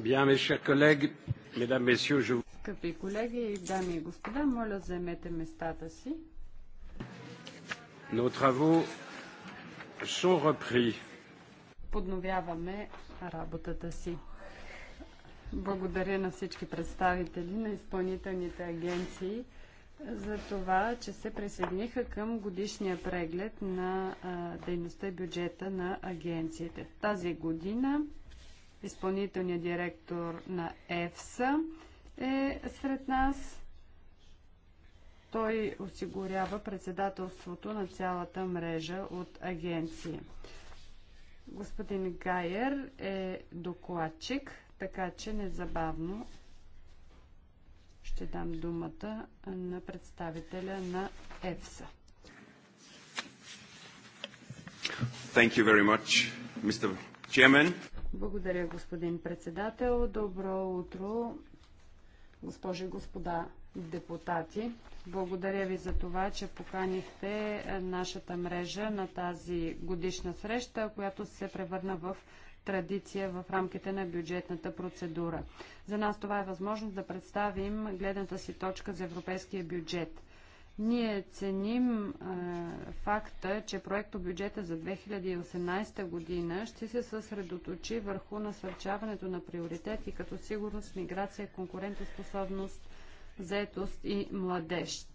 Bien, mes chers collègues, mesdames, messieurs, je... Скъпи колеги, дами и господа, моля заемете местата си. Nos travaux sont repris. Подновяваме работата си. Благодаря на всички представители на изпълнителните агенции за това, че се присъединиха към годишния преглед на а, дейността и бюджета на агенциите. Тази година изпълнителният директор на ЕФСА е сред нас. Той осигурява председателството на цялата мрежа от агенции. Господин Гайер е докладчик, така че незабавно ще дам думата на представителя на ЕФСА. Thank you very much, Mr. Chairman. Благодаря, господин председател. Добро утро, госпожи и господа депутати. Благодаря ви за това, че поканихте е, нашата мрежа на тази годишна среща, която се превърна в традиция в рамките на бюджетната процедура. За нас това е възможност да представим гледната си точка за европейския бюджет – ние ценим а, е, факта, че проекто бюджета за 2018 година ще се съсредоточи върху насърчаването на приоритети като сигурност, миграция, конкурентоспособност, заетост и младеж.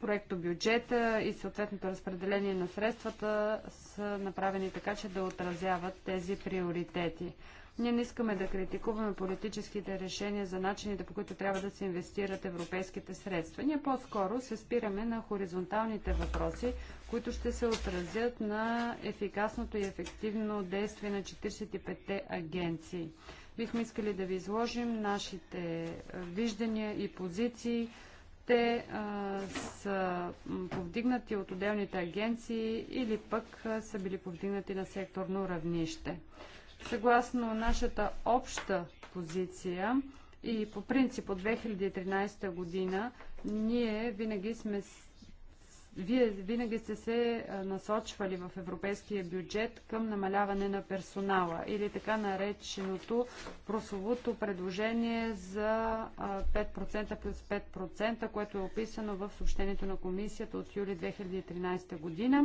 Проекто бюджета и съответното разпределение на средствата са направени така, че да отразяват тези приоритети. Ние не искаме да критикуваме политическите решения за начините, по които трябва да се инвестират европейските средства. Ние по-скоро се спираме на хоризонталните въпроси, които ще се отразят на ефикасното и ефективно действие на 45-те агенции. Бихме искали да ви изложим нашите е, виждания и позиции. Те а, е, са повдигнати от отделните агенции или пък а, е, са били повдигнати на секторно равнище. Съгласно нашата обща позиция и по принцип от 2013 година, ние винаги сме вие винаги сте се насочвали в европейския бюджет към намаляване на персонала или така нареченото прословото предложение за 5% плюс 5%, което е описано в съобщението на комисията от юли 2013 година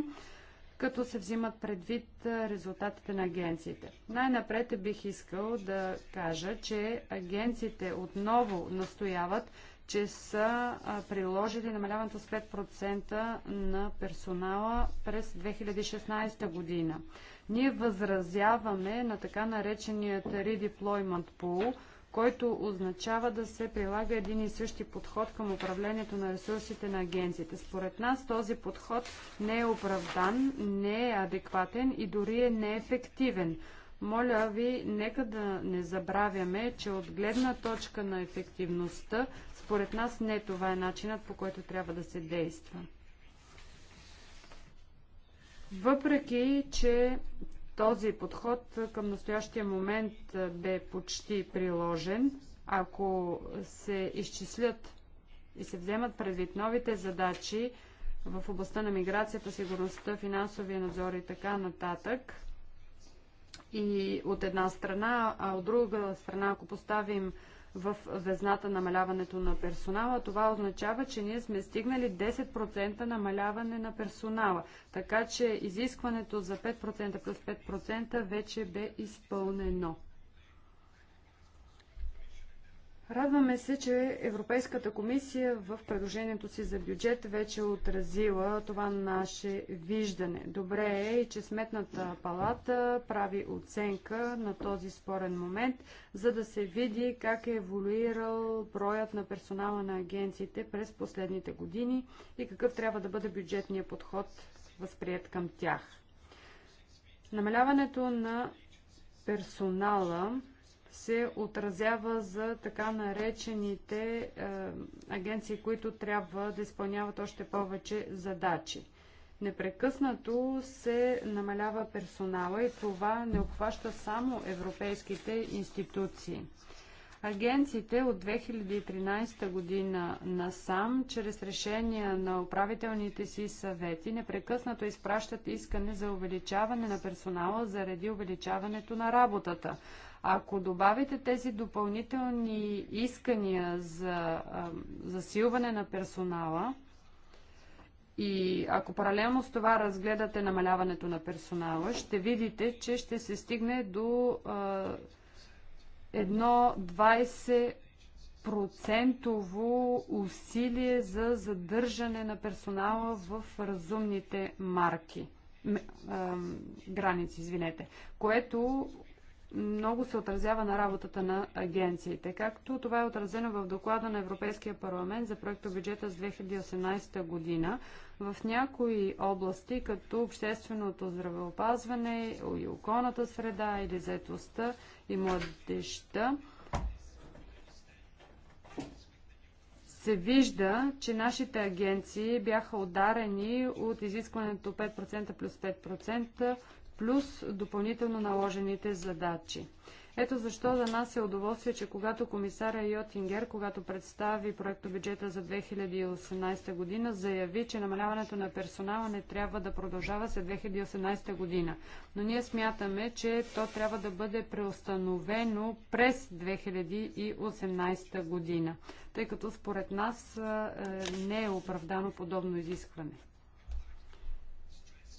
като се взимат предвид резултатите на агенциите. Най-напред бих искал да кажа, че агенциите отново настояват, че са приложили намаляването с 5% на персонала през 2016 година. Ние възразяваме на така нареченият redeployment pool – който означава да се прилага един и същи подход към управлението на ресурсите на агенциите. Според нас този подход не е оправдан, не е адекватен и дори е неефективен. Моля ви, нека да не забравяме, че от гледна точка на ефективността, според нас не това е начинът по който трябва да се действа. Въпреки, че този подход към настоящия момент бе почти приложен. Ако се изчислят и се вземат предвид новите задачи в областта на миграцията, сигурността, финансовия надзор и така нататък, и от една страна, а от друга страна, ако поставим в везната намаляването на персонала. Това означава, че ние сме стигнали 10% намаляване на персонала. Така че изискването за 5% плюс 5% вече бе изпълнено. Радваме се, че Европейската комисия в предложението си за бюджет вече е отразила това наше виждане. Добре е и че Сметната палата прави оценка на този спорен момент, за да се види как е еволюирал броят на персонала на агенциите през последните години и какъв трябва да бъде бюджетният подход възприят към тях. Намаляването на персонала се отразява за така наречените е, агенции, които трябва да изпълняват още повече задачи. Непрекъснато се намалява персонала и това не обхваща само европейските институции. Агенциите от 2013 година насам, чрез решения на управителните си съвети, непрекъснато изпращат искане за увеличаване на персонала заради увеличаването на работата. Ако добавите тези допълнителни искания за засилване на персонала, и ако паралелно с това разгледате намаляването на персонала, ще видите, че ще се стигне до едно 20% усилие за задържане на персонала в разумните марки граници, извинете, което много се отразява на работата на агенциите, както това е отразено в доклада на Европейския парламент за проекто бюджета с 2018 година. В някои области, като общественото здравеопазване и околната среда или заетостта и младеща, се вижда, че нашите агенции бяха ударени от изискването 5% плюс 5%, плюс допълнително наложените задачи. Ето защо за нас е удоволствие, че когато комисаря Йотингер, когато представи проекто бюджета за 2018 година, заяви, че намаляването на персонала не трябва да продължава след 2018 година. Но ние смятаме, че то трябва да бъде преустановено през 2018 година, тъй като според нас е, не е оправдано подобно изискване.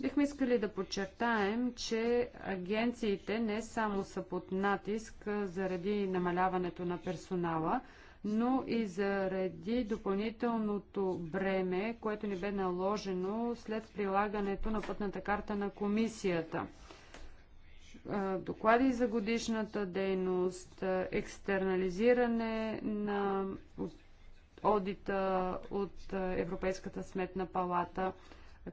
Бихме искали да подчертаем, че агенциите не само са под натиск заради намаляването на персонала, но и заради допълнителното бреме, което ни бе наложено след прилагането на пътната карта на комисията. Доклади за годишната дейност, екстернализиране на одита от Европейската сметна палата –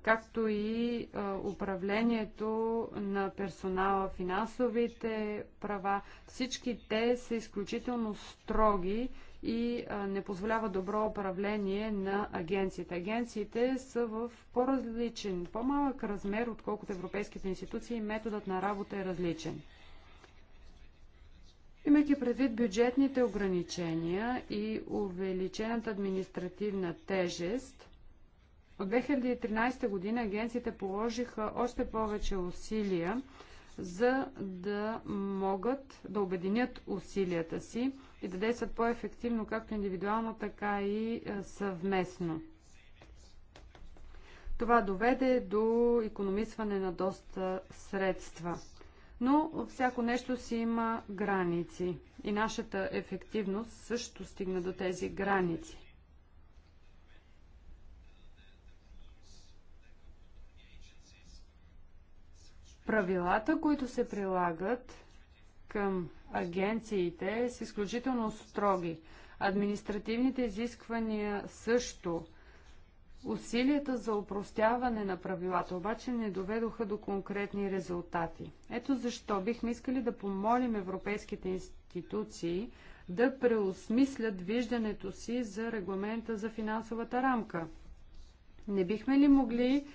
както и управлението на персонала, финансовите права. Всички те са изключително строги и не позволява добро управление на агенциите. Агенциите са в по-различен, по-малък размер, отколкото европейските институции и методът на работа е различен. Имайки предвид бюджетните ограничения и увеличената административна тежест, от 2013 година агенциите положиха още повече усилия, за да могат да обединят усилията си и да действат по-ефективно както индивидуално, така и е, съвместно. Това доведе до економисване на доста средства. Но всяко нещо си има граници и нашата ефективност също стигна до тези граници. Правилата, които се прилагат към агенциите, са изключително строги. Административните изисквания също. Усилията за упростяване на правилата обаче не доведоха до конкретни резултати. Ето защо бихме искали да помолим европейските институции да преосмислят виждането си за регламента за финансовата рамка. Не бихме ли могли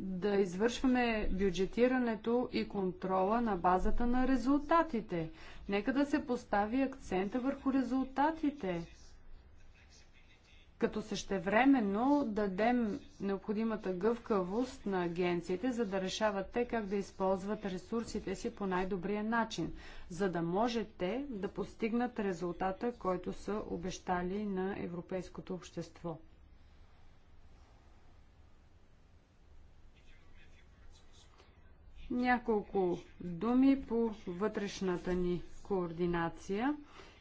да извършваме бюджетирането и контрола на базата на резултатите. Нека да се постави акцента върху резултатите, като същевременно дадем необходимата гъвкавост на агенциите, за да решават те как да използват ресурсите си по най-добрия начин, за да може те да постигнат резултата, който са обещали на европейското общество. Няколко думи по вътрешната ни координация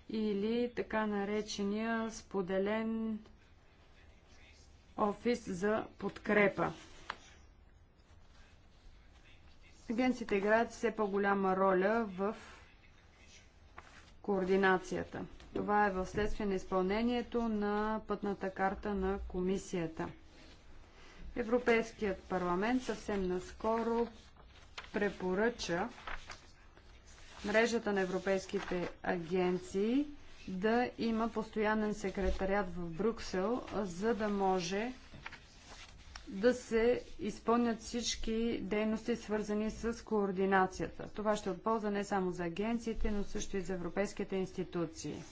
или така наречения споделен офис за подкрепа. Агенциите играят все по-голяма роля в координацията. Това е в следствие на изпълнението на пътната карта на комисията. Европейският парламент съвсем наскоро препоръча мрежата на европейските агенции да има постоянен секретариат в Брюксел, за да може да се изпълнят всички дейности, свързани с координацията. Това ще е отползва не само за агенциите, но също и за европейските институции.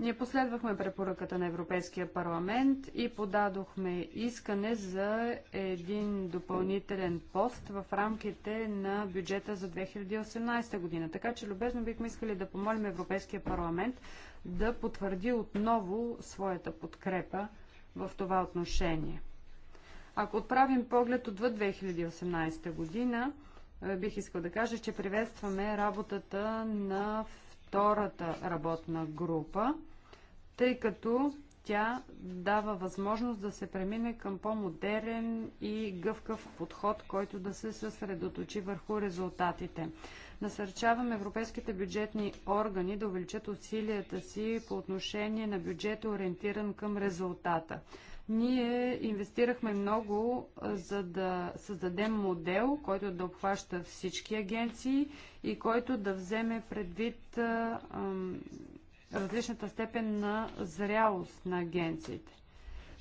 Ние последвахме препоръката на Европейския парламент и подадохме искане за един допълнителен пост в рамките на бюджета за 2018 година. Така че любезно бихме искали да помолим Европейския парламент да потвърди отново своята подкрепа в това отношение. Ако отправим поглед отвъд 2018 година, е, бих искал да кажа, че приветстваме работата на втората работна група тъй като тя дава възможност да се премине към по-модерен и гъвкав подход, който да се съсредоточи върху резултатите. Насърчаваме европейските бюджетни органи да увеличат усилията си по отношение на бюджета, ориентиран към резултата. Ние инвестирахме много, за да създадем модел, който да обхваща всички агенции и който да вземе предвид а, а, различната степен на зрялост на агенциите.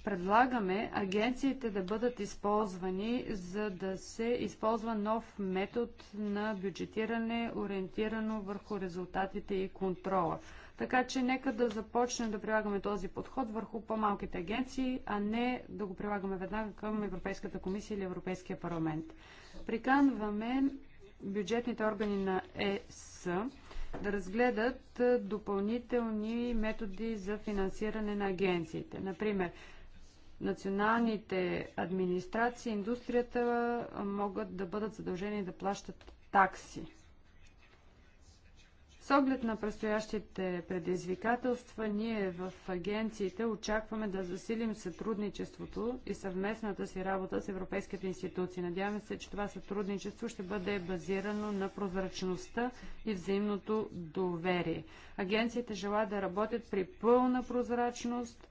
Предлагаме агенциите да бъдат използвани, за да се използва нов метод на бюджетиране, ориентирано върху резултатите и контрола. Така че нека да започнем да прилагаме този подход върху по-малките агенции, а не да го прилагаме веднага към Европейската комисия или Европейския парламент. Приканваме бюджетните органи на ЕС да разгледат допълнителни методи за финансиране на агенциите. Например, националните администрации, индустрията могат да бъдат задължени да плащат такси с оглед на предстоящите предизвикателства, ние в агенциите очакваме да засилим сътрудничеството и съвместната си работа с европейските институции. Надяваме се, че това сътрудничество ще бъде базирано на прозрачността и взаимното доверие. Агенциите желаят да работят при пълна прозрачност,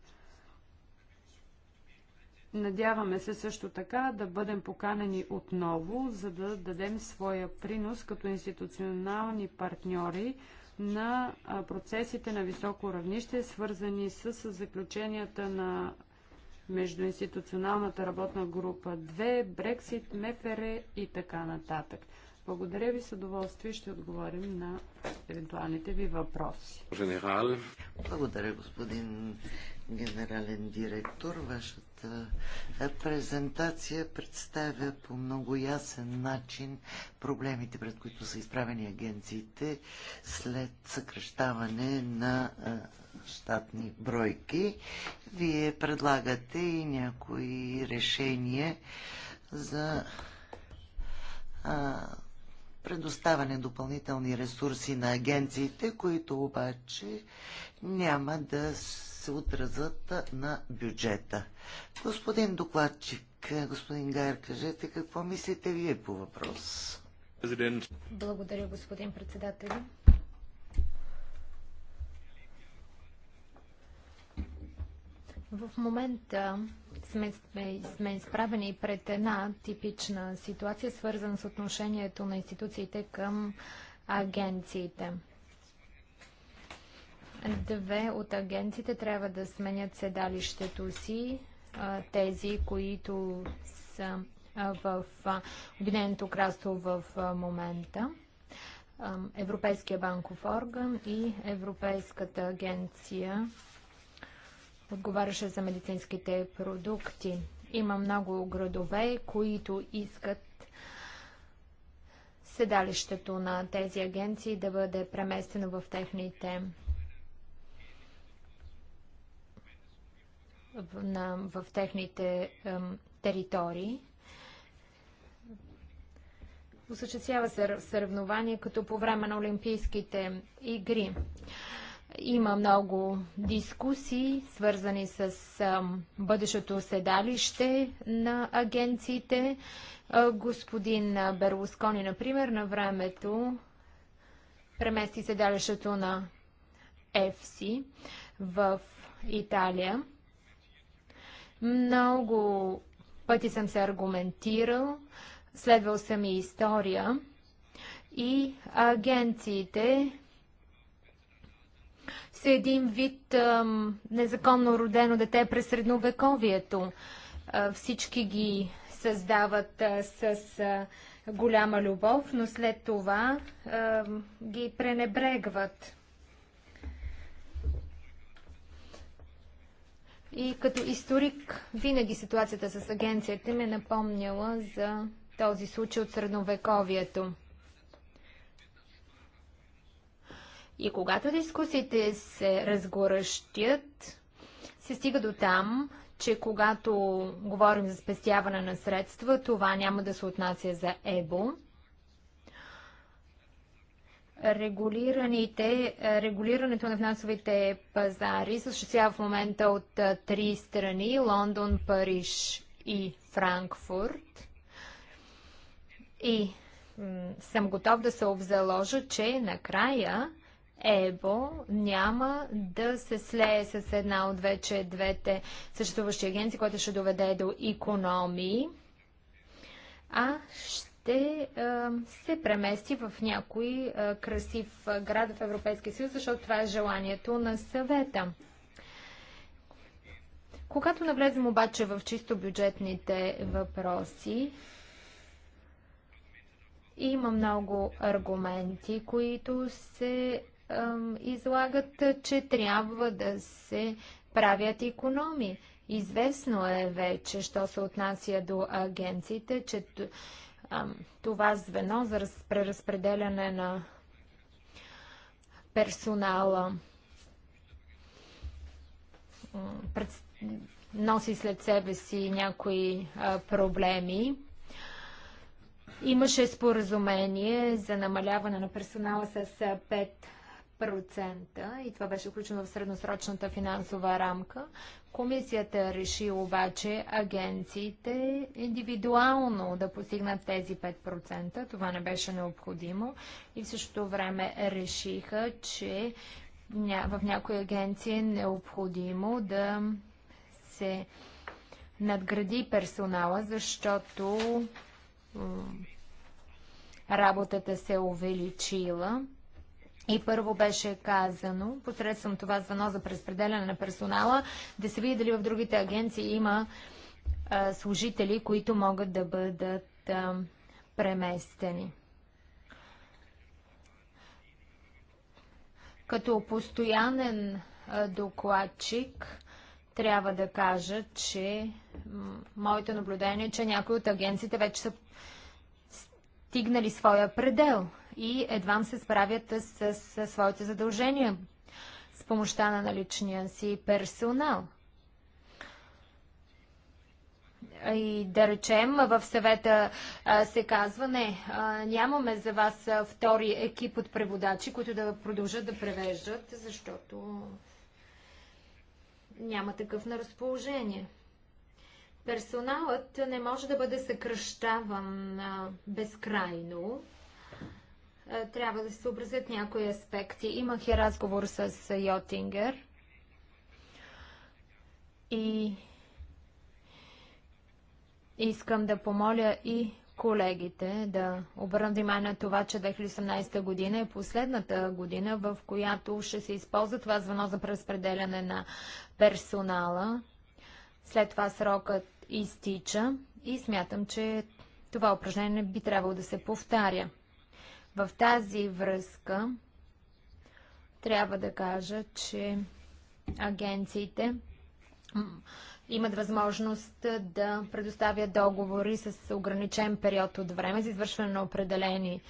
Надяваме се също така да бъдем поканени отново, за да дадем своя принос като институционални партньори на процесите на високо равнище, свързани с заключенията на междуинституционалната работна група 2, Брексит, МФР и така нататък. Благодаря ви с удоволствие. Ще отговорим на евентуалните ви въпроси. Генерал. Благодаря, господин генерален директор. Вашата презентация представя по много ясен начин проблемите, пред които са изправени агенциите след съкръщаване на щатни бройки. Вие предлагате и някои решения за предоставяне допълнителни ресурси на агенциите, които обаче няма да се отразят на бюджета. Господин докладчик, господин Гайер, кажете какво мислите вие по въпрос? Благодаря, господин председател. В момента сме, сме, сме изправени пред една типична ситуация, свързана с отношението на институциите към агенциите. Две от агенциите трябва да сменят седалището си, тези, които са в Обединеното кралство в момента. Европейския банков орган и Европейската агенция отговаряше за медицинските продукти. Има много градове, които искат седалището на тези агенции да бъде преместено в техните в, на, в техните ем, територии. Осъществява се съревнование като по време на Олимпийските игри. Има много дискусии, свързани с бъдещото седалище на агенциите. Господин Берлускони, например, на времето премести седалището на ЕФСИ в Италия. Много пъти съм се аргументирал, следвал съм и история и агенциите са един вид ам, незаконно родено дете през средновековието. А, всички ги създават а, с а, голяма любов, но след това а, ги пренебрегват. И като историк, винаги ситуацията с агенцията ме напомняла за този случай от средновековието. И когато дискусиите се разгоръщят, се стига до там, че когато говорим за спестяване на средства, това няма да се отнася за ЕБО. Регулираните, регулирането на финансовите пазари съществява в момента от три страни – Лондон, Париж и Франкфурт. И съм готов да се обзаложа, че накрая – ЕБО няма да се слее с една от вече двете съществуващи агенции, което ще доведе до економии, а ще е, се премести в някой е, красив град в Европейския съюз, защото това е желанието на съвета. Когато навлезем обаче в чисто бюджетните въпроси, има много аргументи, които се излагат, че трябва да се правят економии. Известно е вече, що се отнася до агенциите, че това звено за преразпределяне на персонала носи след себе си някои проблеми. Имаше споразумение за намаляване на персонала с и това беше включено в средносрочната финансова рамка. Комисията реши обаче агенциите индивидуално да постигнат тези 5%. Това не беше необходимо и в същото време решиха, че в някои агенции е необходимо да се надгради персонала, защото работата се е увеличила. И първо беше казано, посредством това звено за преспределяне на персонала, да се види дали в другите агенции има а, служители, които могат да бъдат а, преместени. Като постоянен а, докладчик трябва да кажа, че моето наблюдение е, че някои от агенциите вече са стигнали своя предел – и едвам се справят с, с своите задължения с помощта на наличния си персонал. И да речем, в съвета а, се казва, не, а, нямаме за вас а, втори екип от преводачи, които да продължат да превеждат, защото няма такъв на разположение. Персоналът не може да бъде съкръщаван безкрайно. Е, трябва да се съобразят някои аспекти. Имах и разговор с Йотингер и искам да помоля и колегите да обърнат внимание на това, че 2018 година е последната година, в която ще се използва това звено за преразпределяне на персонала. След това срокът изтича и смятам, че това упражнение би трябвало да се повтаря. В тази връзка трябва да кажа, че агенциите имат възможност да предоставят договори с ограничен период от време за извършване на определени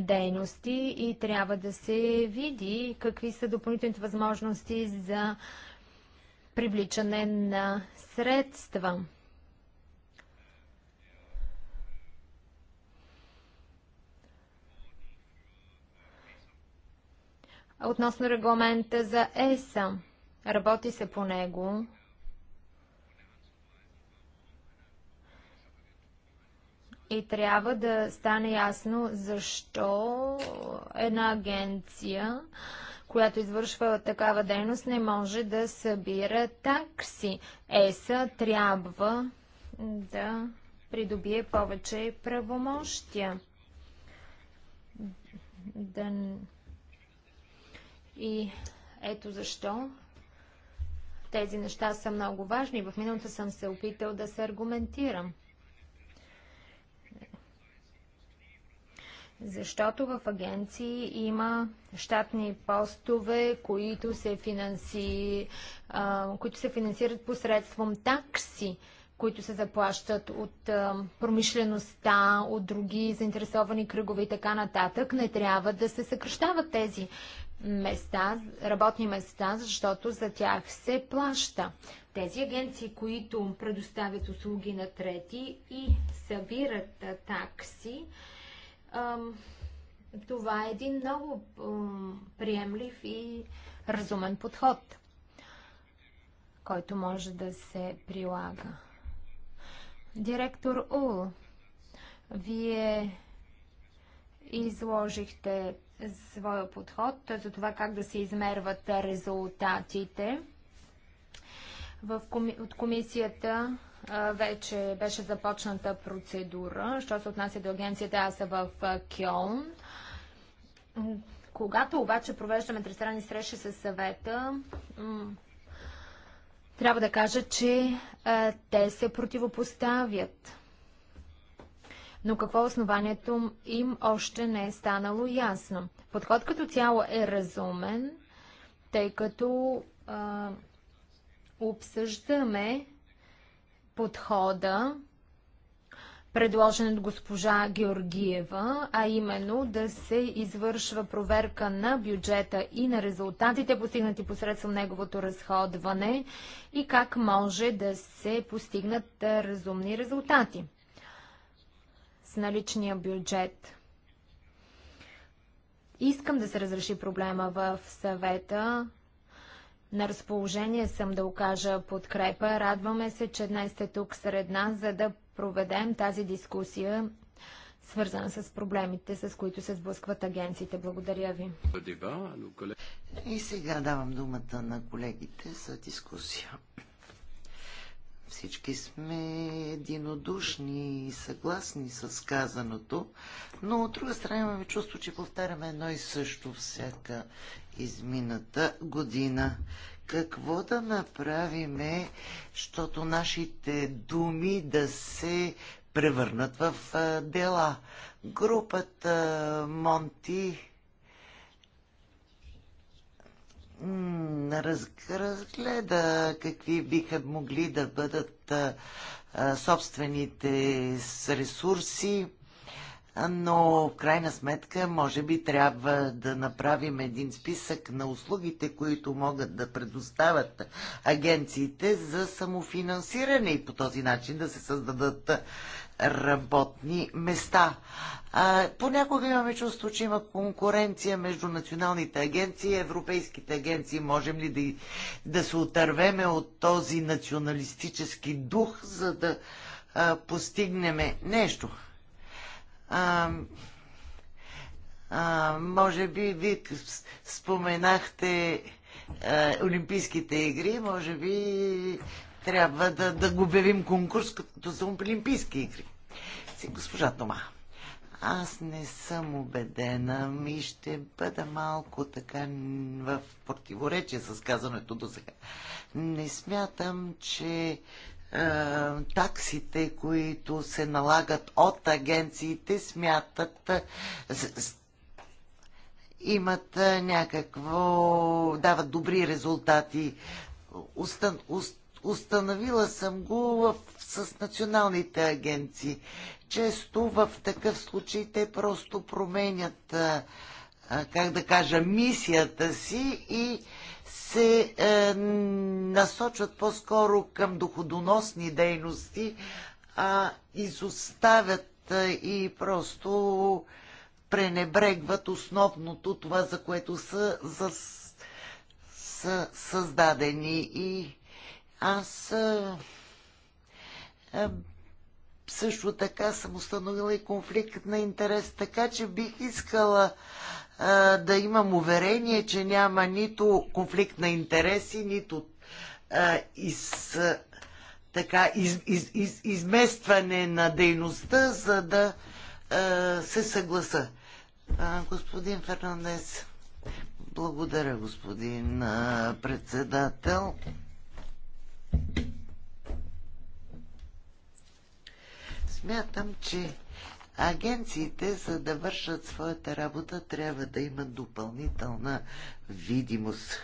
дейности и трябва да се види какви са допълнителните възможности за привличане на средства. Относно регламента за ЕСА, работи се по него. И трябва да стане ясно защо една агенция, която извършва такава дейност, не може да събира такси. ЕСА трябва да придобие повече правомощия. Да и ето защо тези неща са много важни. В миналото съм се опитал да се аргументирам. Защото в агенции има щатни постове, които се, финанси, а, които се финансират посредством такси, които се заплащат от а, промишлеността, от други заинтересовани кръгове и така нататък. Не трябва да се съкръщават тези места, работни места, защото за тях се плаща. Тези агенции, които предоставят услуги на трети и събират такси, това е един много приемлив и разумен подход, който може да се прилага. Директор Ул, вие изложихте своя подход за това как да се измерват резултатите. В коми... От комисията вече беше започната процедура, що се отнася до агенцията аз в Кьон. Когато обаче провеждаме тристранни срещи с съвета, трябва да кажа, че те се противопоставят но какво основанието им още не е станало ясно. Подход като цяло е разумен, тъй като а, обсъждаме подхода, предложен от госпожа Георгиева, а именно да се извършва проверка на бюджета и на резултатите, постигнати посредством неговото разходване и как може да се постигнат разумни резултати с наличния бюджет. Искам да се разреши проблема в съвета. На разположение съм да окажа подкрепа. Радваме се, че днес сте тук сред нас, за да проведем тази дискусия, свързана с проблемите, с които се сблъскват агенциите. Благодаря ви. И сега давам думата на колегите за дискусия. Всички сме единодушни и съгласни с казаното, но от друга страна имаме чувство, че повтаряме едно и също всяка измината година. Какво да направиме, защото нашите думи да се превърнат в дела? Групата Монти разгледа какви биха могли да бъдат собствените ресурси, но в крайна сметка може би трябва да направим един списък на услугите, които могат да предоставят агенциите за самофинансиране и по този начин да се създадат работни места. А, понякога имаме чувство, че има конкуренция между националните агенции и европейските агенции. Можем ли да, да се отървеме от този националистически дух, за да а, постигнем нещо? А, а, може би ви споменахте а, Олимпийските игри, може би трябва да, да го обявим конкурс, като за Олимпийски игри. Си госпожа Тома. Аз не съм убедена и ще бъда малко така в противоречие с казаното до сега. Не смятам, че таксите, които се налагат от агенциите, смятат имат някакво, дават добри резултати. Устан, уст, установила съм го в, с националните агенции. Често в такъв случай те просто променят, а, как да кажа, мисията си и се е, насочват по-скоро към доходоносни дейности, а изоставят а, и просто пренебрегват основното, това, за което са, за, са създадени. И аз също така съм установила и конфликт на интерес, така че бих искала а, да имам уверение, че няма нито конфликт на интереси, нито а, из, а, така, из, из, из, изместване на дейността, за да а, се съгласа. А, господин Фернандес, благодаря, господин а, председател. Смятам, че агенциите, за да вършат своята работа, трябва да имат допълнителна видимост.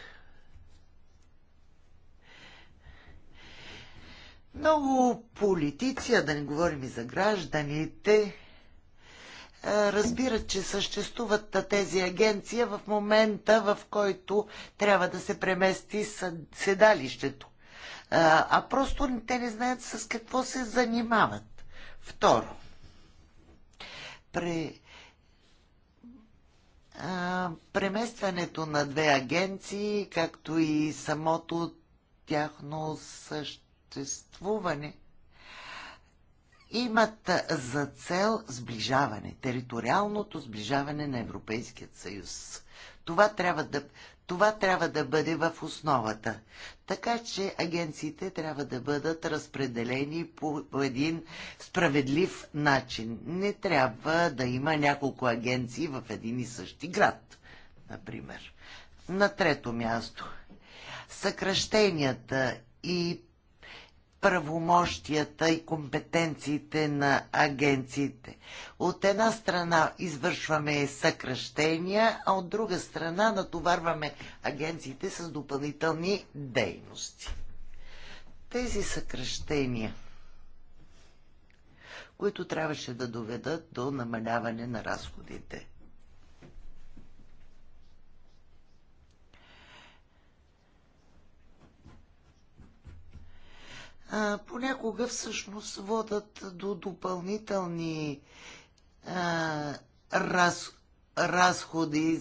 Много политици, а да не говорим и за гражданите, разбират, че съществуват тези агенция в момента, в който трябва да се премести седалището а, а просто те не знаят с какво се занимават. Второ, при а, преместването на две агенции, както и самото тяхно съществуване, имат за цел сближаване, териториалното сближаване на Европейският съюз. Това трябва да, това трябва да бъде в основата. Така че агенциите трябва да бъдат разпределени по, един справедлив начин. Не трябва да има няколко агенции в един и същи град, например. На трето място. Съкръщенията и правомощията и компетенциите на агенциите. От една страна извършваме съкръщения, а от друга страна натоварваме агенциите с допълнителни дейности. Тези съкръщения, които трябваше да доведат до намаляване на разходите – понякога всъщност водат до допълнителни а, раз, разходи.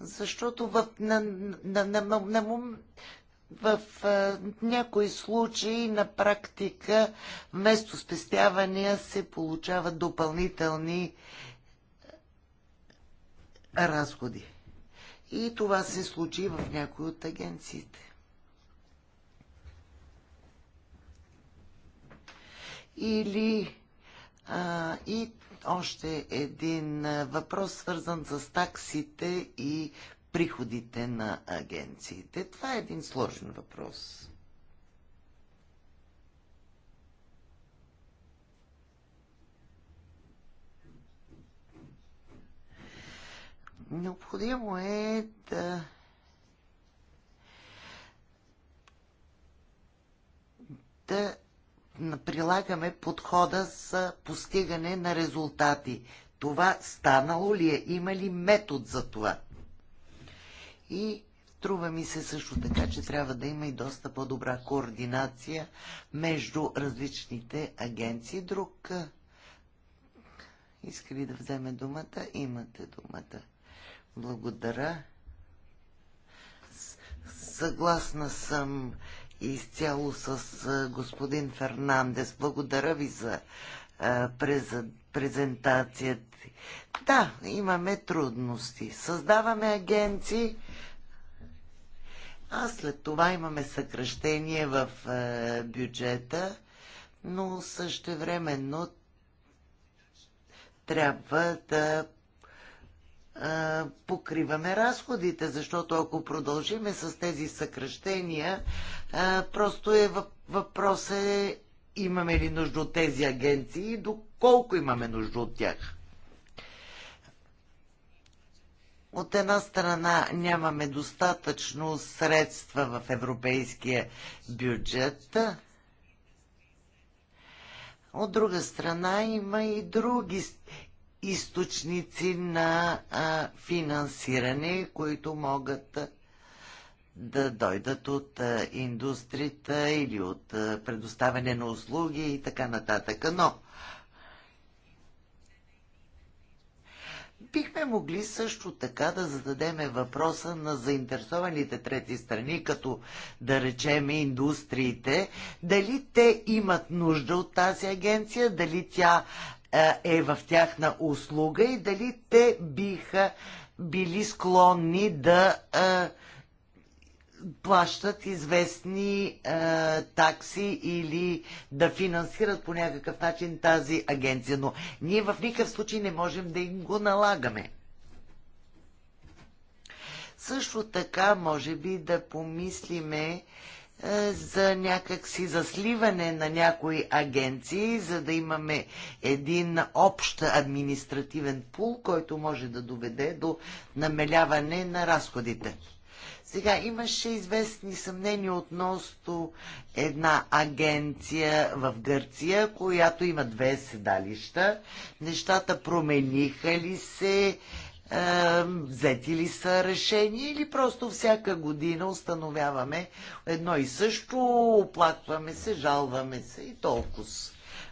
Защото в, на, на, на, на, на, в а, някои случаи на практика вместо спестявания се получават допълнителни разходи. И това се случи в някои от агенциите. Или а, и още един въпрос, свързан с таксите и приходите на агенциите. Това е един сложен въпрос. Необходимо е да да прилагаме подхода за постигане на резултати. Това станало ли е? Има ли метод за това? И Струва ми се също така, че трябва да има и доста по-добра координация между различните агенции. Друг искали да вземе думата? Имате думата. Благодаря. Съгласна съм изцяло с господин Фернандес. Благодаря ви за презентацията. Да, имаме трудности. Създаваме агенции, а след това имаме съкръщение в бюджета, но същевременно трябва да покриваме разходите, защото ако продължиме с тези съкръщения, просто е въпрос е имаме ли нужда от тези агенции и доколко имаме нужда от тях. От една страна нямаме достатъчно средства в европейския бюджет, от друга страна има и други източници на а, финансиране, които могат да дойдат от а, индустрията или от а, предоставяне на услуги и така нататък. Но бихме могли също така да зададеме въпроса на заинтересованите трети страни, като да речем индустриите, дали те имат нужда от тази агенция, дали тя е в тяхна услуга и дали те биха били склонни да а, плащат известни а, такси или да финансират по някакъв начин тази агенция. Но ние в никакъв случай не можем да им го налагаме. Също така, може би да помислиме е, за някакси засливане на някои агенции, за да имаме един общ административен пул, който може да доведе до намеляване на разходите. Сега имаше известни съмнения относно една агенция в Гърция, която има две седалища. Нещата промениха ли се? взети ли са решения или просто всяка година установяваме едно и също, оплакваме се, жалваме се и толкова.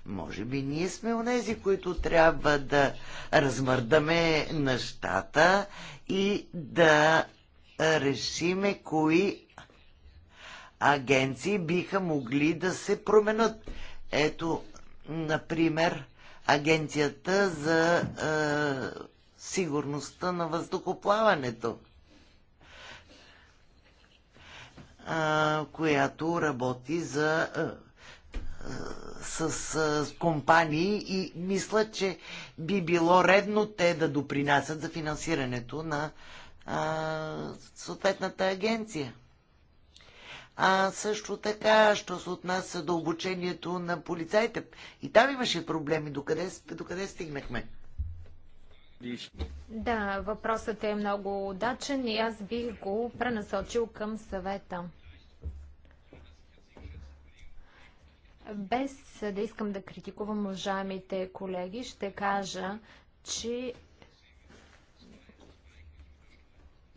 Може би ние сме онези, които трябва да размърдаме нещата и да решиме кои агенции биха могли да се променят. Ето, например, агенцията за сигурността на въздухоплаването, която работи за с, с компании и мисля, че би било редно те да допринасят за финансирането на а, съответната агенция. А също така, що се отнася до обучението на полицаите. И там имаше проблеми. Докъде, докъде стигнахме? Да, въпросът е много удачен и аз бих го пренасочил към съвета. Без да искам да критикувам уважаемите колеги, ще кажа, че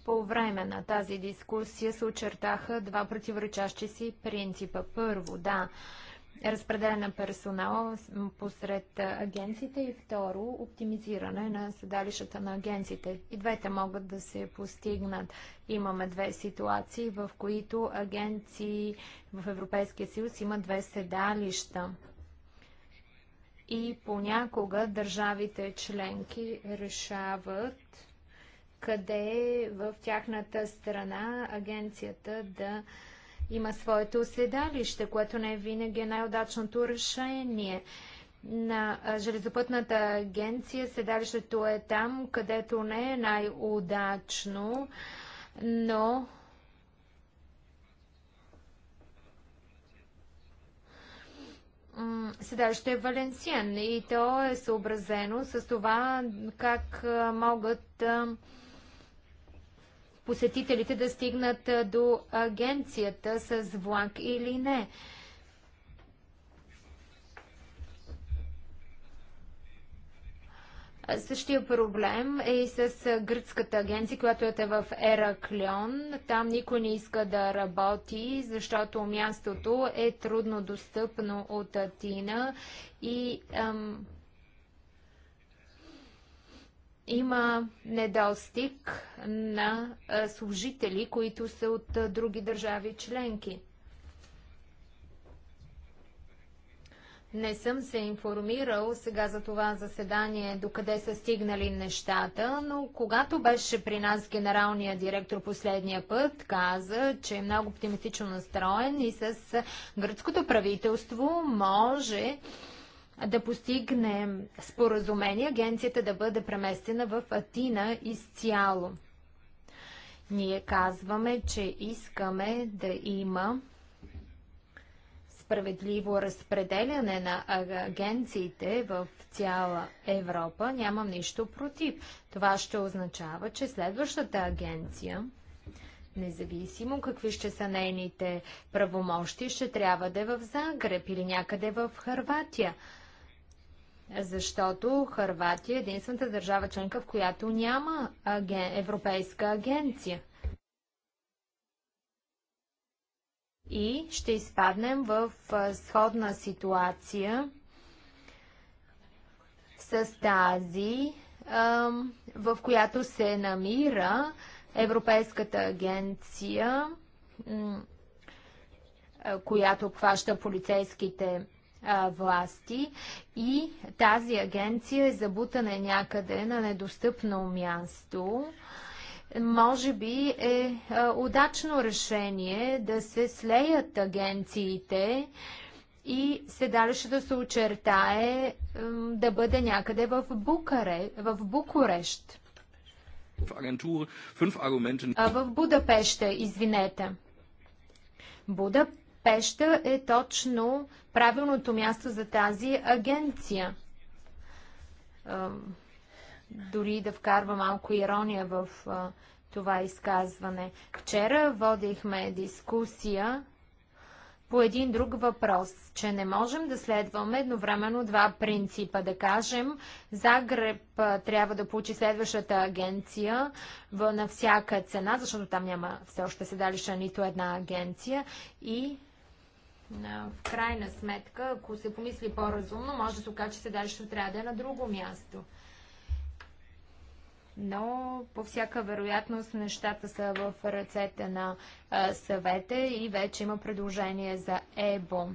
по време на тази дискусия се очертаха два противоречащи си принципа. Първо, да, Разпределен на персонала посред агенциите и второ оптимизиране на седалищата на агенциите. И двете могат да се постигнат. Имаме две ситуации, в които агенции в Европейския съюз има две седалища. И понякога държавите членки решават къде е в тяхната страна агенцията да има своето седалище, което не е винаги е най-удачното решение. На Железопътната агенция седалището е там, където не е най-удачно, но седалище е Валенсиен и то е съобразено с това как могат посетителите да стигнат до агенцията с влак или не. Същия проблем е и с гръцката агенция, която е в Ераклион. Там никой не иска да работи, защото мястото е трудно достъпно от Атина и ам, има недостиг на служители, които са от други държави членки. Не съм се информирал сега за това заседание, докъде са стигнали нещата, но когато беше при нас генералният директор последния път, каза, че е много оптимистично настроен и с гръцкото правителство може да постигне споразумение, агенцията да бъде преместена в Атина изцяло. Ние казваме, че искаме да има справедливо разпределяне на агенциите в цяла Европа, нямам нищо против. Това ще означава, че следващата агенция, независимо какви ще са нейните правомощи, ще трябва да е в Загреб или някъде в Харватия защото Харватия е единствената държава членка, в която няма аген... европейска агенция. И ще изпаднем в сходна ситуация с тази, в която се намира Европейската агенция, която обхваща полицейските власти и тази агенция е забутана някъде на недостъпно място. Може би е удачно решение да се слеят агенциите и седалището се очертае да бъде някъде в, Букаре, в Букурещ. В Будапеща, извинете. Будапеща. Пеща е точно правилното място за тази агенция. Дори да вкарва малко ирония в това изказване. Вчера водихме дискусия по един друг въпрос, че не можем да следваме едновременно два принципа. Да кажем, Загреб трябва да получи следващата агенция на всяка цена, защото там няма все още седалища нито една агенция и в крайна сметка, ако се помисли по-разумно, може да се окаже, че седалището трябва да е на друго място. Но по всяка вероятност нещата са в ръцете на а, съвета и вече има предложение за ЕБО.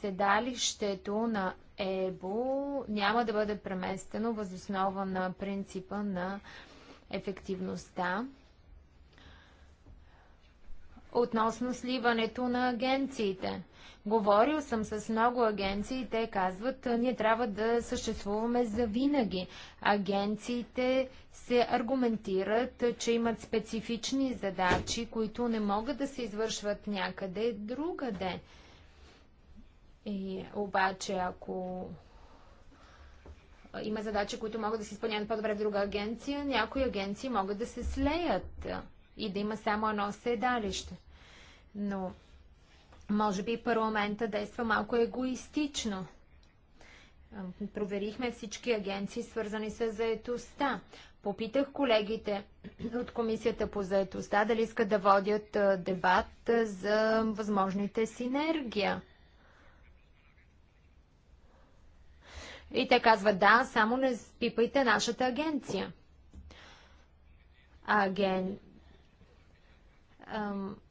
Седалището на ЕБО няма да бъде преместено възоснова на принципа на ефективността относно сливането на агенциите. Говорил съм с много агенции и те казват, ние трябва да съществуваме за винаги. Агенциите се аргументират, че имат специфични задачи, които не могат да се извършват някъде другаде. И обаче, ако има задачи, които могат да се изпълняват по-добре в друга агенция, някои агенции могат да се слеят и да има само едно седалище но може би парламента действа малко егоистично. Проверихме всички агенции, свързани с заетостта. Попитах колегите от Комисията по заетостта дали искат да водят дебат за възможните синергия. И те казват, да, само не спипайте нашата агенция. Аген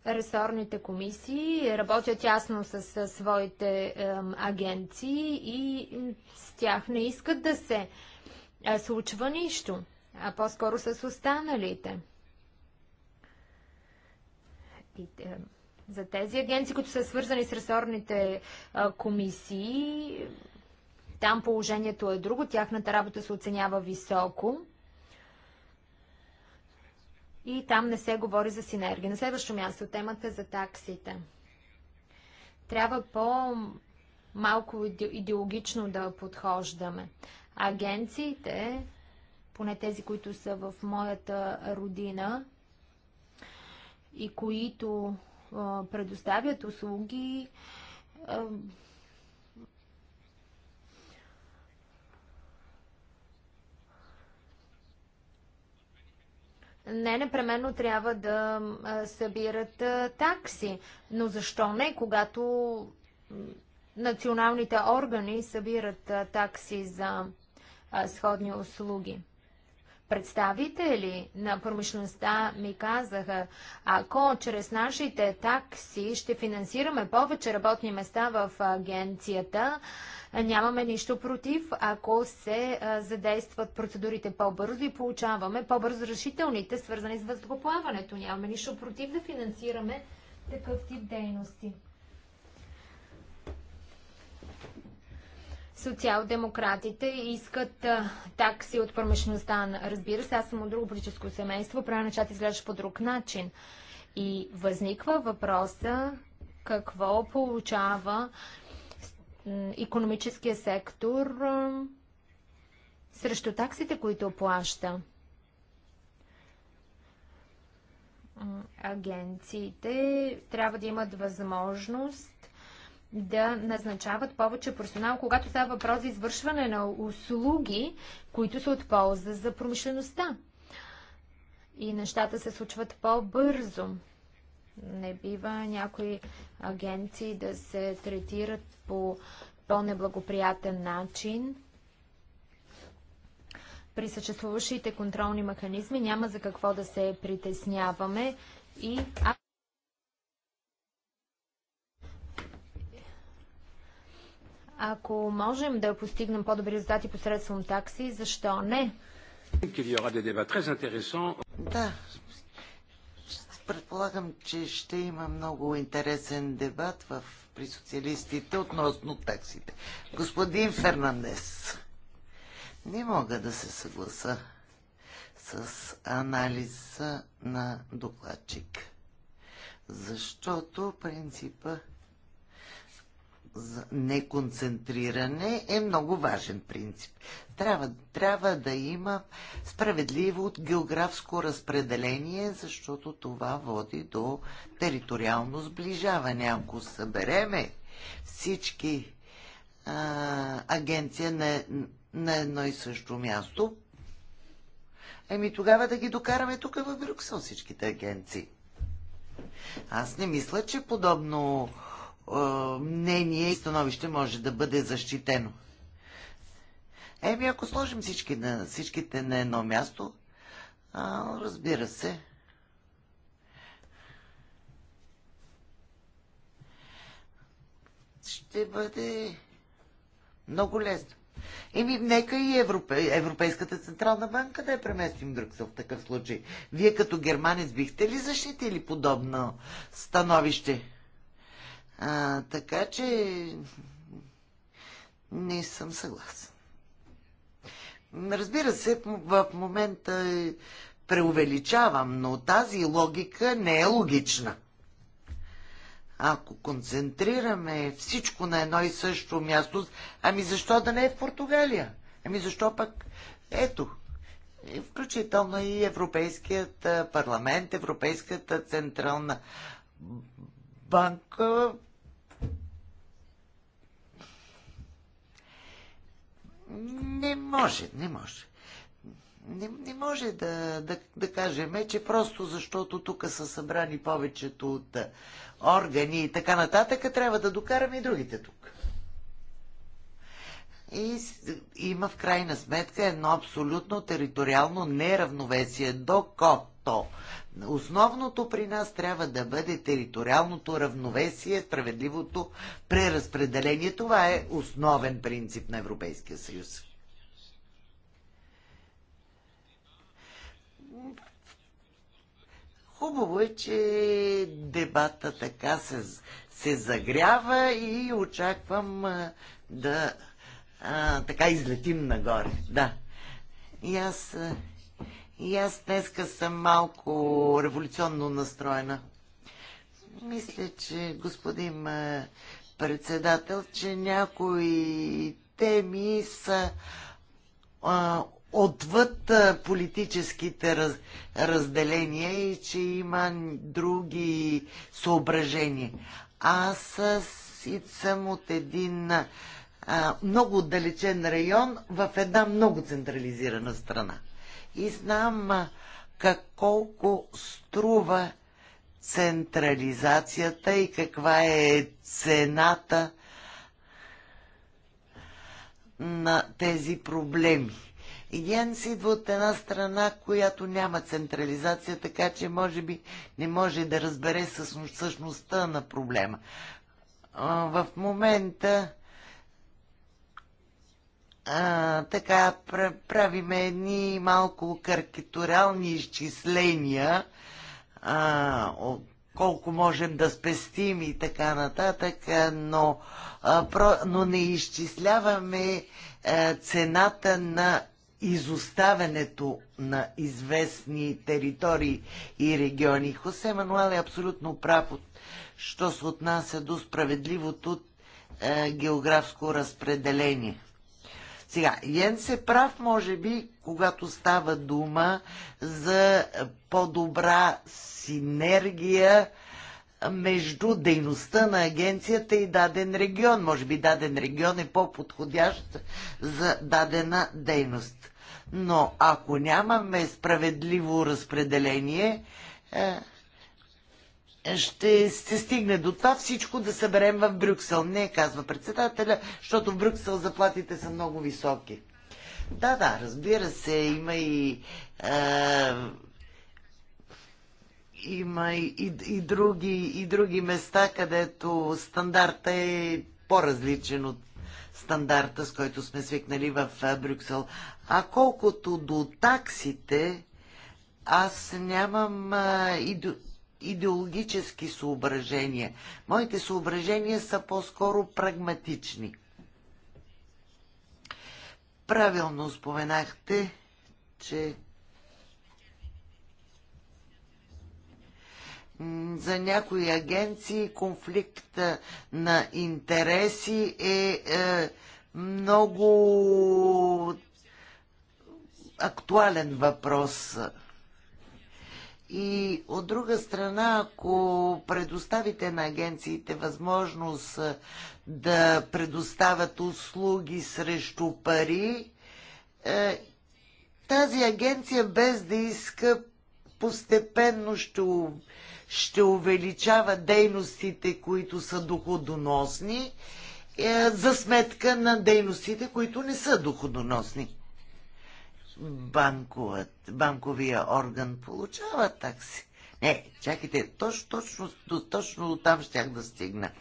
ресорните комисии работят ясно с, с своите агенции и с тях не искат да се случва нищо, а по-скоро с останалите. И, за тези агенции, които са свързани с ресорните комисии, там положението е друго, тяхната работа се оценява високо и там не се говори за синергия. На следващо място темата за таксите. Трябва по-малко идеологично да подхождаме. Агенциите, поне тези, които са в моята родина и които предоставят услуги, не непременно трябва да събират такси. Но защо не, когато националните органи събират такси за сходни услуги? Представители на промишлеността ми казаха, ако чрез нашите такси ще финансираме повече работни места в агенцията, Нямаме нищо против, ако се задействат процедурите по-бързо и получаваме по-бързо решителните, свързани с въздухоплаването. Нямаме нищо против да финансираме такъв тип дейности. Социал-демократите искат а, такси от промишлеността. Разбира се, аз съм от друго политическо семейство, правилно чат изглежда по друг начин. И възниква въпроса какво получава економическия сектор срещу таксите, които плаща. Агенциите трябва да имат възможност да назначават повече персонал, когато става въпрос за извършване на услуги, които са от полза за промишлеността. И нещата се случват по-бързо. Не бива някои агенции да се третират по по-неблагоприятен начин. При съществуващите контролни механизми няма за какво да се притесняваме и ако можем да постигнем по-добри резултати посредством такси, защо не? Да, Предполагам, че ще има много интересен дебат в, при социалистите относно таксите. Господин Фернандес, не мога да се съгласа с анализа на докладчик, защото принципа за неконцентриране е много важен принцип. Трябва, трябва да има справедливо географско разпределение, защото това води до териториално сближаване. Ако събереме всички а, агенция на, на едно и също място, еми тогава да ги докараме тук в Брюксел всичките агенции. Аз не мисля, че подобно мнение и становище може да бъде защитено. Еми, ако сложим всички на, всичките на едно място, а, разбира се. Ще бъде много лесно. Еми, нека и Европе, Европейската Централна банка да я преместим Брюксел в такъв случай. Вие като германец бихте ли защитили подобно становище? А, така че не съм съгласен. Разбира се, в момента е преувеличавам, но тази логика не е логична. Ако концентрираме всичко на едно и също място, ами защо да не е в Португалия? Ами защо пък? Ето, включително и Европейският парламент, Европейската централна банка не може, не може. Не, не може да, да, да кажем, че просто защото тук са събрани повечето от органи и така нататък, трябва да докараме и другите тук. И има в крайна сметка едно абсолютно териториално неравновесие, докато Основното при нас трябва да бъде териториалното равновесие, справедливото преразпределение. Това е основен принцип на Европейския съюз. Хубаво е, че дебата така се, се загрява и очаквам да а, така излетим нагоре. Да. И аз и аз днеска съм малко революционно настроена. Мисля, че господин председател, че някои теми са а, отвъд политическите раз, разделения и че има други съображения. Аз съм от един а, много отдалечен район в една много централизирана страна и знам как колко струва централизацията и каква е цената на тези проблеми. си идва от една страна, която няма централизация, така че може би не може да разбере същността на проблема. В момента а, така правиме едни малко каркетурални изчисления а, колко можем да спестим и така нататък, но, а, про, но не изчисляваме а, е, цената на изоставянето на известни територии и региони. Хосе Мануал е абсолютно прав, от, що се отнася до справедливото е, географско разпределение. Сега, Йен се прав, може би, когато става дума за по-добра синергия между дейността на агенцията и даден регион. Може би даден регион е по-подходящ за дадена дейност. Но ако нямаме справедливо разпределение, е, ще се стигне до това всичко да съберем в Брюксел. Не, казва председателя, защото в Брюксел заплатите са много високи. Да, да, разбира се, има и. Е, има и, и, и, други, и други места, където стандарта е по-различен от стандарта, с който сме свикнали в е, Брюксел. А колкото до таксите, аз нямам а, е, и до, идеологически съображения. Моите съображения са по-скоро прагматични. Правилно споменахте, че за някои агенции конфликта на интереси е, е много актуален въпрос. И от друга страна, ако предоставите на агенциите възможност да предоставят услуги срещу пари, е, тази агенция без да иска постепенно ще, ще увеличава дейностите, които са доходоносни, е, за сметка на дейностите, които не са доходоносни банковът, банковия орган получава такси. Не, чакайте, точно, точно, точно там щях да стигна.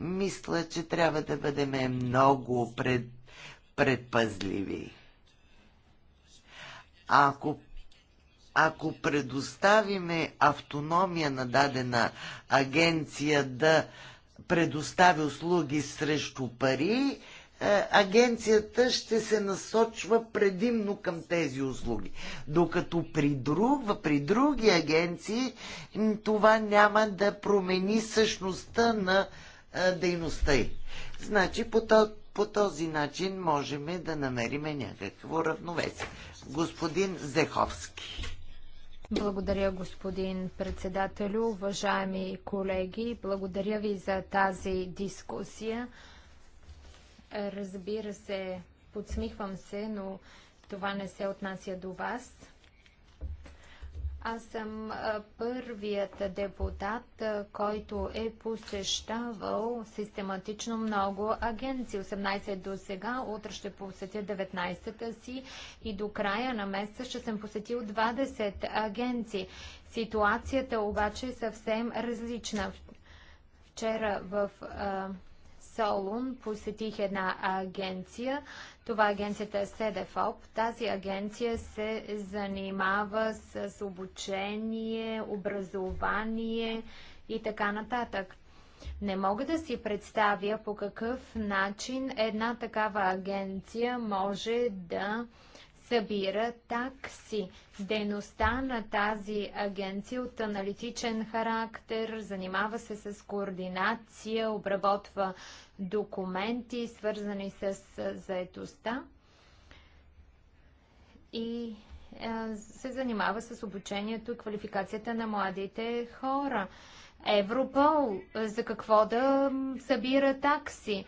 Мисля, че трябва да бъдем много пред, предпазливи. Ако, ако предоставиме автономия на дадена агенция да предостави услуги срещу пари, е, агенцията ще се насочва предимно към тези услуги. Докато при, друг, при други агенции това няма да промени същността на е, дейността й. Значи по, то, по този начин можем да намерим някакво равновесие. Господин Зеховски. Благодаря, господин председателю, уважаеми колеги. Благодаря ви за тази дискусия. Разбира се, подсмихвам се, но това не се отнася до вас. Аз съм първият депутат, който е посещавал систематично много агенции. 18 до сега, утре ще посетя 19-та си и до края на месеца ще съм посетил 20 агенции. Ситуацията обаче е съвсем различна. Вчера в Солун посетих една агенция. Това агенцията е СДФОП. Тази агенция се занимава с обучение, образование и така нататък. Не мога да си представя по какъв начин една такава агенция може да събира такси. Дейността на тази агенция е от аналитичен характер занимава се с координация, обработва документи, свързани с заетостта и се занимава с обучението и квалификацията на младите хора. Европол за какво да събира такси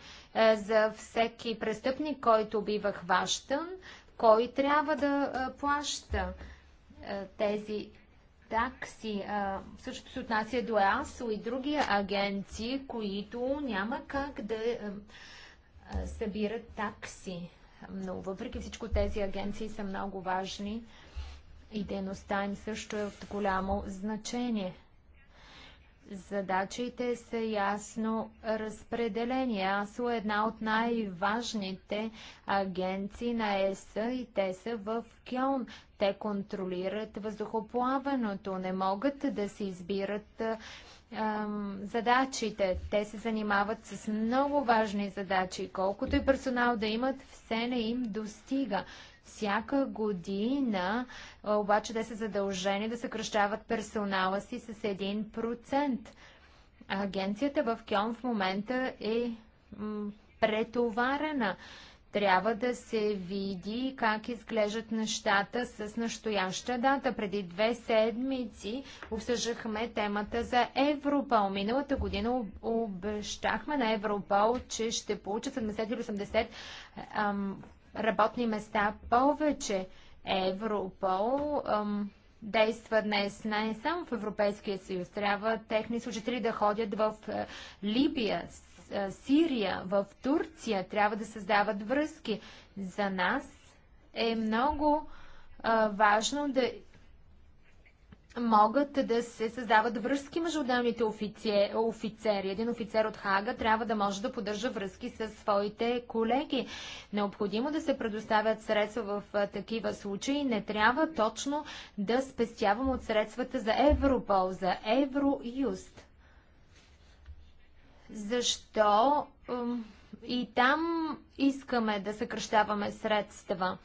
за всеки престъпник, който бива хващан, кой трябва да плаща тези такси. Същото се отнася до ЕАСО и други агенции, които няма как да събират такси. Но въпреки всичко тези агенции са много важни и дейността им също е от голямо значение. Задачите са ясно разпределени. АСО е една от най-важните агенции на ЕС и те са в Кьон. Те контролират въздухоплаването, не могат да се избират задачите. Те се занимават с много важни задачи. Колкото и персонал да имат, все не им достига. Всяка година обаче те са задължени да съкръщават персонала си с 1%. Агенцията в Кьон в момента е претоварена. Трябва да се види как изглеждат нещата с настояща дата. Преди две седмици обсъждахме темата за Европол. Миналата година обещахме на Европол, че ще получат 70 или 80 ам, работни места повече. Европол ам, действа днес не само в Европейския съюз. Трябва техни служители да ходят в е, Либия, е, Сирия, в Турция. Трябва да създават връзки. За нас е много а, важно да могат да се създават връзки между отделните офицери. Един офицер от Хага трябва да може да поддържа връзки с своите колеги. Необходимо да се предоставят средства в такива случаи. Не трябва точно да спестявам от средствата за Европол, за Евроюст. Защо и там искаме да съкръщаваме средства?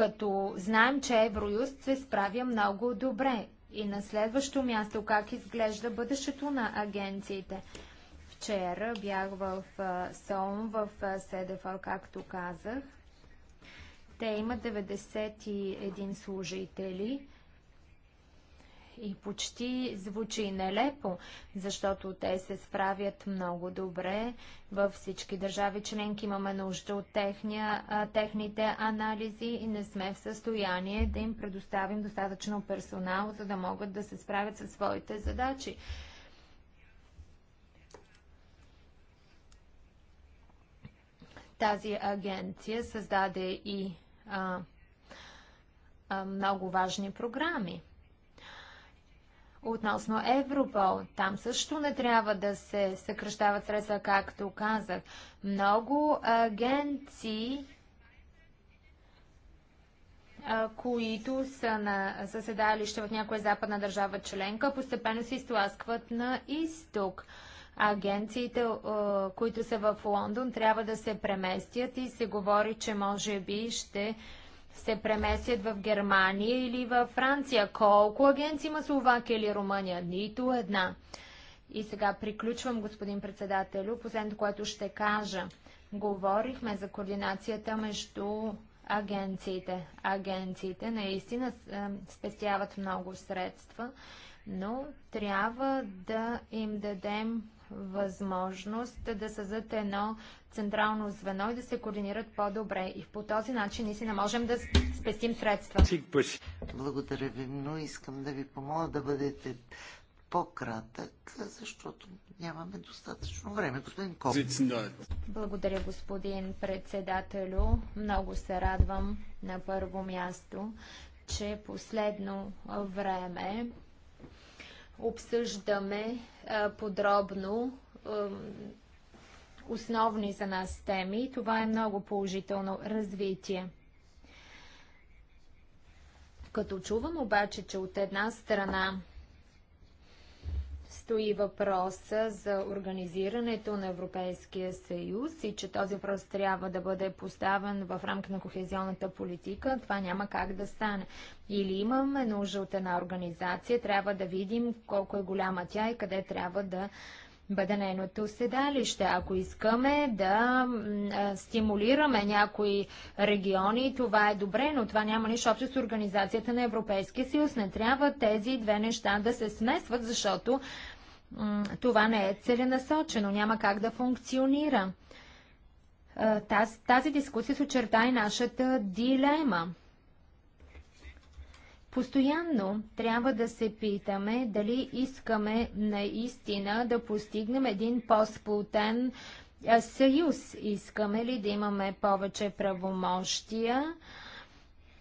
като знаем, че Евроюст се справя много добре. И на следващо място, как изглежда бъдещето на агенциите? Вчера бях в СОМ, в СДФЛ, както казах. Те имат 91 служители и почти звучи нелепо, защото те се справят много добре. Във всички държави членки имаме нужда от техния, техните анализи и не сме в състояние да им предоставим достатъчно персонал, за да могат да се справят със своите задачи. Тази агенция създаде и а, много важни програми. Относно Европол, там също не трябва да се съкръщават средства, както казах. Много агенции, които са на съседалище в някоя западна държава членка, постепенно се изтласкват на изток. Агенциите, които са в Лондон, трябва да се преместят и се говори, че може би ще се преместят в Германия или във Франция. Колко агенции има Словакия или Румъния? Нито една. И сега приключвам, господин председателю. Последното, което ще кажа. Говорихме за координацията между агенциите. Агенциите наистина е, спестяват много средства, но трябва да им дадем възможност да създадат едно централно звено и да се координират по-добре. И по този начин си не можем да спестим средства. Благодаря ви, но искам да ви помоля да бъдете по-кратък, защото нямаме достатъчно време. Господин Коп. Благодаря, господин председателю. Много се радвам на първо място, че последно време обсъждаме а, подробно а, основни за нас теми. Това е много положително развитие. Като чувам обаче, че от една страна стои въпроса за организирането на Европейския съюз и че този въпрос трябва да бъде поставен в рамка на кохезионната политика, това няма как да стане. Или имаме нужда от една организация, трябва да видим колко е голяма тя и къде трябва да бъде нейното седалище. Ако искаме да стимулираме някои региони, това е добре, но това няма нищо общо с организацията на Европейския съюз. Не трябва тези две неща да се смесват, защото това не е целенасочено, няма как да функционира. Е, тази дискусия се очерта и нашата дилема. Постоянно трябва да се питаме дали искаме наистина да постигнем един по-сплутен е, съюз. Искаме ли да имаме повече правомощия,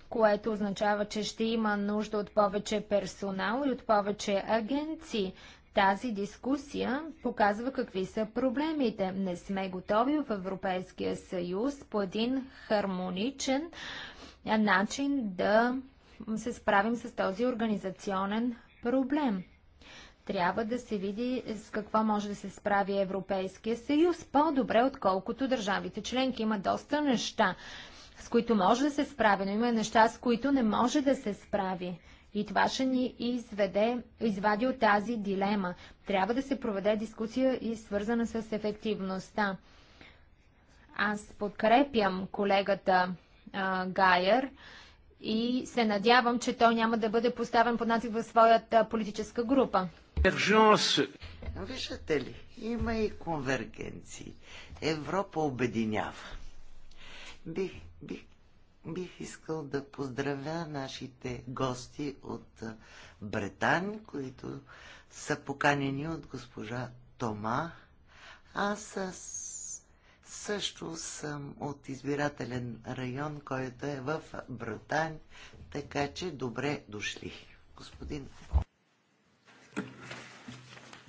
което означава, че ще има нужда от повече персонал и от повече агенции. Тази дискусия показва какви са проблемите. Не сме готови в Европейския съюз по един хармоничен начин да се справим с този организационен проблем. Трябва да се види с какво може да се справи Европейския съюз по-добре, отколкото държавите членки. Има доста неща, с които може да се справи, но има неща, с които не може да се справи. И това ще ни изведе, извади от тази дилема. Трябва да се проведе дискусия и свързана с ефективността. Аз подкрепям колегата а, Гайер и се надявам, че той няма да бъде поставен под натиск в своята политическа група. Виждате ли, има и конвергенции. Европа обединява. Бих, бих, бих искал да поздравя нашите гости от Бретан, които са поканени от госпожа Тома. Аз също съм от избирателен район, който е в Бретан, така че добре дошли, господин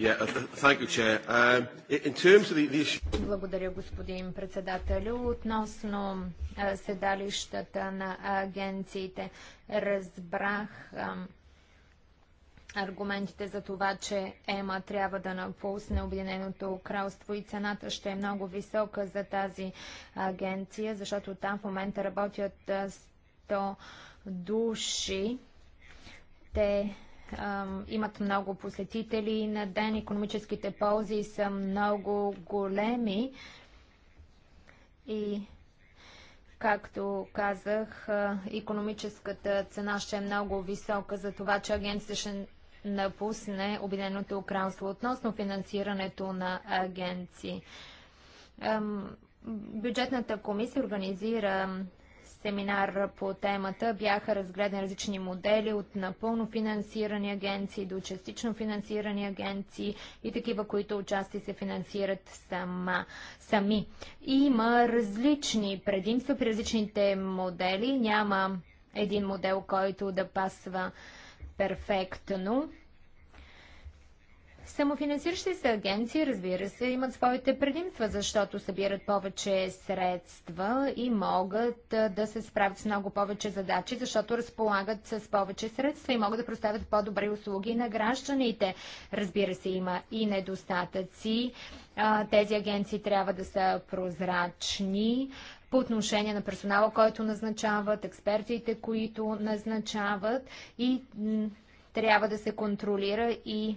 Uh, um, Благодаря, господин председател, Относно седалищата на агенциите, разбрах аргументите за това, че ЕМА трябва да напусне Обединеното кралство и цената ще е много висока за тази агенция, защото там в момента работят 100 души. Те имат много посетители на ден, економическите ползи са много големи и Както казах, економическата цена ще е много висока за това, че агенцията ще напусне Обединеното кралство относно финансирането на агенции. Бюджетната комисия организира семинар по темата бяха разгледани различни модели от напълно финансирани агенции до частично финансирани агенции и такива, които отчасти се финансират сама, сами. И има различни предимства при различните модели. Няма един модел, който да пасва перфектно. Самофинансиращи се агенции, разбира се, имат своите предимства, защото събират повече средства и могат да се справят с много повече задачи, защото разполагат с повече средства и могат да представят по-добри услуги на гражданите. Разбира се, има и недостатъци. Тези агенции трябва да са прозрачни по отношение на персонала, който назначават, експертите, които назначават и трябва да се контролира и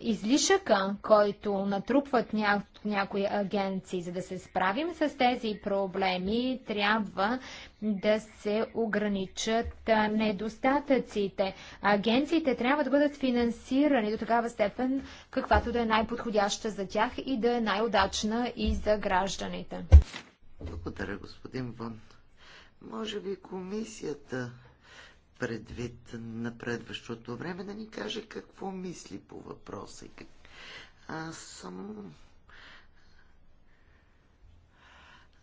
излишъка, който натрупват ня... някои агенции, за да се справим с тези проблеми, трябва да се ограничат недостатъците. Агенциите трябва да бъдат финансирани до такава степен, каквато да е най-подходяща за тях и да е най-удачна и за гражданите. Благодаря, господин Вон, Може би комисията предвид напредващото време, да ни каже какво мисли по въпроса. Аз съм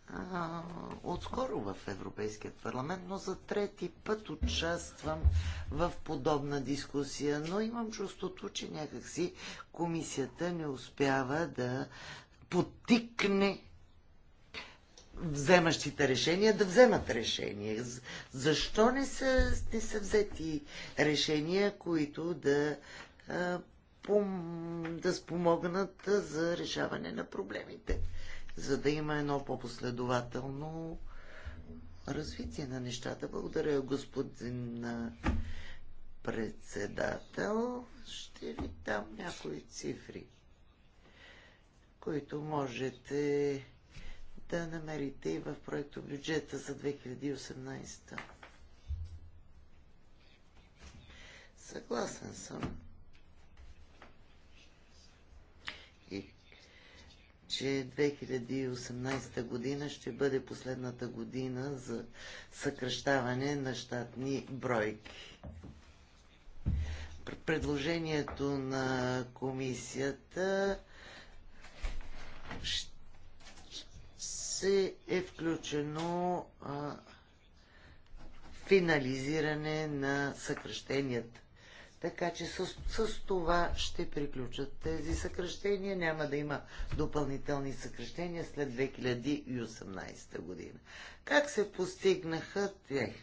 а, отскоро в Европейския парламент, но за трети път участвам в подобна дискусия. Но имам чувството, че някакси комисията не успява да подтикне вземащите решения да вземат решения. Защо не са, не са взети решения, които да, да спомогнат за решаване на проблемите, за да има едно по-последователно развитие на нещата. Благодаря, господин председател. Ще ви дам някои цифри, които можете да намерите и в проекто бюджета за 2018. Съгласен съм. И че 2018 година ще бъде последната година за съкръщаване на щатни бройки. Предложението на комисията ще се е включено а, финализиране на съкръщенията. Така че с, с това ще приключат тези съкръщения. Няма да има допълнителни съкръщения след 2018 година. Как се постигнаха те?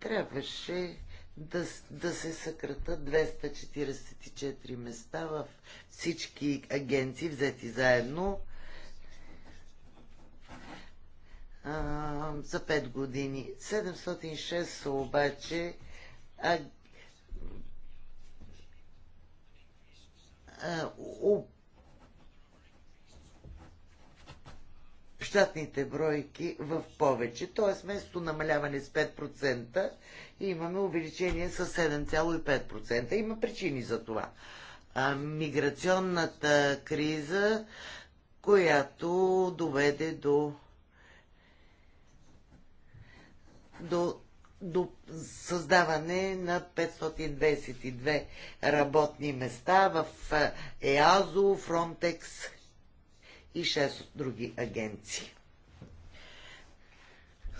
Трябваше да, да се съкратат 244 места в всички агенции, взети заедно а, за 5 години. 706 са обаче а, а, у, щатните бройки в повече. Т.е. вместо намаляване с 5%, имаме увеличение с 7,5%. Има причини за това. А, миграционната криза, която доведе до до, до създаване на 522 работни места в е, ЕАЗО, Фронтекс и 6 други агенции.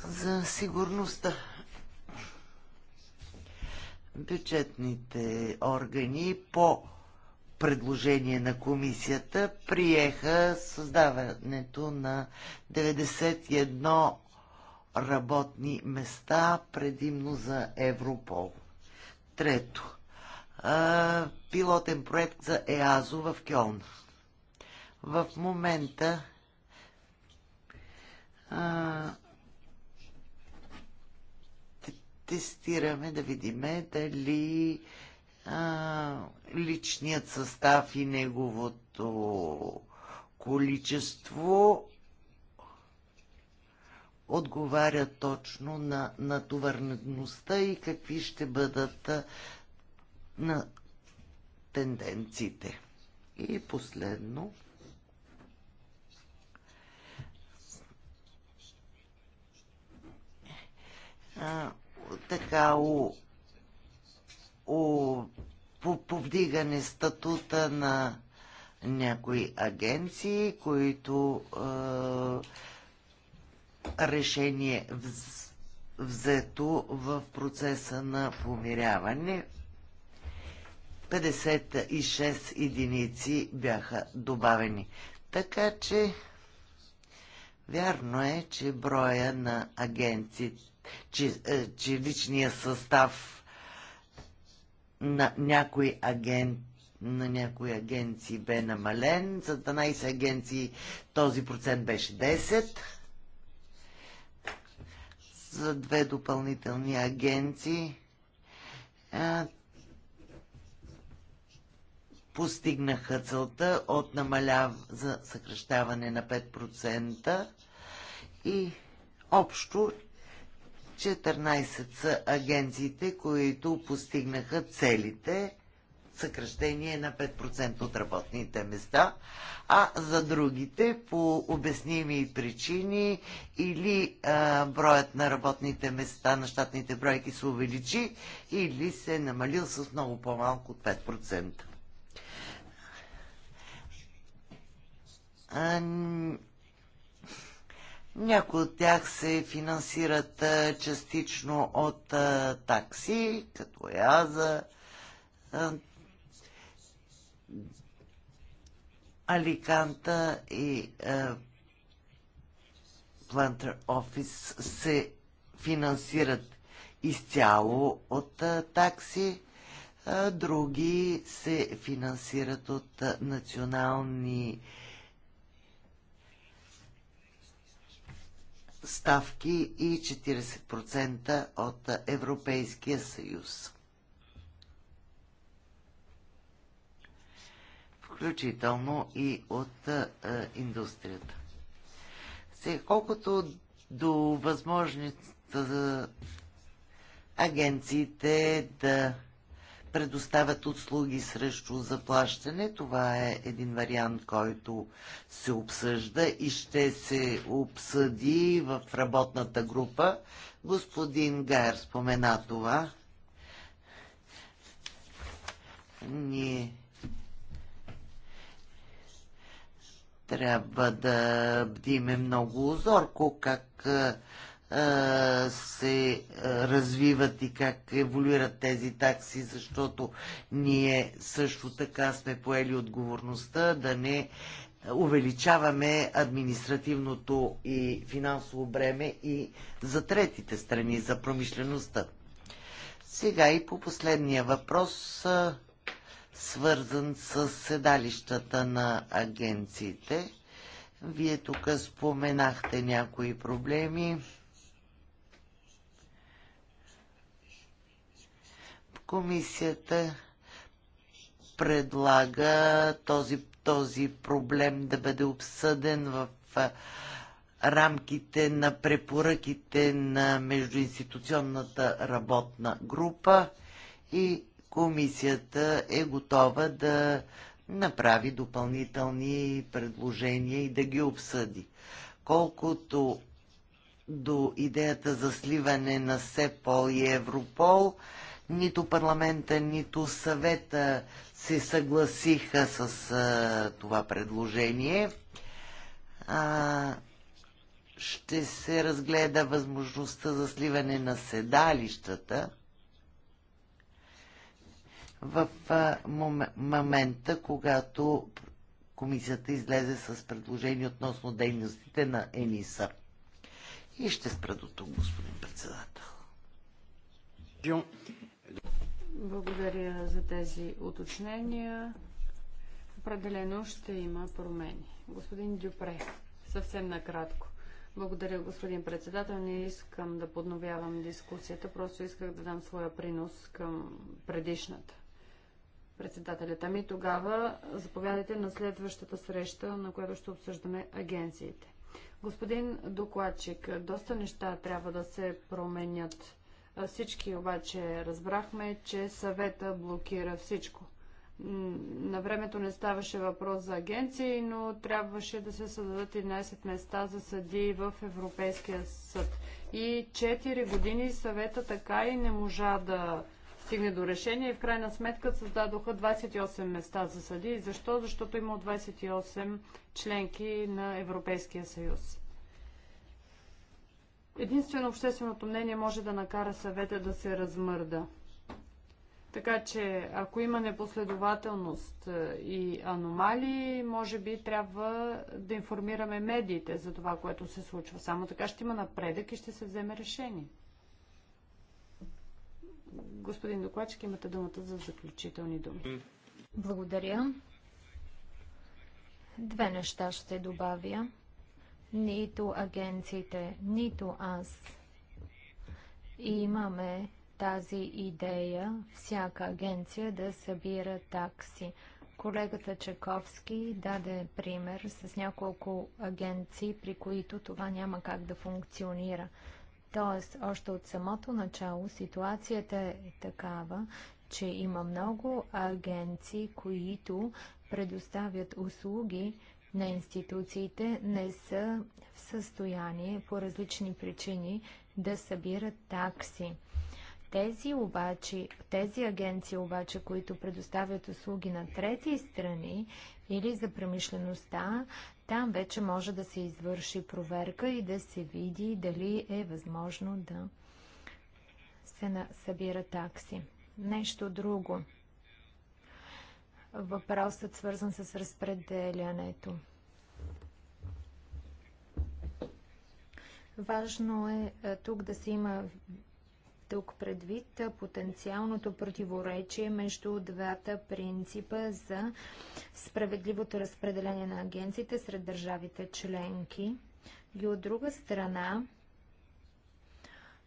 За сигурността бюджетните органи по предложение на комисията приеха създаването на 91 работни места, предимно за Европол. Трето. А, пилотен проект за ЕАЗО в Кьолн. В момента а, тестираме да видиме дали а, личният състав и неговото количество отговаря точно на натовареността и какви ще бъдат на тенденциите. И последно. А, така, о, о, по повдигане статута на някои агенции, които а, решение взето в процеса на помиряване. 56 единици бяха добавени. Така че вярно е, че броя на агенции, че, е, че личния състав на някои агент на някои агенции бе намален. За 12 агенции този процент беше 10 за две допълнителни агенции. Постигнаха целта от намаляв за съкръщаване на 5% и общо 14 са агенциите, които постигнаха целите съкръщение на 5% от работните места, а за другите по обясними причини или а, броят на работните места на щатните бройки се увеличи или се е намалил с много по-малко от 5%. А, някои от тях се финансират частично от такси, като яза, Аликанта и Плантер Офис се финансират изцяло от е, такси, а е, други се финансират от е, национални ставки и 40% от Европейския съюз. включително и от а, индустрията. Сега, колкото до възможността за агенциите да предоставят услуги срещу заплащане. Това е един вариант, който се обсъжда и ще се обсъди в работната група. Господин Гайер спомена това. Ние Трябва да бдиме много зорко как се развиват и как еволюират тези такси, защото ние също така сме поели отговорността да не увеличаваме административното и финансово бреме и за третите страни, за промишлеността. Сега и по последния въпрос свързан с седалищата на агенциите. Вие тук споменахте някои проблеми. Комисията предлага този, този проблем да бъде обсъден в рамките на препоръките на междуинституционната работна група и комисията е готова да направи допълнителни предложения и да ги обсъди. Колкото до идеята за сливане на СЕПОЛ и Европол, нито парламента, нито съвета се съгласиха с а, това предложение. А, ще се разгледа възможността за сливане на седалищата – в момента, когато комисията излезе с предложение относно дейностите на ЕНИСА. И ще спра до тук, господин председател. Благодаря за тези уточнения. Определено ще има промени. Господин Дюпре, съвсем накратко. Благодаря, господин председател. Не искам да подновявам дискусията, просто исках да дам своя принос към предишната председателят. Ами тогава заповядайте на следващата среща, на която ще обсъждаме агенциите. Господин докладчик, доста неща трябва да се променят. Всички обаче разбрахме, че съвета блокира всичко. На времето не ставаше въпрос за агенции, но трябваше да се създадат 11 места за съдии в Европейския съд. И 4 години съвета така и не можа да стигне до решение и в крайна сметка създадоха 28 места за съди. Защо? Защото има 28 членки на Европейския съюз. Единствено общественото мнение може да накара съвета да се размърда. Така че, ако има непоследователност е, и аномалии, може би трябва да информираме медиите за това, което се случва. Само така ще има напредък и ще се вземе решение. Господин докладчик, имате думата за заключителни думи. Благодаря. Две неща ще добавя. Нито агенциите, нито аз имаме тази идея всяка агенция да събира такси. Колегата Чаковски даде пример с няколко агенции, при които това няма как да функционира. Тоест, още от самото начало ситуацията е такава, че има много агенции, които предоставят услуги на институциите, не са в състояние по различни причини да събират такси. Тези, обаче, тези агенции обаче, които предоставят услуги на трети страни или за промишлеността, там вече може да се извърши проверка и да се види дали е възможно да се събира такси. Нещо друго. Въпросът свързан с разпределянето. Важно е, е тук да се има тук предвид потенциалното противоречие между двата принципа за справедливото разпределение на агенциите сред държавите членки. И от друга страна,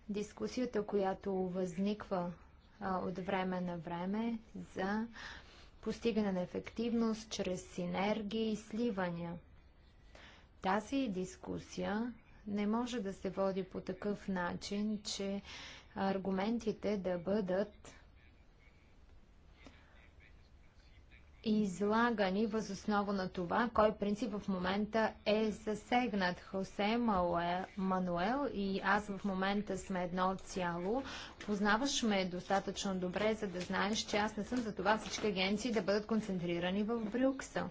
дискусията, която възниква а, от време на време за постигане на ефективност чрез синергии и сливания. Тази дискусия не може да се води по такъв начин, че аргументите да бъдат излагани въз основа на това, кой принцип в момента е засегнат. Хосе Мануел и аз в момента сме едно цяло. Познаваш ме достатъчно добре, за да знаеш, че аз не съм за това всички агенции да бъдат концентрирани в Брюксел.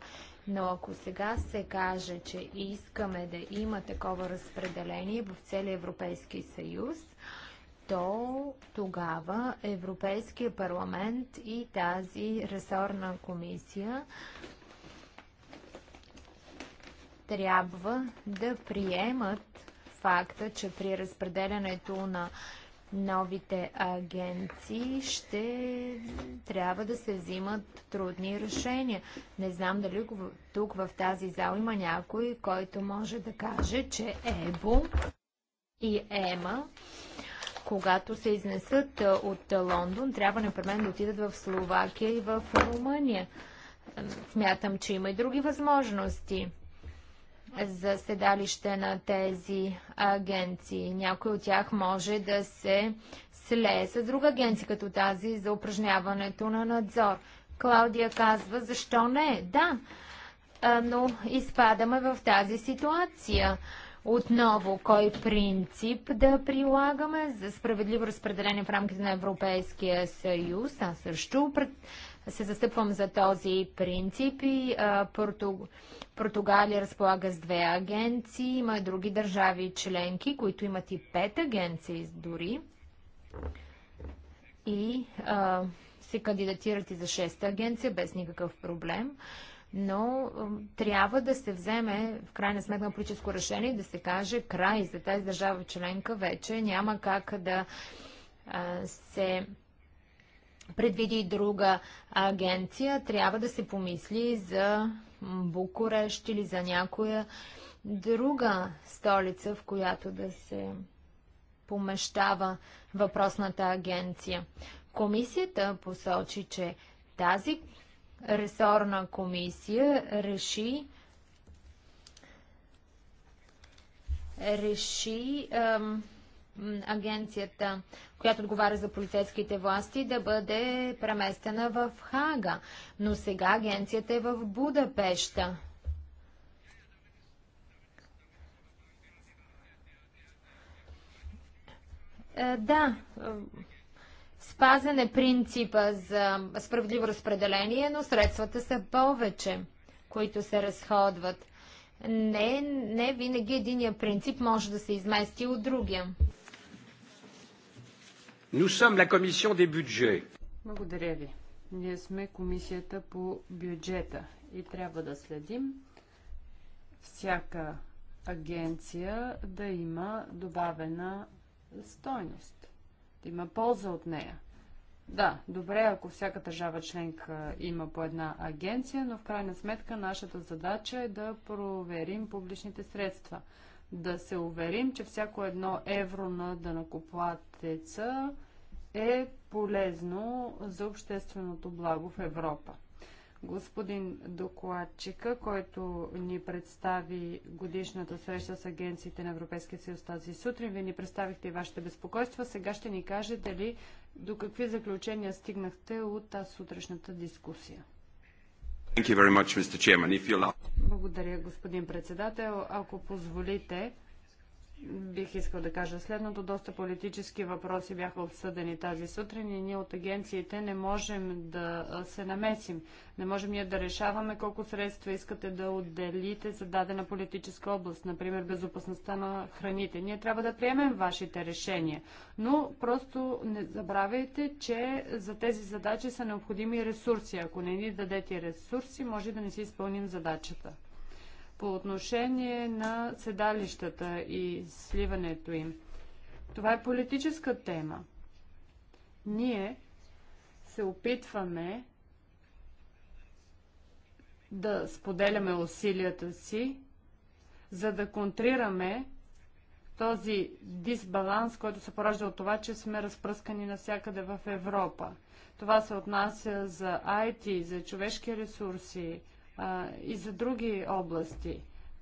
Но ако сега се каже, че искаме да има такова разпределение в целия Европейски съюз, то тогава Европейския парламент и тази ресорна комисия трябва да приемат факта, че при разпределянето на новите агенции ще трябва да се взимат трудни решения. Не знам дали тук в тази зал има някой, който може да каже, че ЕБО и ЕМА когато се изнесат от Лондон, трябва непременно да отидат в Словакия и в Румъния. Смятам, че има и други възможности за седалище на тези агенции. Някой от тях може да се слее с друга агенция, като тази за упражняването на надзор. Клаудия казва, защо не? Да, но изпадаме в тази ситуация отново кой принцип да прилагаме за справедливо разпределение в рамките на Европейския съюз. Аз също пред... се застъпвам за този принцип и а, Порту... Португалия разполага с две агенции, има и други държави членки, които имат и пет агенции дори. И а, се кандидатират и за шеста агенция без никакъв проблем но трябва да се вземе в крайна сметка политическо решение да се каже край за тази държава членка вече няма как да а, се предвиди друга агенция. Трябва да се помисли за Букурещ или за някоя друга столица, в която да се помещава въпросната агенция. Комисията посочи, че тази ресорна комисия реши реши агенцията, която отговаря за полицейските власти, да бъде преместена в Хага. Но сега агенцията е в Будапешта. Е, да, Спазен е принципа за справедливо разпределение, но средствата са повече, които се разходват. Не, не винаги единия принцип може да се измести от другия. Nous sommes la commission des budgets. Благодаря ви. Ние сме комисията по бюджета и трябва да следим всяка агенция да има добавена стойност, да има полза от нея. Да, добре, ако всяка държава членка има по една агенция, но в крайна сметка нашата задача е да проверим публичните средства. Да се уверим, че всяко едно евро на дънакоплатеца е полезно за общественото благо в Европа. Господин докладчика, който ни представи годишната среща с агенциите на Европейския съюз тази сутрин, вие ни представихте и вашите безпокойства. Сега ще ни кажете ли до какви заключения стигнахте от тази сутрешната дискусия? Much, Благодаря, господин председател. Ако позволите, бих искал да кажа следното. Доста политически въпроси бяха обсъдени тази сутрин и ние от агенциите не можем да се намесим. Не можем ние да решаваме колко средства искате да отделите за дадена политическа област, например безопасността на храните. Ние трябва да приемем вашите решения, но просто не забравяйте, че за тези задачи са необходими ресурси. Ако не ни дадете ресурси, може да не си изпълним задачата. По отношение на седалищата и сливането им. Това е политическа тема. Ние се опитваме да споделяме усилията си, за да контрираме този дисбаланс, който се поражда от това, че сме разпръскани навсякъде в Европа. Това се отнася за IT, за човешки ресурси, а, и за други области.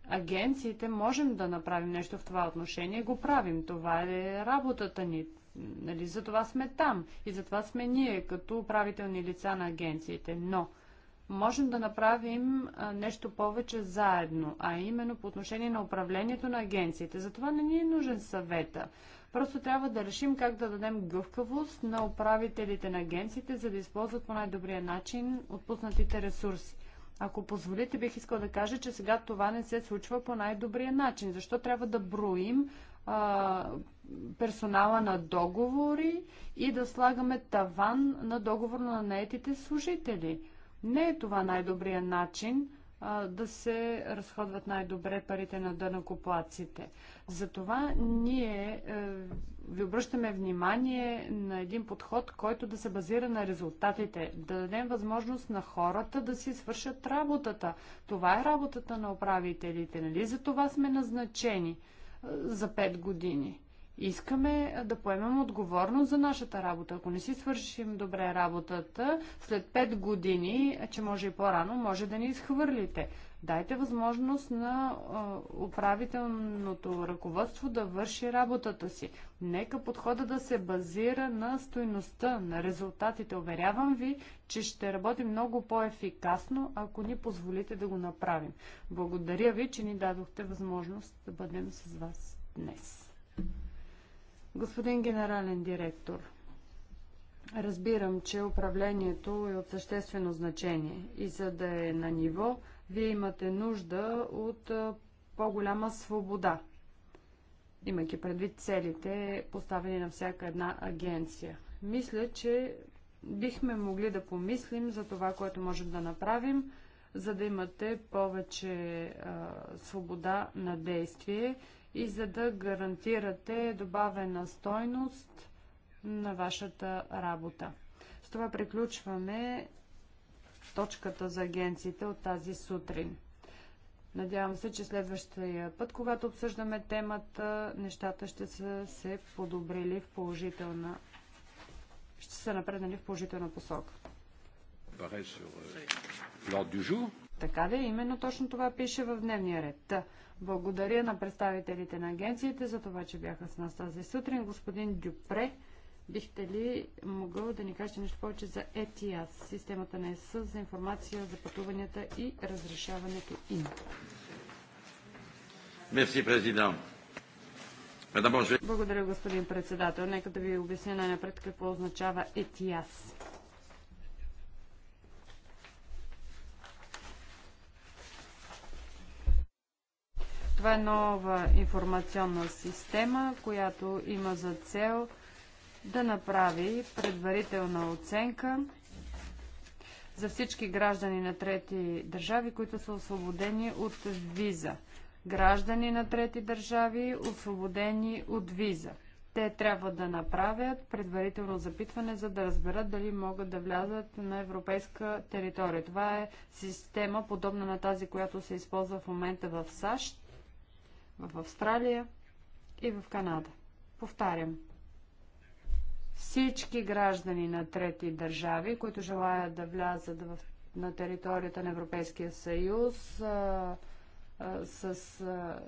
Агенциите можем да направим нещо в това отношение, го правим. Това е работата ни. Нали, за това сме там и за това сме ние като управителни лица на агенциите. Но можем да направим а, нещо повече заедно, а именно по отношение на управлението на агенциите. Затова не ни е нужен съвета. Просто трябва да решим как да дадем гъвкавост на управителите на агенциите, за да използват по най-добрия начин отпуснатите ресурси. Ако позволите, бих искал да кажа, че сега това не се случва по най-добрия начин. Защо трябва да броим а, персонала на договори и да слагаме таван на договор на наетите служители? Не е това най-добрия начин да се разходват най-добре парите на дънакоплаците. Затова ние е, ви обръщаме внимание на един подход, който да се базира на резултатите, да дадем възможност на хората да си свършат работата. Това е работата на управителите, нали? За това сме назначени за 5 години. Искаме да поемем отговорност за нашата работа. Ако не си свършим добре работата, след 5 години, че може и по-рано, може да ни изхвърлите. Дайте възможност на управителното ръководство да върши работата си. Нека подхода да се базира на стойността, на резултатите. Уверявам ви, че ще работи много по-ефикасно, ако ни позволите да го направим. Благодаря ви, че ни дадохте възможност да бъдем с вас днес. Господин генерален директор, разбирам, че управлението е от съществено значение и за да е на ниво, вие имате нужда от по-голяма свобода, имайки предвид целите, поставени на всяка една агенция. Мисля, че бихме могли да помислим за това, което можем да направим, за да имате повече а, свобода на действие и за да гарантирате добавена стойност на вашата работа. С това приключваме точката за агенциите от тази сутрин. Надявам се, че следващия път, когато обсъждаме темата, нещата ще са се подобрили в положителна ще са напреднали в положителна посока. Euh, така да, именно точно това пише в дневния ред. Благодаря на представителите на агенциите за това, че бяха с нас тази сутрин. Господин Дюпре, бихте ли могъл да ни кажете нещо повече за ETIAS, системата на ЕС за информация за пътуванията и разрешаването им? Мерси, президент. Благодаря, господин председател. Нека да ви обясня най-напред какво означава ETIAS. Това е нова информационна система, която има за цел да направи предварителна оценка за всички граждани на трети държави, които са освободени от виза. Граждани на трети държави, освободени от виза. Те трябва да направят предварително запитване, за да разберат дали могат да влязат на европейска територия. Това е система, подобна на тази, която се използва в момента в САЩ в Австралия и в Канада. Повтарям. Всички граждани на трети държави, които желаят да влязат в, на територията на Европейския съюз а, а, с, а,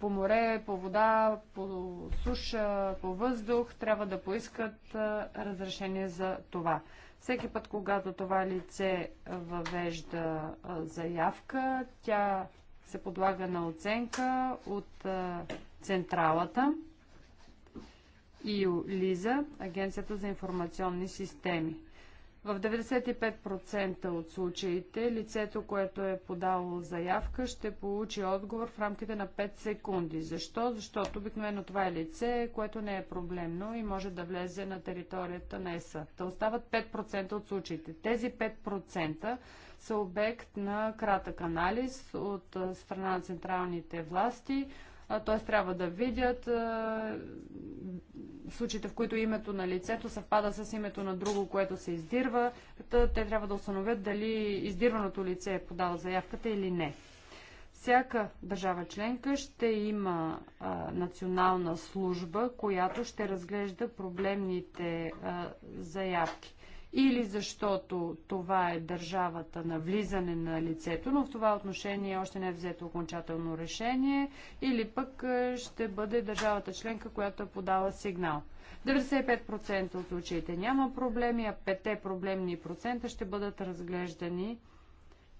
по море, по вода, по суша, по въздух, трябва да поискат а, разрешение за това. Всеки път, когато това лице въвежда заявка, тя се подлага на оценка от централата и ЛИЗА, Агенцията за информационни системи. В 95% от случаите лицето, което е подало заявка, ще получи отговор в рамките на 5 секунди. Защо? Защото обикновено това е лице, което не е проблемно и може да влезе на територията на ЕСА. Та остават 5% от случаите. Тези 5% са обект на кратък анализ от страна на централните власти. Т.е. трябва да видят случаите, в които името на лицето съвпада с името на друго, което се издирва. Те трябва да установят дали издирваното лице е подало заявката или не. Всяка държава членка ще има а, национална служба, която ще разглежда проблемните а, заявки или защото това е държавата на влизане на лицето, но в това отношение още не е взето окончателно решение, или пък е, ще бъде държавата членка, която е подала сигнал. 95% от случаите няма проблеми, а 5 проблемни процента ще бъдат разглеждани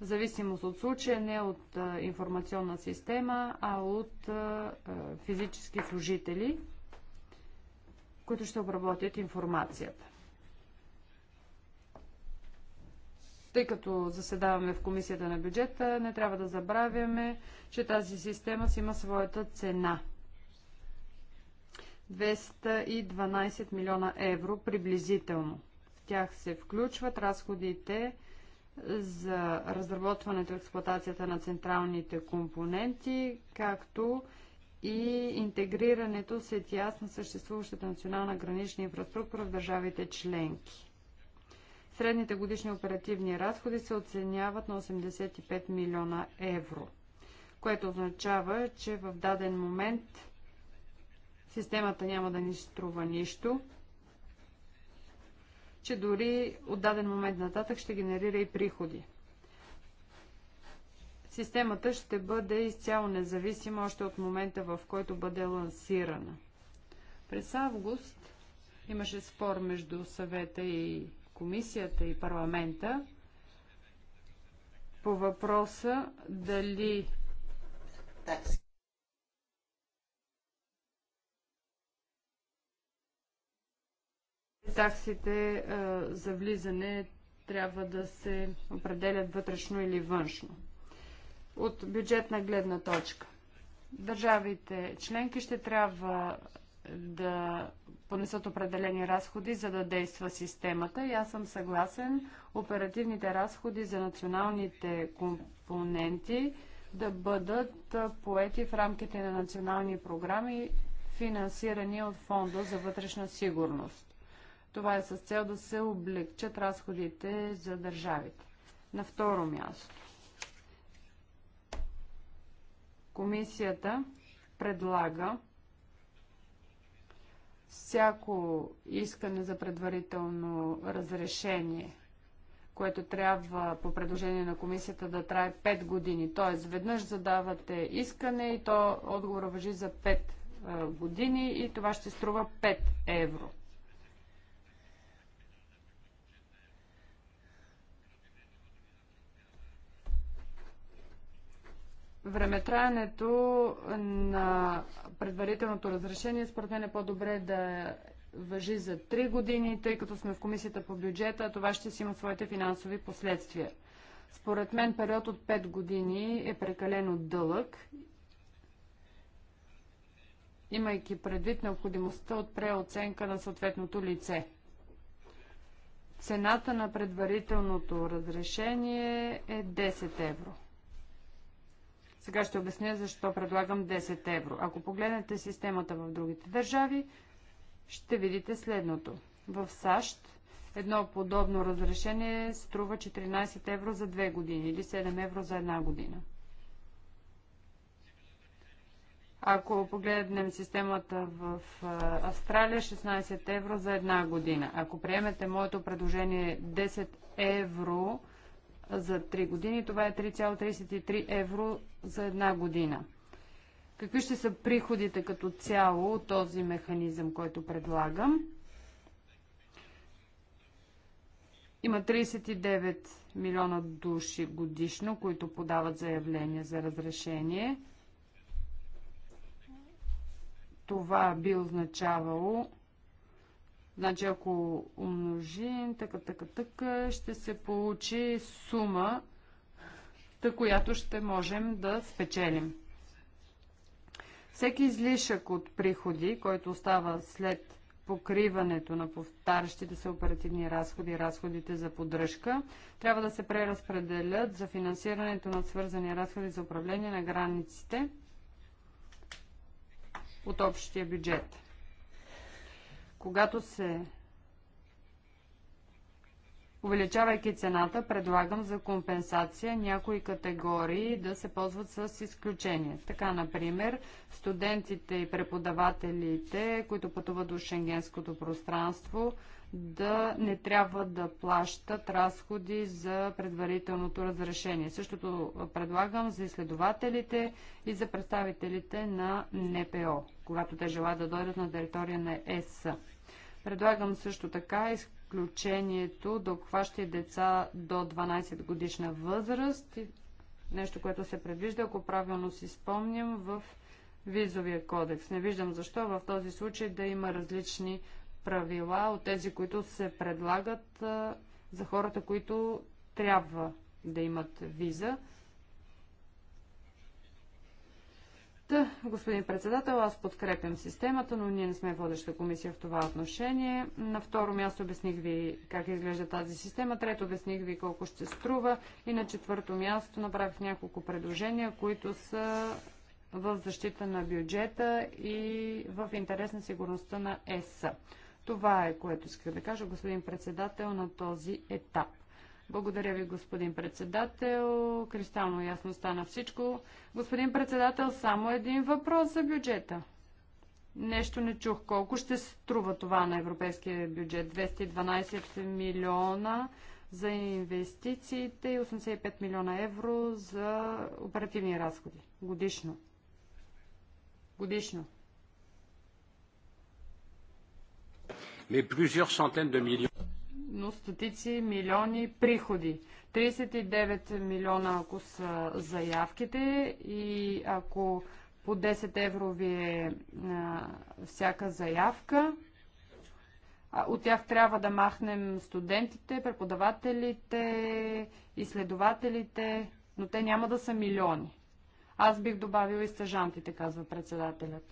в зависимост от случая, не от а, е, информационна система, а от а, е, физически служители, които ще обработят информацията. тъй като заседаваме в комисията на бюджета, не трябва да забравяме, че тази система си има своята цена. 212 милиона евро приблизително. В тях се включват разходите за разработването и експлуатацията на централните компоненти, както и интегрирането с ETIAS на съществуващата национална гранична инфраструктура в държавите членки. Средните годишни оперативни разходи се оценяват на 85 милиона евро, което означава, че в даден момент системата няма да ни струва нищо, че дори от даден момент нататък ще генерира и приходи. Системата ще бъде изцяло независима още от момента, в който бъде лансирана. През август имаше спор между съвета и комисията и парламента по въпроса дали таксите е, за влизане трябва да се определят вътрешно или външно. От бюджетна гледна точка. Държавите членки ще трябва да понесат определени разходи, за да действа системата. И аз съм съгласен оперативните разходи за националните компоненти да бъдат поети в рамките на национални програми, финансирани от Фонда за вътрешна сигурност. Това е с цел да се облегчат разходите за държавите. На второ място. Комисията предлага всяко искане за предварително разрешение, което трябва по предложение на комисията да трае 5 години. Тоест, веднъж задавате искане и то отговор въжи за 5 години и това ще струва 5 евро. Времетраенето на предварителното разрешение според мен е по-добре да въжи за 3 години, тъй като сме в комисията по бюджета, това ще си има своите финансови последствия. Според мен период от 5 години е прекалено дълъг, имайки предвид необходимостта от преоценка на съответното лице. Цената на предварителното разрешение е 10 евро. Сега ще обясня защо предлагам 10 евро. Ако погледнете системата в другите държави, ще видите следното. В САЩ едно подобно разрешение струва 14 евро за 2 години или 7 евро за 1 година. Ако погледнем системата в Австралия, 16 евро за една година. Ако приемете моето предложение 10 евро за 3 години. Това е 3,33 евро за една година. Какви ще са приходите като цяло от този механизъм, който предлагам? Има 39 милиона души годишно, които подават заявление за разрешение. Това би означавало Значи ако умножим така, така, така, ще се получи сума, та която ще можем да спечелим. Всеки излишък от приходи, който остава след покриването на повтарящите се оперативни разходи и разходите за поддръжка, трябва да се преразпределят за финансирането на свързани разходи за управление на границите от общия бюджет когато се увеличавайки цената, предлагам за компенсация някои категории да се ползват с изключение. Така, например, студентите и преподавателите, които пътуват до шенгенското пространство, да не трябва да плащат разходи за предварителното разрешение. Същото предлагам за изследователите и за представителите на НПО, когато те желаят да дойдат на територия на ЕС. Предлагам също така изключението да обхваща деца до 12 годишна възраст. Нещо, което се предвижда, ако правилно си спомням, в визовия кодекс. Не виждам защо в този случай да има различни правила от тези, които се предлагат за хората, които трябва да имат виза. Та, господин председател, аз подкрепям системата, но ние не сме водеща комисия в това отношение. На второ място обясних ви как изглежда тази система, трето обясних ви колко ще струва и на четвърто място направих няколко предложения, които са в защита на бюджета и в интерес на сигурността на ЕС. Това е което исках да кажа, господин председател, на този етап. Благодаря ви, господин председател. Кристално ясно стана всичко. Господин председател, само един въпрос за бюджета. Нещо не чух. Колко ще струва това на европейския бюджет? 212 милиона за инвестициите и 85 милиона евро за оперативни разходи. Годишно. Годишно. Mais plusieurs centaines de millions но стотици милиони приходи. 39 милиона, ако са заявките и ако по 10 евро ви е а, всяка заявка, от тях трябва да махнем студентите, преподавателите, изследователите, но те няма да са милиони. Аз бих добавил и стъжантите, казва председателят.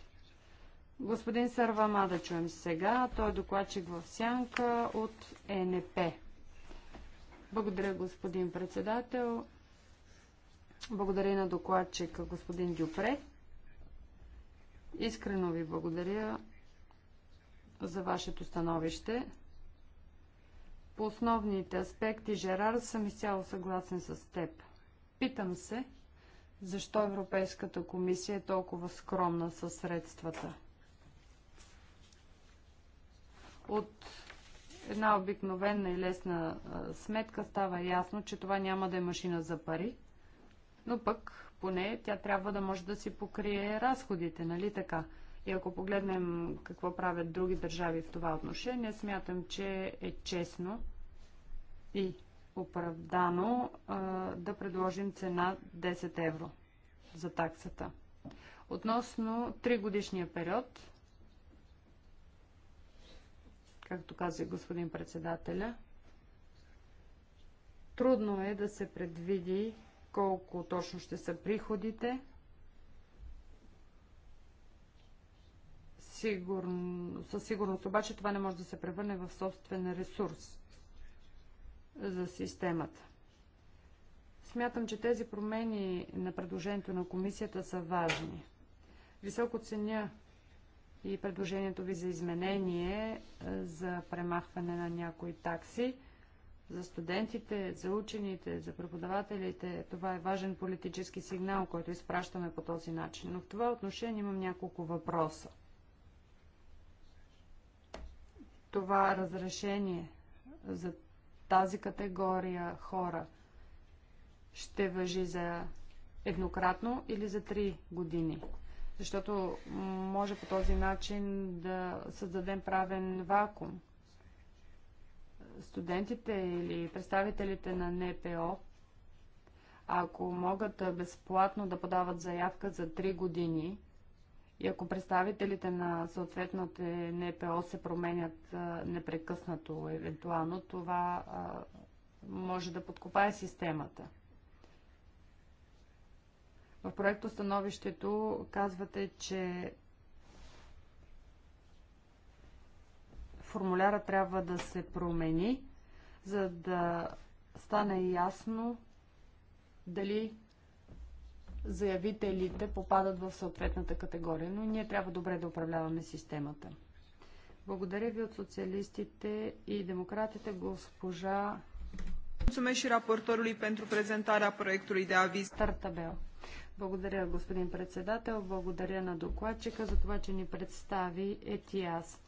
Господин Сарвама да чуем сега. Той е докладчик в Сянка от ЕНП. Благодаря, господин председател. Благодаря на докладчика, господин Дюпре. Искрено ви благодаря за вашето становище. По основните аспекти, Жерар, съм изцяло съгласен с теб. Питам се, защо Европейската комисия е толкова скромна със средствата. От една обикновена и лесна сметка става ясно, че това няма да е машина за пари, но пък поне тя трябва да може да си покрие разходите, нали така? И ако погледнем какво правят други държави в това отношение, смятам, че е честно и оправдано а, да предложим цена 10 евро за таксата. Относно 3 годишния период, както каза господин председателя. Трудно е да се предвиди колко точно ще са приходите. Сигурно, със сигурност обаче това не може да се превърне в собствен ресурс за системата. Смятам, че тези промени на предложението на комисията са важни. Високо ценя и предложението ви за изменение е, за премахване на някои такси за студентите, за учените, за преподавателите. Това е важен политически сигнал, който изпращаме по този начин. Но в това отношение имам няколко въпроса. Това разрешение за тази категория хора ще въжи за еднократно или за три години? защото може по този начин да създадем правен вакуум. Студентите или представителите на НПО, ако могат безплатно да подават заявка за 3 години, и ако представителите на съответните НПО се променят непрекъснато, евентуално, това може да подкопае системата. В проекто становището казвате, че формуляра трябва да се промени, за да стане ясно дали заявителите попадат в съответната категория, но ние трябва добре да управляваме системата. Благодаря ви от социалистите и демократите, госпожа. Mulțumesc și raportorului pentru prezentarea proiectului de aviz. Tartabel. Благодаря, господин председател. Благодаря на докладчика за това, че ни представи ЕТИАС.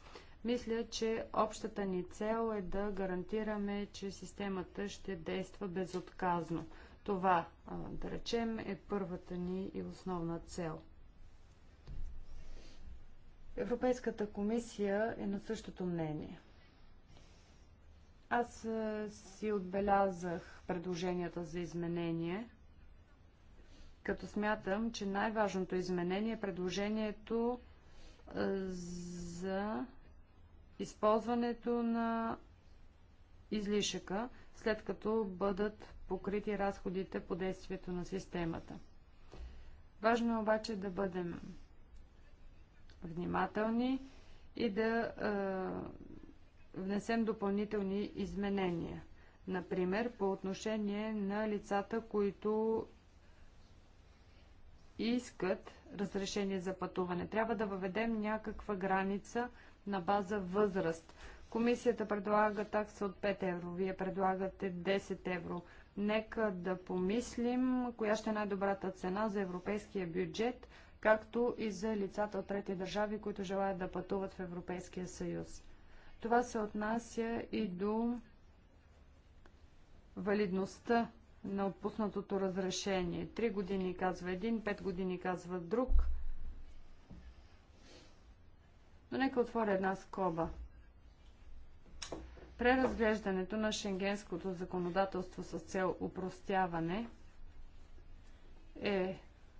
Мисля, че общата ни цел е да гарантираме, че системата ще действа безотказно. Това, да речем, е първата ни и основна цел. Европейската комисия е на същото мнение. Аз си отбелязах предложенията за изменение като смятам, че най-важното изменение е предложението за използването на излишъка, след като бъдат покрити разходите по действието на системата. Важно е обаче да бъдем внимателни и да е, внесем допълнителни изменения. Например, по отношение на лицата, които искат разрешение за пътуване. Трябва да въведем някаква граница на база възраст. Комисията предлага такса от 5 евро, вие предлагате 10 евро. Нека да помислим коя ще е най-добрата цена за европейския бюджет, както и за лицата от трети държави, които желаят да пътуват в Европейския съюз. Това се отнася и до валидността на отпуснатото разрешение. Три години казва един, пет години казва друг. Но нека отворя една скоба. Преразглеждането на шенгенското законодателство с цел упростяване е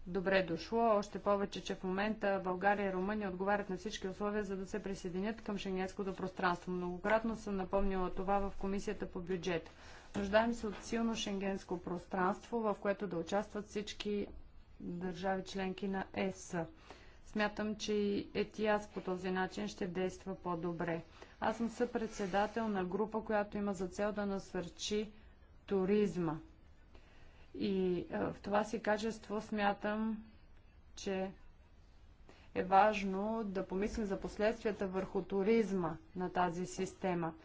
добре дошло, още повече, че в момента България и Румъния отговарят на всички условия, за да се присъединят към шенгенското пространство. Многократно съм напомнила това в Комисията по бюджет. Нуждаем се от силно шенгенско пространство, в което да участват всички държави членки на ЕС. Смятам, че и ЕТИАС по този начин ще действа по-добре. Аз съм съпредседател на група, която има за цел да насърчи туризма. И е, в това си качество смятам, че е важно да помислим за последствията върху туризма на тази система –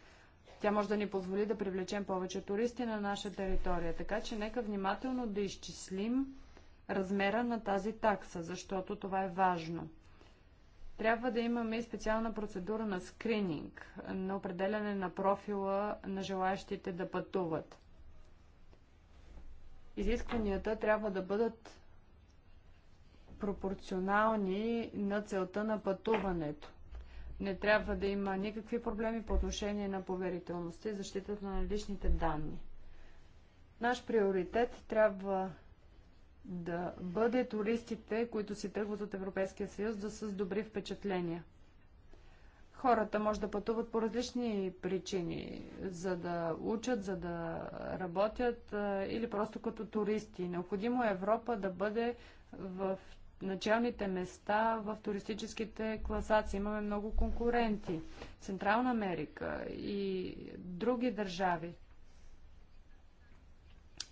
тя може да ни позволи да привлечем повече туристи на наша територия. Така че нека внимателно да изчислим размера на тази такса, защото това е важно. Трябва да имаме и специална процедура на скрининг, на определяне на профила на желаящите да пътуват. Изискванията трябва да бъдат пропорционални на целта на пътуването не трябва да има никакви проблеми по отношение на поверителността и защитата на личните данни. Наш приоритет трябва да бъде туристите, които си тръгват от Европейския съюз, да са с добри впечатления. Хората може да пътуват по различни причини, за да учат, за да работят или просто като туристи. Необходимо е Европа да бъде в началните места в туристическите класации. Имаме много конкуренти. Централна Америка и други държави.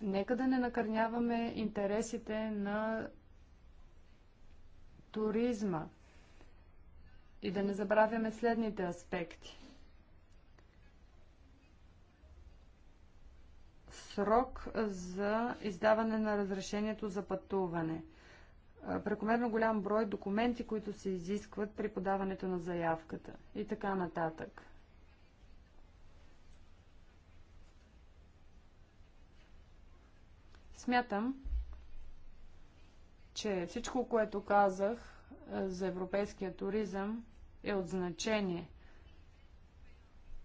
Нека да не накърняваме интересите на туризма и да не забравяме следните аспекти. Срок за издаване на разрешението за пътуване – прекомерно голям брой документи, които се изискват при подаването на заявката и така нататък. Смятам, че всичко, което казах за европейския туризъм е от значение.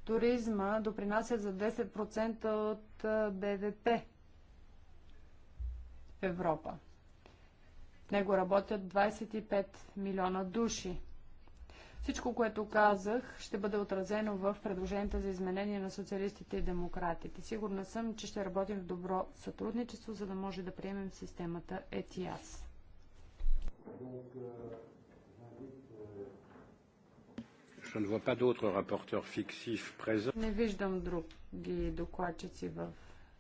Туризма допринася за 10% от БВП в Европа. В него работят 25 милиона души. Всичко, което казах, ще бъде отразено в предложенията за изменение на социалистите и демократите. Сигурна съм, че ще работим в добро сътрудничество, за да може да приемем системата ETIAS. Не виждам други докладчици в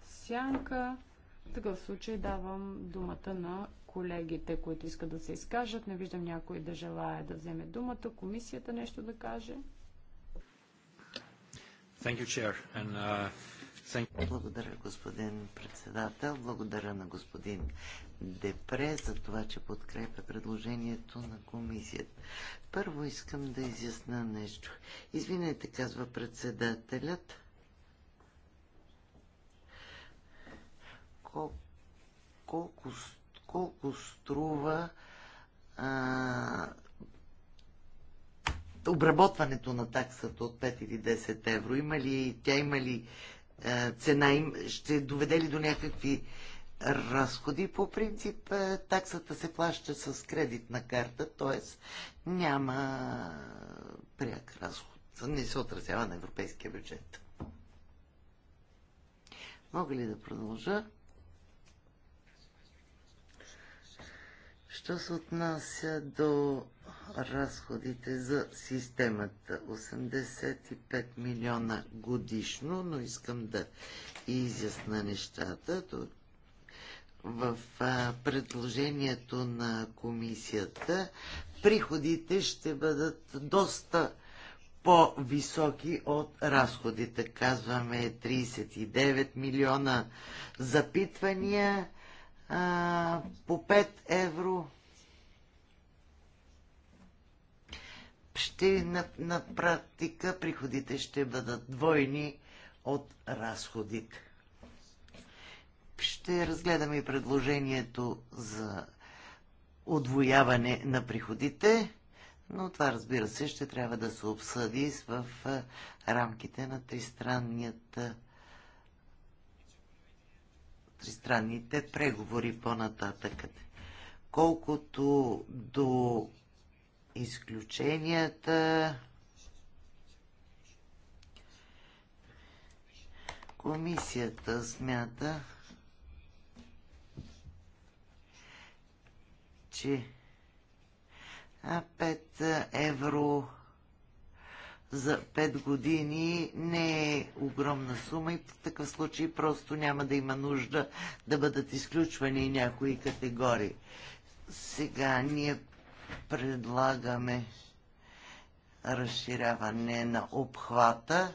сянка. В такъв случай давам думата на колегите, които искат да се изкажат. Не виждам някой да желая да вземе думата. Комисията нещо да каже. Thank you, Chair. And, uh, thank... Благодаря, господин председател. Благодаря на господин Депре за това, че подкрепя предложението на комисията. Първо искам да изясна нещо. Извинете, казва председателят. Колко колко колко струва а, обработването на таксата от 5 или 10 евро? Има ли, тя има ли а, цена? Им, ще доведе ли до някакви разходи? По принцип а, таксата се плаща с кредитна карта, т.е. няма пряк разход. Не се отразява на европейския бюджет. Мога ли да продължа? Що се отнася до разходите за системата? 85 милиона годишно, но искам да изясна нещата. В предложението на комисията приходите ще бъдат доста по-високи от разходите. Казваме 39 милиона запитвания, а, по 5 евро ще на, на практика приходите ще бъдат двойни от разходите. Ще разгледаме и предложението за отвояване на приходите, но това разбира се ще трябва да се обсъди в рамките на тристранният тристранните преговори по-нататък. Колкото до изключенията, комисията смята, че 5 евро за 5 години не е огромна сума и в такъв случай просто няма да има нужда да бъдат изключвани някои категории. Сега ние предлагаме разширяване на обхвата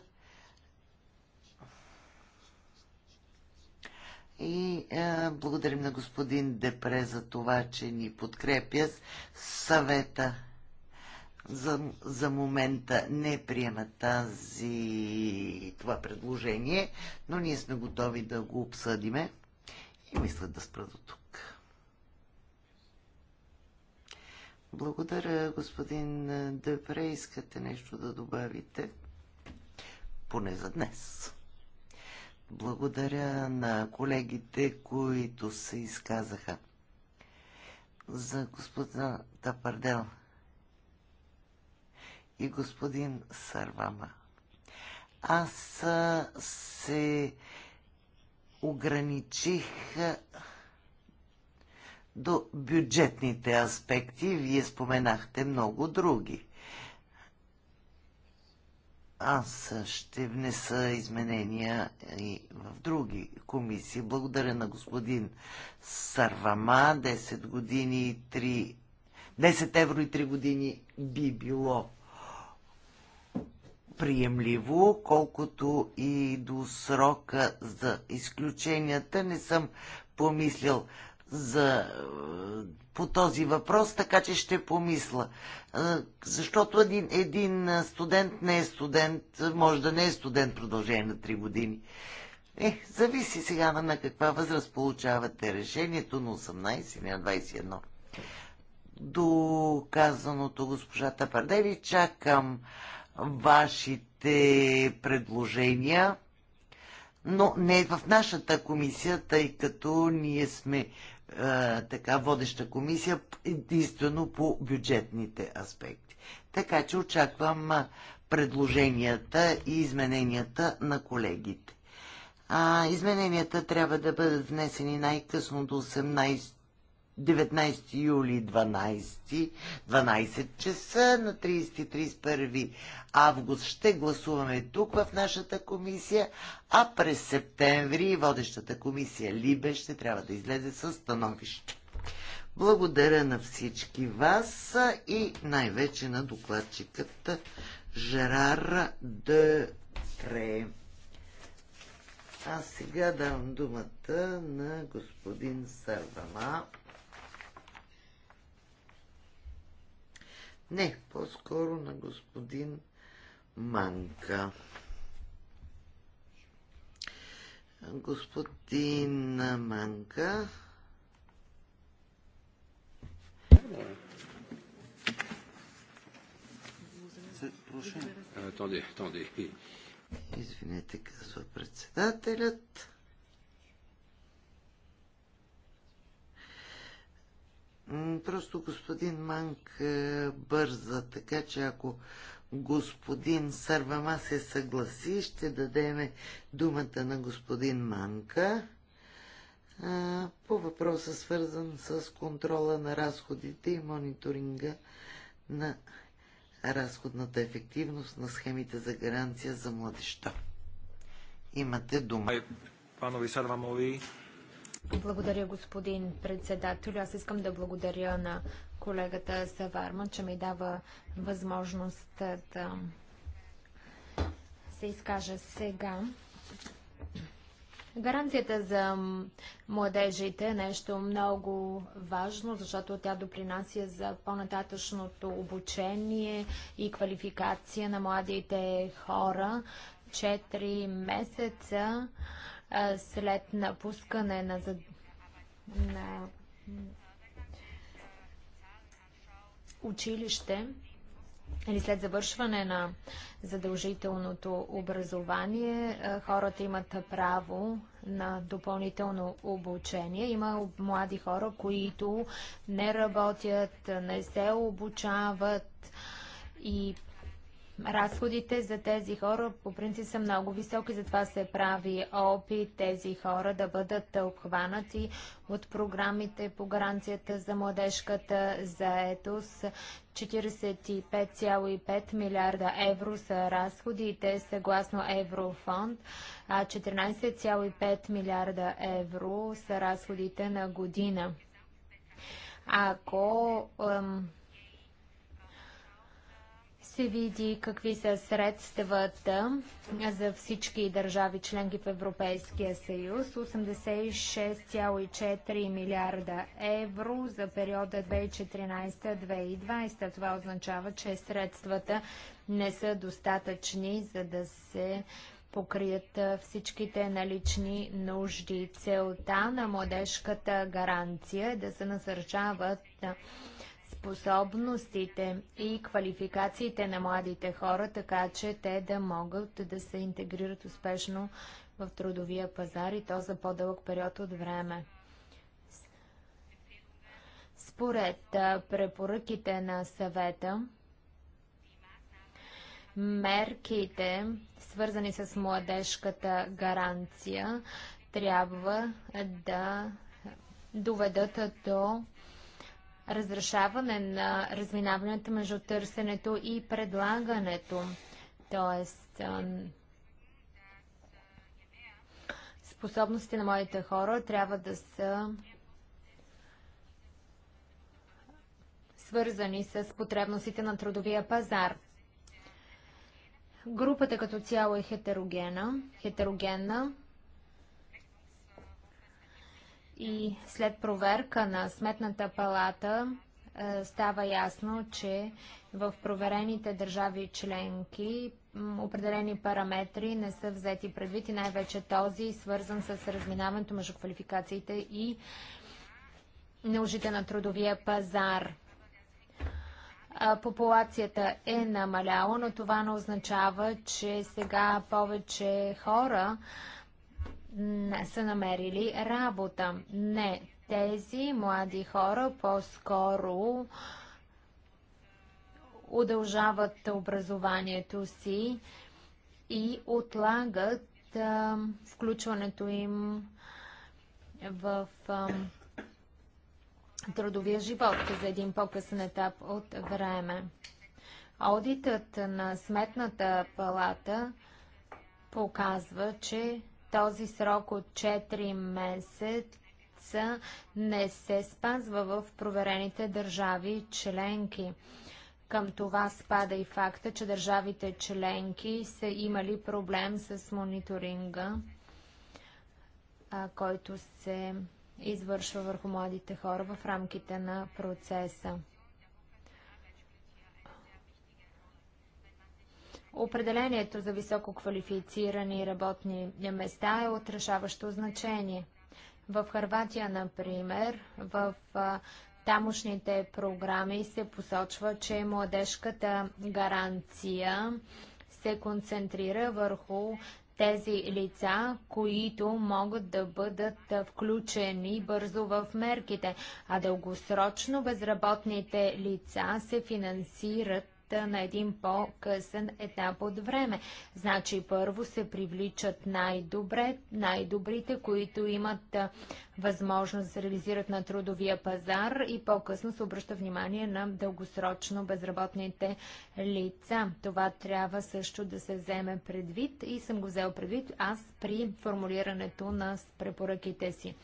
и е, благодарим на господин Депре за това, че ни подкрепя съвета за, за момента не приема тази, това предложение, но ние сме готови да го обсъдиме и мисля да спра до тук. Благодаря, господин Депре. Искате нещо да добавите? Поне за днес. Благодаря на колегите, които се изказаха. За господа Тапардел. Да и господин Сарвама. Аз се ограничих до бюджетните аспекти. Вие споменахте много други. Аз ще внеса изменения и в други комисии. Благодаря на господин Сарвама. 10 години и 3... 10 евро и 3 години би било приемливо, колкото и до срока за изключенията. Не съм помислил за, е, по този въпрос, така че ще помисля. Е, защото един, един студент не е студент, може да не е студент продължение на 3 години. Е, зависи сега на каква възраст получавате решението на 18, не на 21. До казаното госпожата Пардели чакам вашите предложения, но не в нашата комисия, тъй като ние сме а, е, така водеща комисия единствено по бюджетните аспекти. Така че очаквам предложенията и измененията на колегите. А, измененията трябва да бъдат внесени най-късно до 18 19 юли 12, 12 часа на 30-31 август ще гласуваме тук в нашата комисия, а през септември водещата комисия Либе ще трябва да излезе с становище. Благодаря на всички вас и най-вече на докладчикът Жерар Де Тре. А сега давам думата на господин Сарвама. Не, по-скоро на господин Манка. Господин Манка. Е, Извинете, казва председателят. Просто господин Манк е, бърза, така че ако господин Сарвама се съгласи, ще дадеме думата на господин Манка по въпроса свързан с контрола на разходите и мониторинга на разходната ефективност на схемите за гаранция за младеща. Имате дума. Панове Сарвамови, благодаря, господин председател. Аз искам да благодаря на колегата Саварман, че ми дава възможност да се изкажа сега. Гаранцията за младежите е нещо много важно, защото тя допринася за по-нататъчното обучение и квалификация на младите хора. Четири месеца след напускане на, на училище или след завършване на задължителното образование, хората имат право на допълнително обучение. Има млади хора, които не работят, не се обучават и Разходите за тези хора по принцип са много високи, затова се прави опит тези хора да бъдат обхванати от програмите по гаранцията за младежката заетост. 45,5 милиарда евро са разходите съгласно Еврофонд, а 14,5 милиарда евро са разходите на година. Ако се види какви са средствата за всички държави членки в Европейския съюз. 86,4 милиарда евро за периода 2014-2020. Това означава, че средствата не са достатъчни, за да се покрият всичките налични нужди. Целта на младежката гаранция е да се насърчават способностите и квалификациите на младите хора, така че те да могат да се интегрират успешно в трудовия пазар и то за по-дълъг период от време. Според препоръките на съвета, мерките, свързани с младежката гаранция, трябва да доведат до разрешаване на разминаването между търсенето и предлагането. Тоест, способностите на моите хора трябва да са свързани с потребностите на трудовия пазар. Групата като цяло е хетерогена, хетерогенна. И след проверка на Сметната палата е, става ясно, че в проверените държави членки определени параметри не са взети предвид и най-вече този, свързан с разминаването между квалификациите и неужите на трудовия пазар. Популацията е намаляла, но това не означава, че сега повече хора са намерили работа. Не, тези млади хора по-скоро удължават образованието си и отлагат а, включването им в а, трудовия живот за един по-късен етап от време. Аудитът на Сметната палата показва, че този срок от 4 месеца не се спазва в проверените държави членки. Към това спада и факта, че държавите членки са имали проблем с мониторинга, който се извършва върху младите хора в рамките на процеса. Определението за високо квалифицирани работни места е от решаващо значение. В Харватия, например, в тамошните програми се посочва, че младежката гаранция се концентрира върху тези лица, които могат да бъдат включени бързо в мерките, а дългосрочно безработните лица се финансират на един по-късен етап от време. Значи първо се привличат най-добре, най-добрите, които имат възможност да се реализират на трудовия пазар и по-късно се обръща внимание на дългосрочно безработните лица. Това трябва също да се вземе предвид и съм го взел предвид аз при формулирането на препоръките си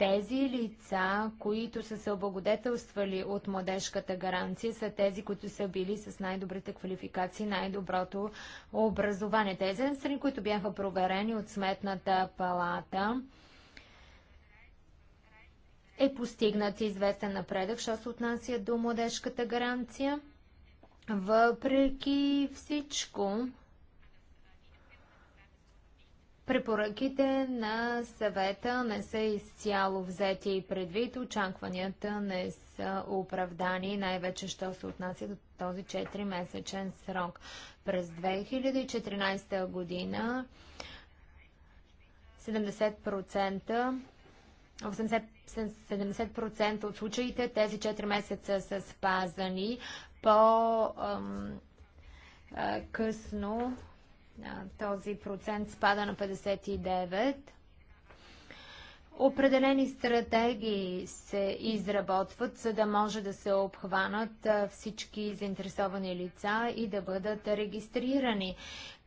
тези лица, които са се облагодетелствали от младежката гаранция, са тези, които са били с най-добрите квалификации, най-доброто образование. Тези страни, които бяха проверени от сметната палата, е постигнат известен напредък, що се отнася до младежката гаранция. Въпреки всичко, Препоръките на съвета не са изцяло взети и предвид. Очакванията не са оправдани, най-вече що се отнася до този 4-месечен срок. През 2014 година 70%, 80, 70% от случаите тези 4 месеца са спазани по-късно този процент спада на 59%. Определени стратегии се изработват, за да може да се обхванат всички заинтересовани лица и да бъдат регистрирани.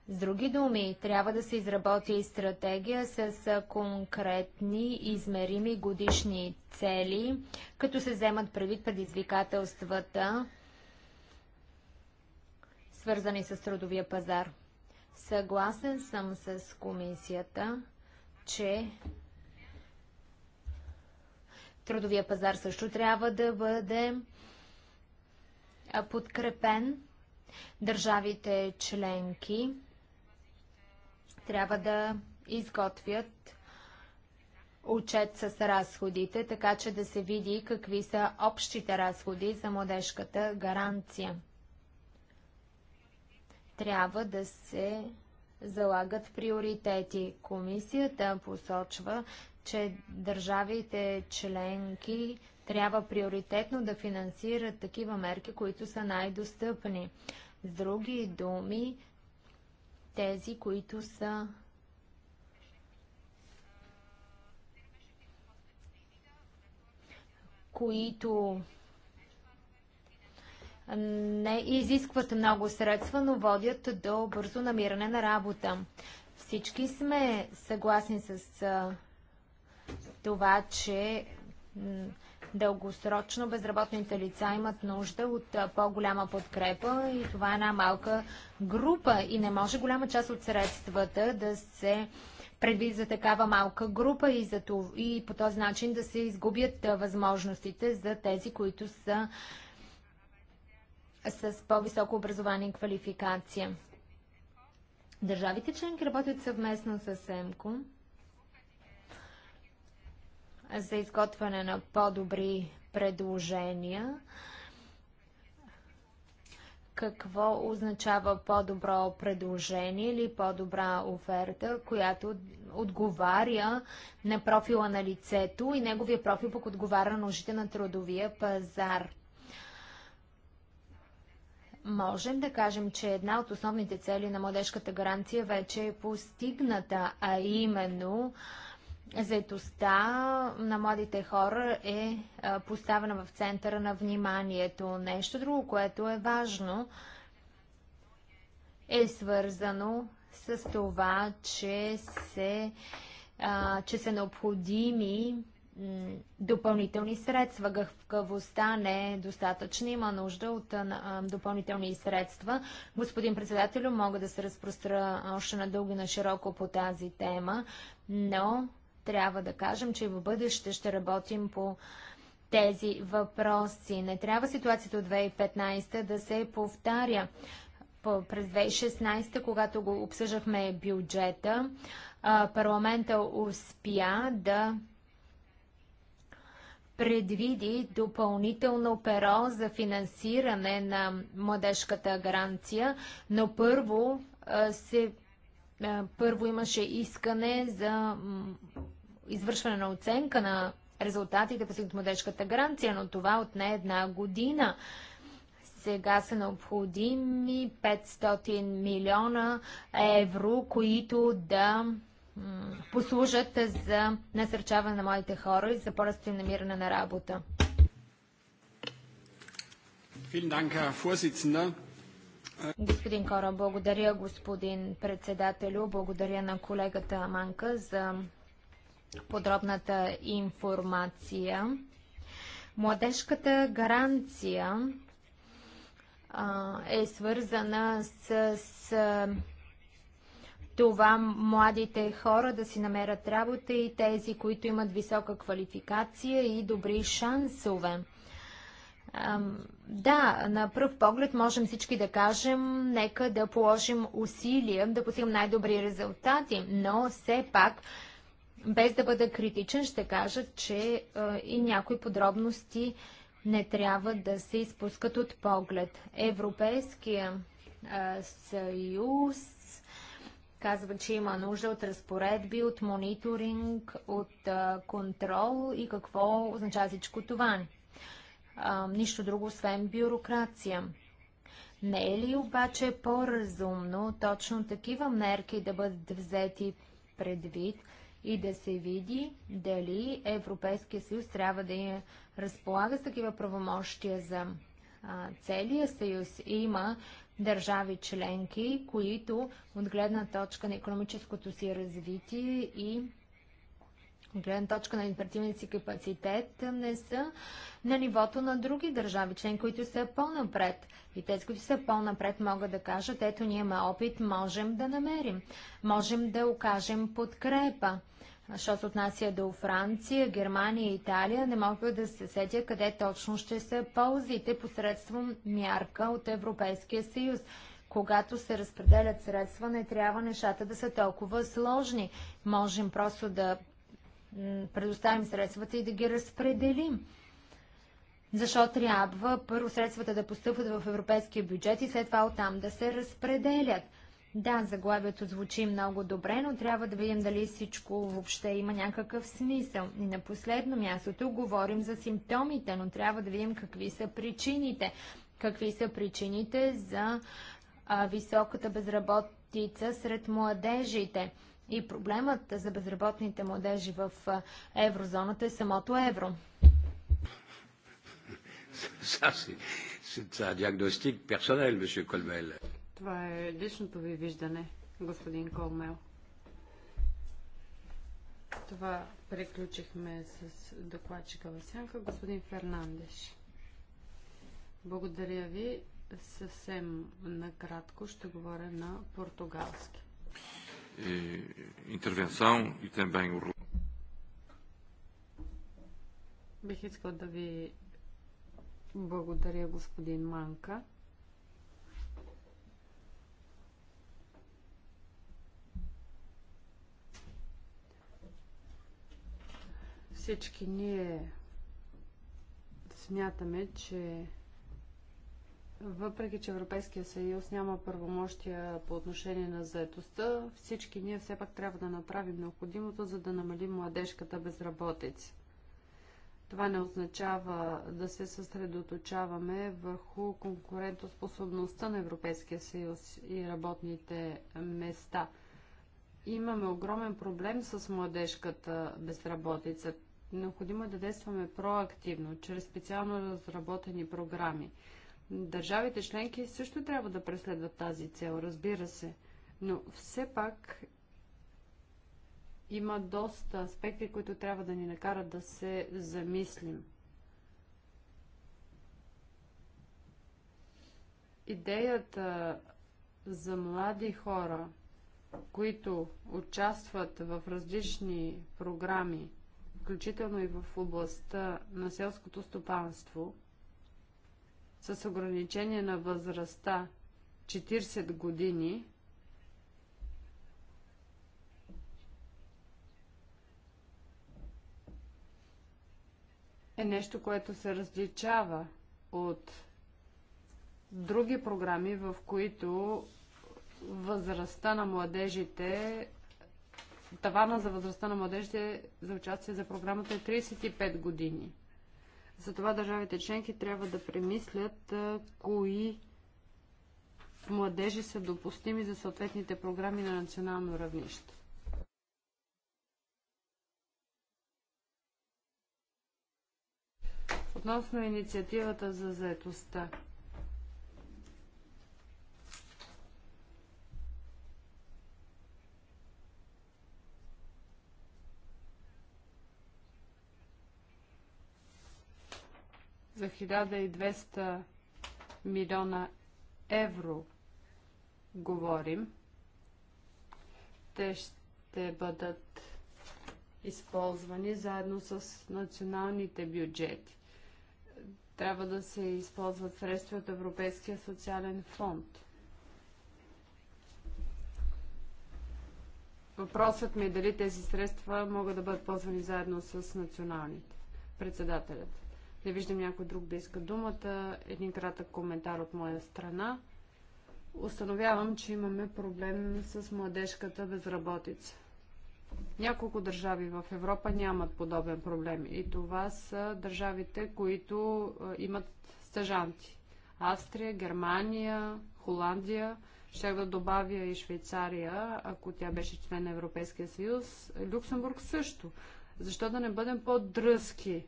С други думи, трябва да се изработи и стратегия с конкретни измерими годишни цели, като се вземат предвид предизвикателствата, свързани с трудовия пазар. Съгласен съм с комисията, че трудовия пазар също трябва да бъде подкрепен. Държавите членки трябва да изготвят отчет с разходите, така че да се види какви са общите разходи за младежката гаранция трябва да се залагат приоритети. Комисията посочва, че държавите членки трябва приоритетно да финансират такива мерки, които са най-достъпни. С други думи, тези, които са които не изискват много средства, но водят до бързо намиране на работа. Всички сме съгласни с това, че дългосрочно безработните лица имат нужда от по-голяма подкрепа и това е една малка група и не може голяма част от средствата да се предвид за такава малка група и, за това, и по този начин да се изгубят възможностите за тези, които са с по-високо образование и квалификация. Държавите членки работят съвместно с ЕМКО за изготвяне на по-добри предложения. Какво означава по-добро предложение или по-добра оферта, която отговаря на профила на лицето и неговия профил пък отговаря на нуждите на трудовия пазар? Можем да кажем, че една от основните цели на младежката гаранция вече е постигната, а именно заетостта на младите хора е поставена в центъра на вниманието. Нещо друго, което е важно, е свързано с това, че се, а, че са необходими допълнителни средства. Гъвкавостта не е достатъчна, има нужда от допълнителни средства. Господин председателю, мога да се разпростра още надълго и на широко по тази тема, но трябва да кажем, че в бъдеще ще работим по тези въпроси. Не трябва ситуацията от 2015 да се повтаря. През 2016, когато го обсъждахме бюджета, парламента успя да предвиди допълнително перо за финансиране на младежката гаранция, но първо се първо имаше искане за извършване на оценка на резултатите по младежката гаранция, но това отне една година. Сега са необходими 500 милиона евро, които да послужат за насърчаване на младите хора и за по-расто им намиране на работа. Господин Кора, благодаря господин председателю, благодаря на колегата Манка за подробната информация. Младежката гаранция а, е свързана с, с това младите хора да си намерят работа и тези, които имат висока квалификация и добри шансове. Да, на пръв поглед можем всички да кажем, нека да положим усилия да постигнем най-добри резултати, но все пак, без да бъда критичен, ще кажа, че и някои подробности не трябва да се изпускат от поглед. Европейския съюз казва, че има нужда от разпоредби, от мониторинг, от а, контрол и какво означава всичко това. А, нищо друго, освен бюрокрация. Не е ли обаче по-разумно точно такива мерки да бъдат взети предвид и да се види дали Европейския съюз трябва да я разполага с такива правомощия за а, целия съюз? Има държави членки, които от гледна точка на економическото си развитие и от гледна точка на императивния си капацитет не са на нивото на други държави членки, които са по-напред. И тези, които са по-напред, могат да кажат, ето ние имаме опит, можем да намерим, можем да окажем подкрепа. Що се отнася до Франция, Германия и Италия, не мога да се сетя къде точно ще са ползите посредством мярка от Европейския съюз. Когато се разпределят средства, не трябва нещата да са толкова сложни. Можем просто да предоставим средствата и да ги разпределим. Защо трябва първо средствата да постъпват в европейския бюджет и след това оттам да се разпределят? Да, заглавието звучи много добре, но трябва да видим дали всичко въобще има някакъв смисъл. И на последно място тук говорим за симптомите, но трябва да видим какви са причините. Какви са причините за а, високата безработица сред младежите? И проблемът за безработните младежи в еврозоната е самото евро. Ça, c'est un diagnostic personnel, това е личното ви виждане, господин Колмел. Това приключихме с докладчика в сянка, господин Фернандеш. Благодаря ви. Съвсем накратко ще говоря на португалски. Е, Интервенção и também Бих искал да ви благодаря, господин Манка. Всички ние смятаме, че въпреки, че Европейския съюз няма първомощия по отношение на заетостта, всички ние все пак трябва да направим необходимото, за да намалим младежката безработица. Това не означава да се съсредоточаваме върху конкурентоспособността на Европейския съюз и работните места. Имаме огромен проблем с младежката безработица. Необходимо е да действаме проактивно, чрез специално разработени програми. Държавите членки също трябва да преследват тази цел, разбира се, но все пак има доста аспекти, които трябва да ни накарат да се замислим. Идеята за млади хора, които участват в различни програми, включително и в областта на селското стопанство, с ограничение на възрастта 40 години, е нещо, което се различава от други програми, в които възрастта на младежите тавана за възрастта на младежите за участие за програмата е 35 години. Затова държавите членки трябва да премислят кои младежи са допустими за съответните програми на национално равнище. Относно инициативата за заетостта. за 1200 милиона евро говорим. Те ще бъдат използвани заедно с националните бюджети. Трябва да се използват средства от Европейския социален фонд. Въпросът ми е дали тези средства могат да бъдат ползвани заедно с националните. Председателят. Не виждам някой друг да иска думата. Един кратък коментар от моя страна. Установявам, че имаме проблем с младежката безработица. Няколко държави в Европа нямат подобен проблем. И това са държавите, които имат стъжанти. Австрия, Германия, Холандия. Щях да добавя и Швейцария, ако тя беше член на Европейския съюз. Люксембург също. Защо да не бъдем по-дръзки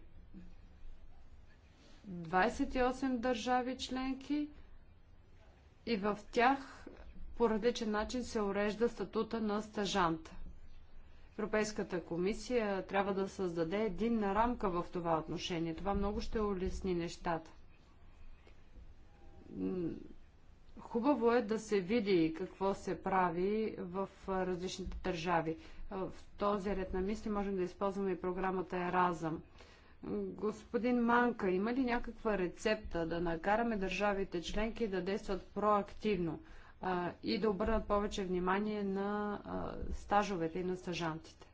28 държави членки и в тях по различен начин се урежда статута на стажанта. Европейската комисия трябва да създаде единна рамка в това отношение. Това много ще улесни нещата. Хубаво е да се види какво се прави в различните държави. В този ред на мисли можем да използваме и програмата Еразъм. Господин Манка, има ли някаква рецепта да накараме държавите членки да действат проактивно а, и да обърнат повече внимание на а, стажовете и на стажантите?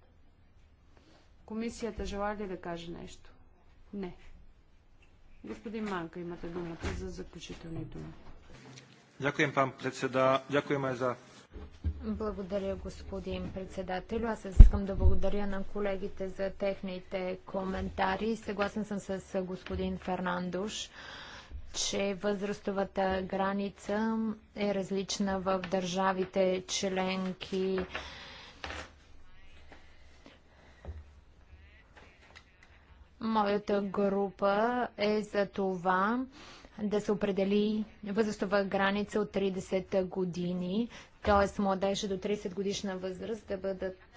Комисията желая ли да каже нещо? Не. Господин Манка, имате думата за заключителни думи. Дякуем, пан председа. Дякуем за благодаря, господин председател. Аз искам да благодаря на колегите за техните коментари. Съгласен съм с господин Фернандуш, че възрастовата граница е различна в държавите членки. Моята група е за това да се определи възрастова граница от 30 години, т.е. младежи до 30 годишна възраст да бъдат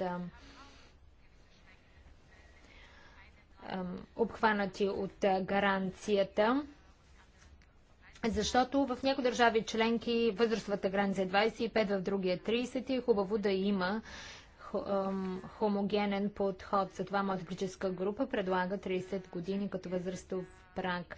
обхванати от гаранцията. Защото в някои държави членки възрастовата граница е 25, в други е 30 и е хубаво да има хомогенен подход. Затова моята политическа група предлага 30 години като възрастов праг.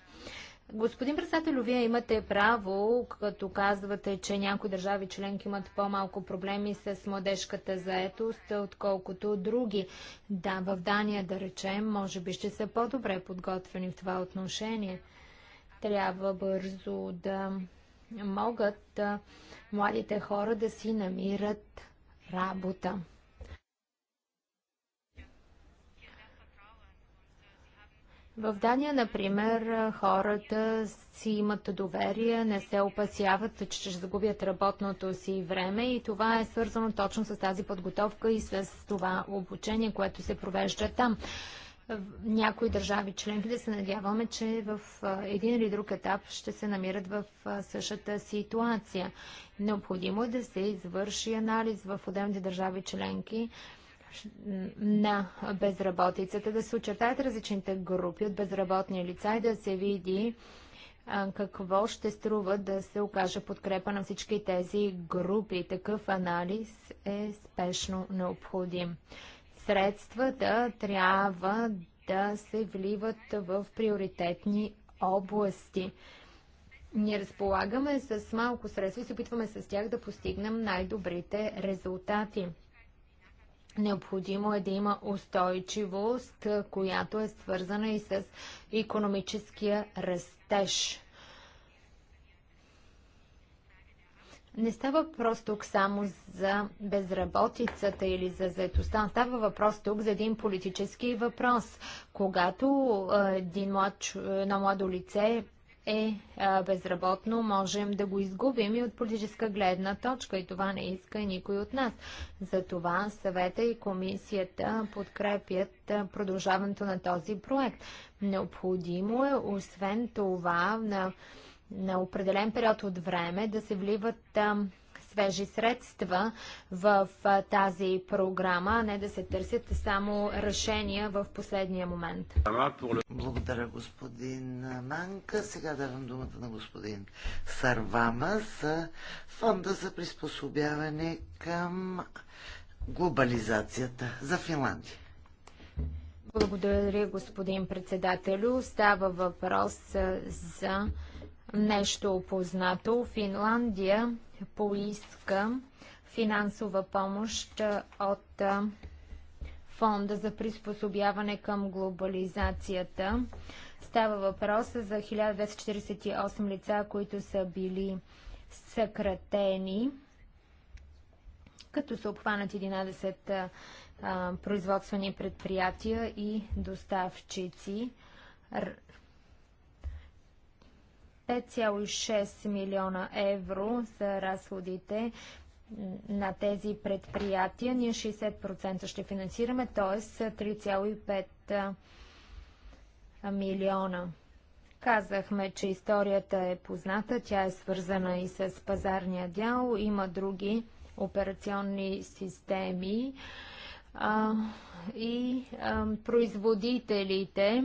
Господин председател, вие имате право, като казвате, че някои държави членки имат по-малко проблеми с младежката заетост, отколкото други. Да, в Дания, да речем, може би ще са по-добре подготвени в това отношение. Трябва бързо да могат младите хора да си намират работа. В Дания, например, хората си имат доверие, не се опасяват, че ще загубят работното си време и това е свързано точно с тази подготовка и с това обучение, което се провежда там. В някои държави членки да се надяваме, че в един или друг етап ще се намират в същата ситуация. Необходимо е да се извърши анализ в отделните държави членки, на безработицата, да се очертаят различните групи от безработни лица и да се види какво ще струва да се окаже подкрепа на всички тези групи. Такъв анализ е спешно необходим. Средствата трябва да се вливат в приоритетни области. Ние разполагаме с малко средства и се опитваме с тях да постигнем най-добрите резултати. Необходимо е да има устойчивост, която е свързана и с економическия растеж. Не става въпрос тук само за безработицата или за заетостта. Става въпрос тук за един политически въпрос. Когато един млад, едно младо лице е безработно, можем да го изгубим и от политическа гледна точка и това не иска никой от нас. Затова съвета и комисията подкрепят продължаването на този проект. Необходимо е, освен това, на, на определен период от време да се вливат свежи средства в тази програма, а не да се търсят само решения в последния момент. Благодаря, господин Манка. Сега давам думата на господин Сарвама за фонда за приспособяване към глобализацията за Финландия. Благодаря, господин председателю. Става въпрос за нещо опознато. Финландия поиска финансова помощ от Фонда за приспособяване към глобализацията. Става въпрос за 1248 лица, които са били съкратени, като са обхванат 11 производствени предприятия и доставчици. 5,6 милиона евро за разходите на тези предприятия. Ние 60% ще финансираме, т.е. 3,5 милиона. Казахме, че историята е позната, тя е свързана и с пазарния дял. Има други операционни системи а, и а, производителите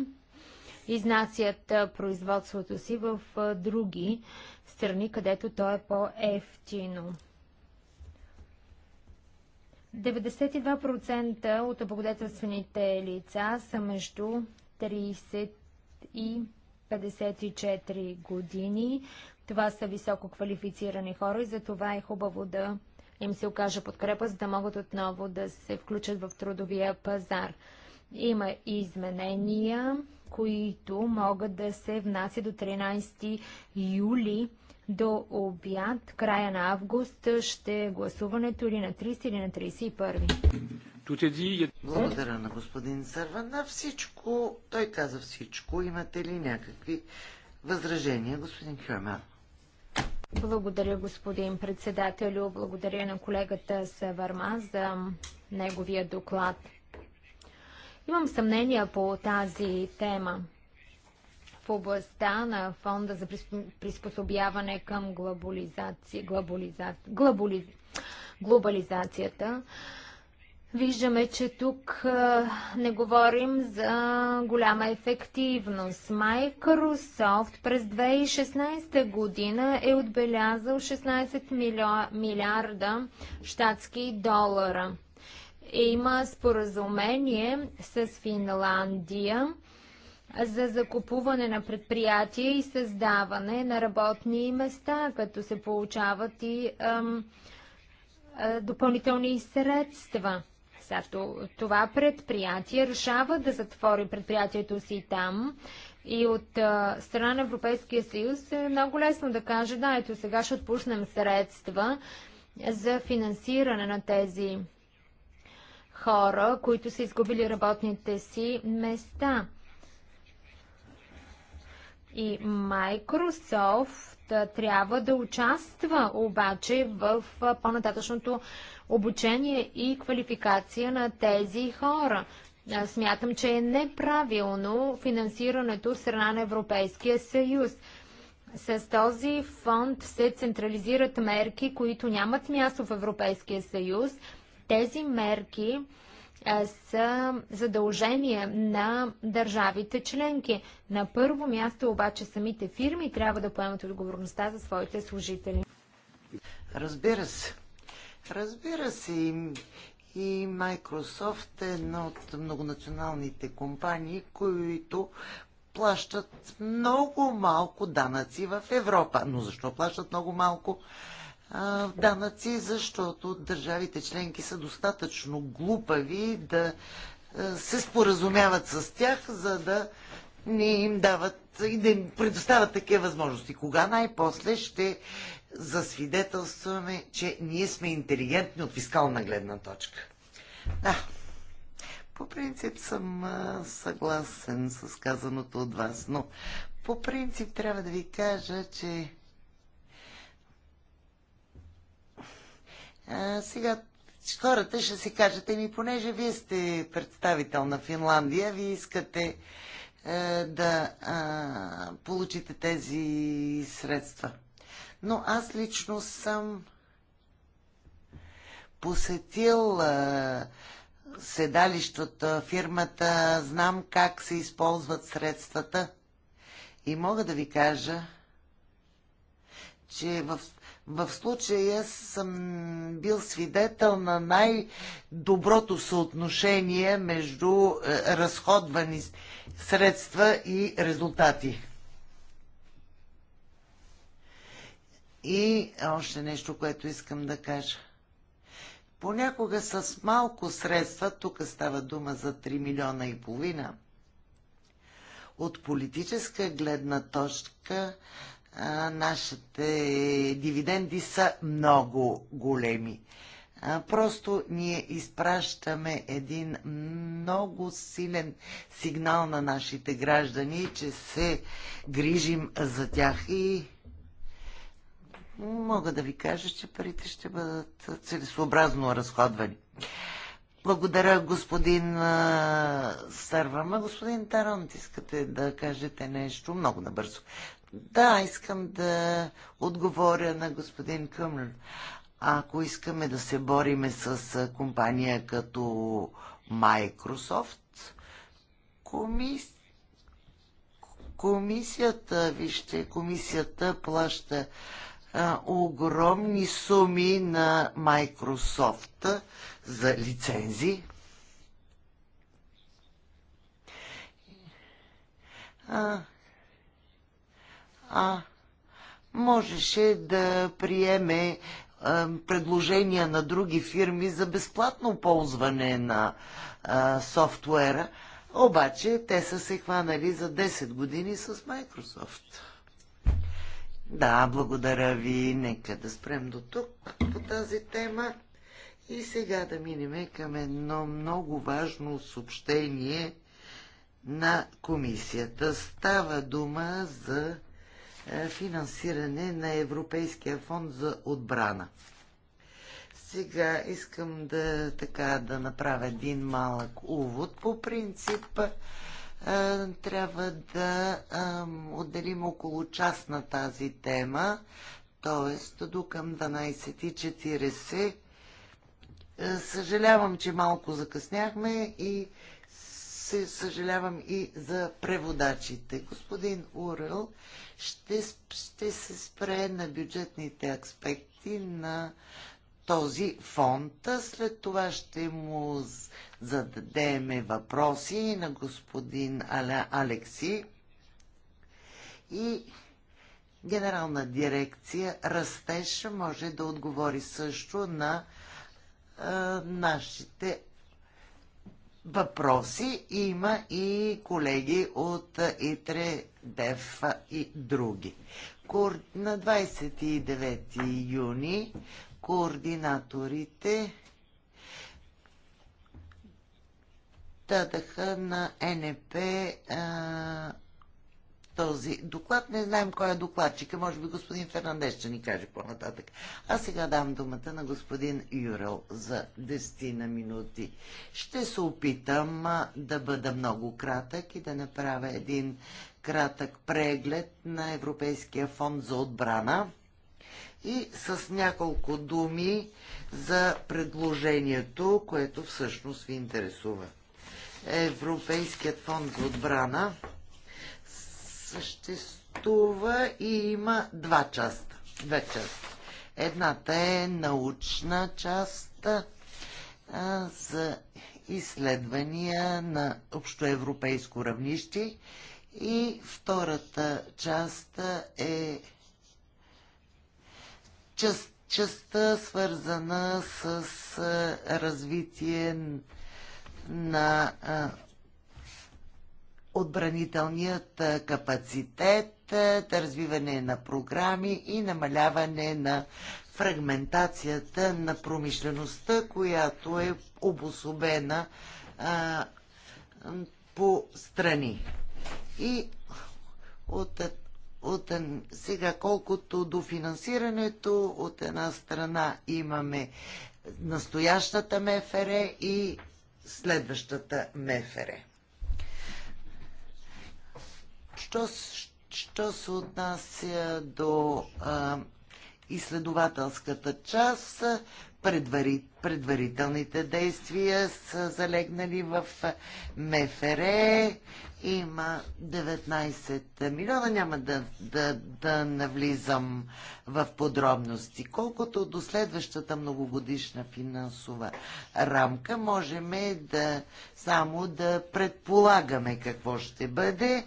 изнасят производството си в други страни, където то е по-ефтино. 92% от облагодетелствените лица са между 30 и 54 години. Това са високо квалифицирани хора и за това е хубаво да им се окаже подкрепа, за да могат отново да се включат в трудовия пазар. Има и изменения които могат да се внасят до 13 юли до обяд, края на август, ще е гласуването или на 30 или на 31. Благодаря на господин на Всичко, той каза всичко. Имате ли някакви възражения, господин Хюрмел? Благодаря, господин председателю. Благодаря на колегата Саварма за неговия доклад. Имам съмнения по тази тема в областта на фонда за приспособяване към глобализация, глобализа, глобализ, глобализацията. Виждаме, че тук не говорим за голяма ефективност. Microsoft през 2016 година е отбелязал 16 милиарда щатски долара има споразумение с Финландия за закупуване на предприятия и създаване на работни места, като се получават и ам, допълнителни средства. Това предприятие решава да затвори предприятието си там и от а, страна на Европейския съюз е много лесно да каже, да, ето сега ще отпуснем средства за финансиране на тези хора, които са изгубили работните си места. И Microsoft трябва да участва обаче в по-нататъчното обучение и квалификация на тези хора. Смятам, че е неправилно финансирането в страна на Европейския съюз. С този фонд се централизират мерки, които нямат място в Европейския съюз – тези мерки са задължения на държавите членки. На първо място обаче самите фирми трябва да поемат отговорността за своите служители. Разбира се. Разбира се, и, и Microsoft е една от многонационалните компании, които плащат много малко данъци в Европа. Но защо плащат много малко? данъци, защото държавите членки са достатъчно глупави да се споразумяват с тях, за да не им дават и да им предоставят такива възможности. Кога най-после ще засвидетелстваме, че ние сме интелигентни от фискална гледна точка? Да. По принцип съм съгласен с казаното от вас, но по принцип трябва да ви кажа, че сега хората ще си кажат, ми, понеже вие сте представител на Финландия, вие искате да получите тези средства. Но аз лично съм посетил е, седалищата, фирмата, знам как се използват средствата и мога да ви кажа, че в в случая съм бил свидетел на най-доброто съотношение между е, разходвани средства и резултати. И още нещо, което искам да кажа. Понякога с малко средства, тук става дума за 3 милиона и половина, от политическа гледна точка а, нашите дивиденди са много големи. А, просто ние изпращаме един много силен сигнал на нашите граждани, че се грижим за тях и мога да ви кажа, че парите ще бъдат целесообразно разходвани. Благодаря, господин Сървама. Господин Таронт, искате да кажете нещо много набързо. Да, искам да отговоря на господин Къмлер. Ако искаме да се бориме с компания като Microsoft, комис... комисията, вижте, комисията плаща а, огромни суми на Microsoft за лицензи. А, а можеше да приеме предложения на други фирми за безплатно ползване на а, софтуера, обаче те са се хванали за 10 години с Microsoft. Да, благодаря ви. Нека да спрем до тук по тази тема. И сега да минем към едно много важно съобщение на комисията. Става дума за е, финансиране на Европейския фонд за отбрана. Сега искам да, така, да направя един малък увод. По принцип е, трябва да отделим около час на тази тема, т.е. до към 12.40. Е, съжалявам, че малко закъсняхме и се съжалявам и за преводачите. Господин Урел ще, ще се спре на бюджетните аспекти на този фонд. След това ще му зададеме въпроси на господин Аля Алекси и Генерална дирекция Растеж може да отговори също на нашите въпроси има и колеги от ИТРЕ, ДЕФ и други. На 29 юни координаторите дадаха на НП а, този доклад. Не знаем кой е докладчика. Може би господин Фернандес ще ни каже по-нататък. А сега дам думата на господин Юрел за 10 на минути. Ще се опитам да бъда много кратък и да направя един кратък преглед на Европейския фонд за отбрана и с няколко думи за предложението, което всъщност ви интересува. Европейският фонд за отбрана съществува и има два часта. Две части. Едната е научна част а, за изследвания на общоевропейско равнище и втората част е част, частта свързана с развитие на отбранителният капацитет, да развиване на програми и намаляване на фрагментацията на промишлеността, която е обособена а, по страни. И от, от, сега колкото до финансирането, от една страна имаме настоящата МФР и следващата МФР. Що, що се отнася до а, изследователската част, предвари, предварителните действия са залегнали в МФР. Има 19 милиона. Няма да, да, да навлизам в подробности. Колкото до следващата многогодишна финансова рамка, можем да само да предполагаме какво ще бъде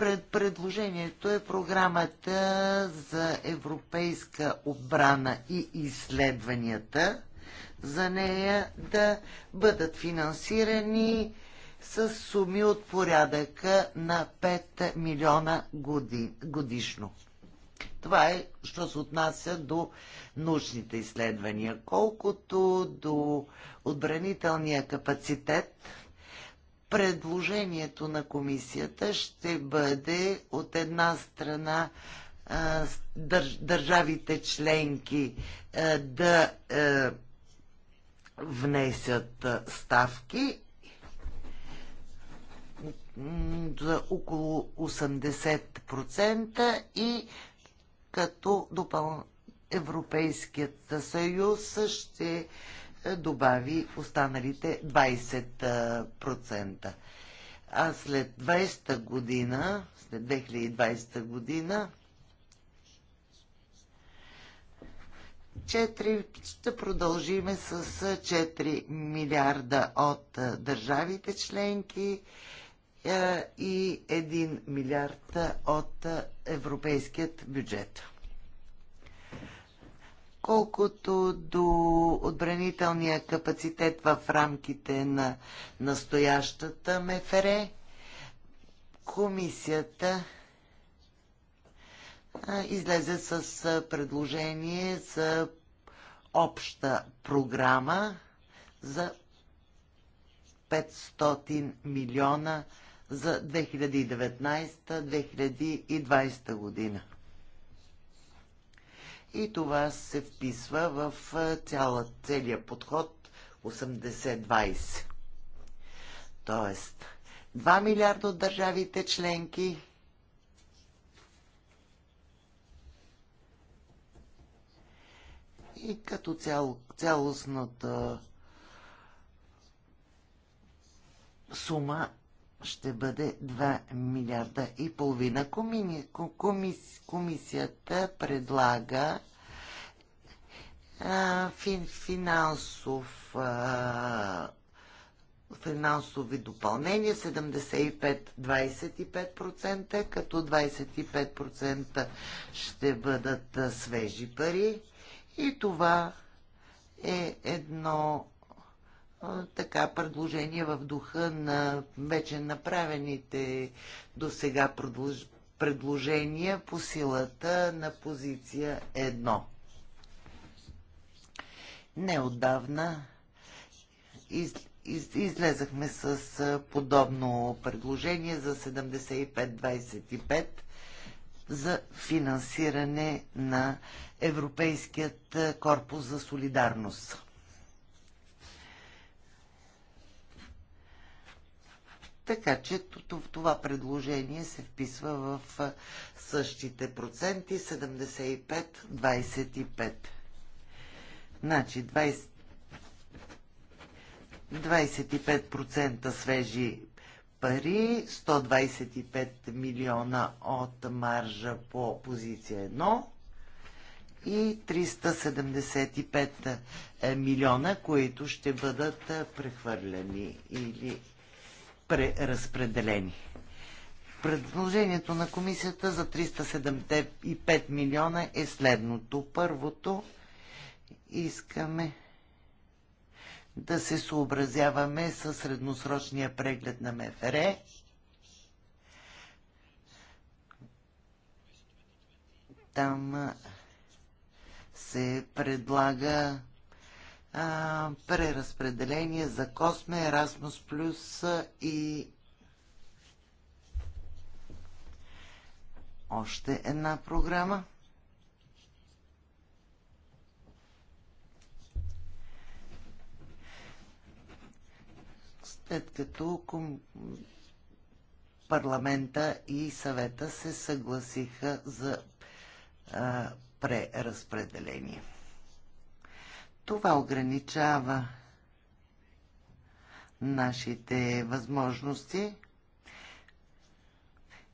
пред предложението е програмата за европейска обрана и изследванията за нея да бъдат финансирани с суми от порядъка на 5 милиона годишно. Това е, що се отнася до научните изследвания. Колкото до отбранителния капацитет, предложението на комисията ще бъде от една страна държавите членки да внесят ставки за около 80% и като допълнително Европейският съюз ще е, добави останалите 20%. А след 20 година, след 2020 година, 4, ще продължиме с 4 милиарда от държавите членки и 1 милиард от европейският бюджет. Колкото до отбранителния капацитет в рамките на настоящата МФР, комисията излезе с предложение за обща програма за 500 милиона за 2019-2020 година. И това се вписва в цяла, целия подход 80-20. Тоест, 2 милиарда от държавите членки и като цял, цялостната сума ще бъде 2 милиарда и половина. Комисията предлага финансов финансови допълнения 75-25%, като 25% ще бъдат свежи пари и това е едно така предложения в духа на вече направените до сега предложения по силата на позиция 1. Неодавна из, из, излезахме с подобно предложение за 75-25 за финансиране на Европейският корпус за солидарност. Така че това предложение се вписва в същите проценти 75-25. Значи 20, 25% свежи пари, 125 милиона от маржа по позиция 1 и 375 е, милиона, които ще бъдат прехвърляни или преразпределени. Предложението на комисията за 375 милиона е следното. Първото искаме да се съобразяваме с средносрочния преглед на МФР. Там се предлага а, преразпределение за Косме, Erasmus Plus и още една програма. След като парламента и съвета се съгласиха за а, преразпределение. Това ограничава нашите възможности.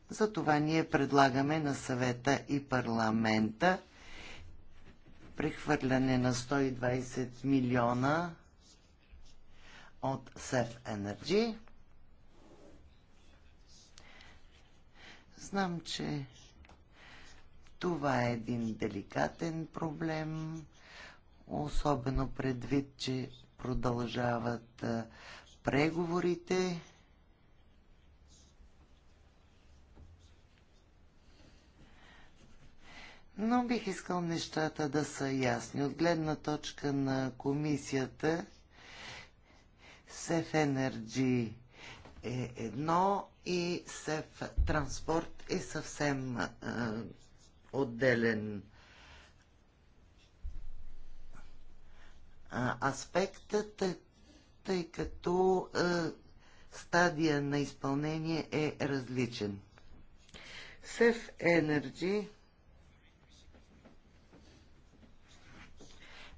Затова ние предлагаме на съвета и парламента прехвърляне на 120 милиона от сев Енерджи. Знам, че това е един деликатен проблем особено предвид, че продължават преговорите. Но бих искал нещата да са ясни. От гледна точка на комисията, СЕФ Енерджи е едно и СЕФ Транспорт е съвсем отделен Аспекта, тъй като стадия на изпълнение е различен. Сев Energy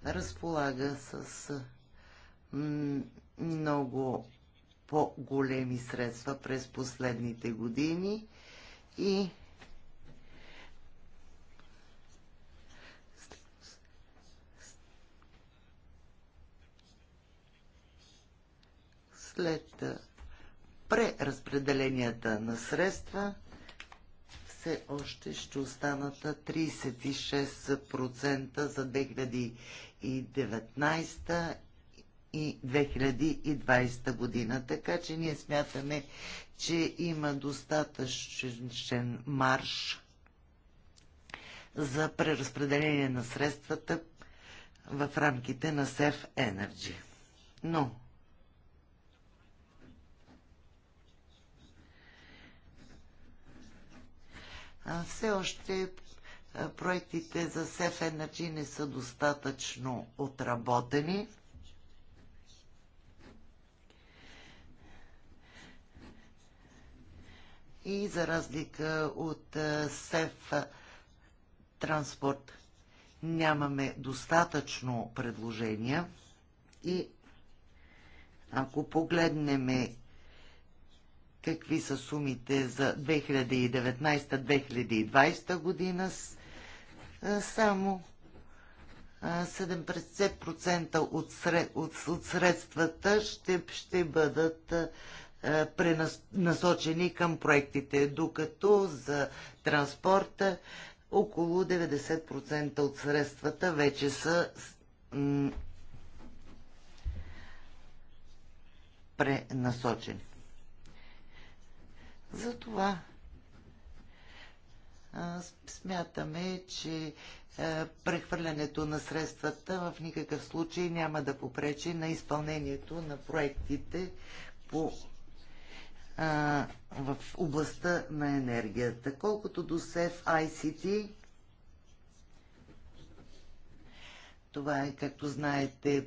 разполага с много по-големи средства през последните години и след преразпределенията на средства все още ще останат 36% за 2019 и 2020 година. Така че ние смятаме, че има достатъчен марш за преразпределение на средствата в рамките на SEF Energy. Но все още проектите за СЕФ Energy не са достатъчно отработени. И за разлика от СЕФ транспорт нямаме достатъчно предложения и ако погледнем какви са сумите за 2019-2020 година. Само 70% от, от средствата ще, ще бъдат пренасочени към проектите, докато за транспорта около 90% от средствата вече са пренасочени. Затова смятаме, че прехвърлянето на средствата в никакъв случай няма да попречи на изпълнението на проектите по, а, в областта на енергията. Колкото до СЕФ ICT, това е, както знаете,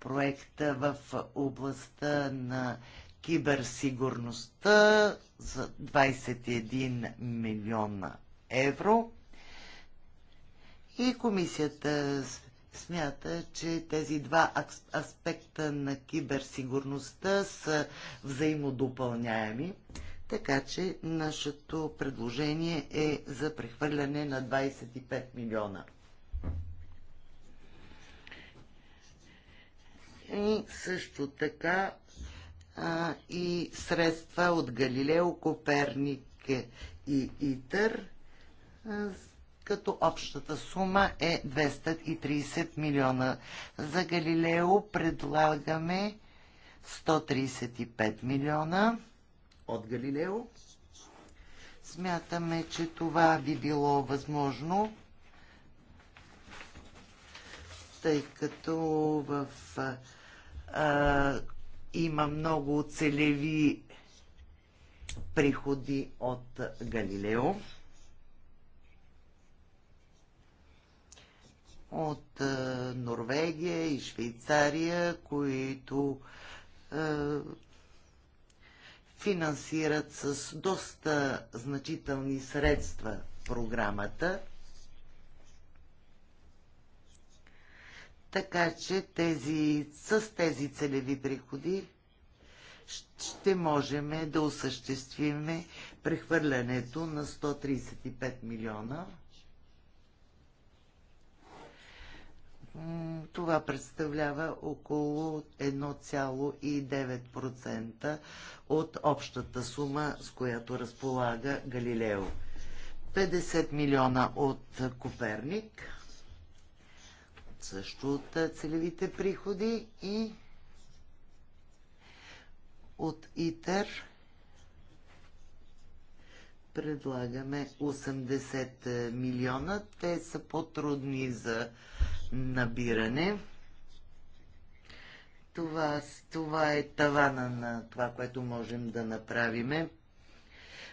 проекта в областта на киберсигурността за 21 милиона евро. И комисията смята, че тези два аспекта на киберсигурността са взаимодопълняеми. Така че нашето предложение е за прехвърляне на 25 милиона. И също така а, и средства от Галилео, Коперник и Итър, а, като общата сума е 230 милиона. За Галилео предлагаме 135 милиона от Галилео. Смятаме, че това би било възможно, тъй като в а, има много целеви приходи от Галилео. От е, Норвегия и Швейцария, които е, финансират с доста значителни средства програмата. така че тези, с тези целеви приходи ще можем да осъществим прехвърлянето на 135 милиона. Това представлява около 1,9% от общата сума, с която разполага Галилео. 50 милиона от Коперник – също от целевите приходи и от ИТЕР предлагаме 80 милиона. Те са по-трудни за набиране. Това, това е тавана на това, което можем да направиме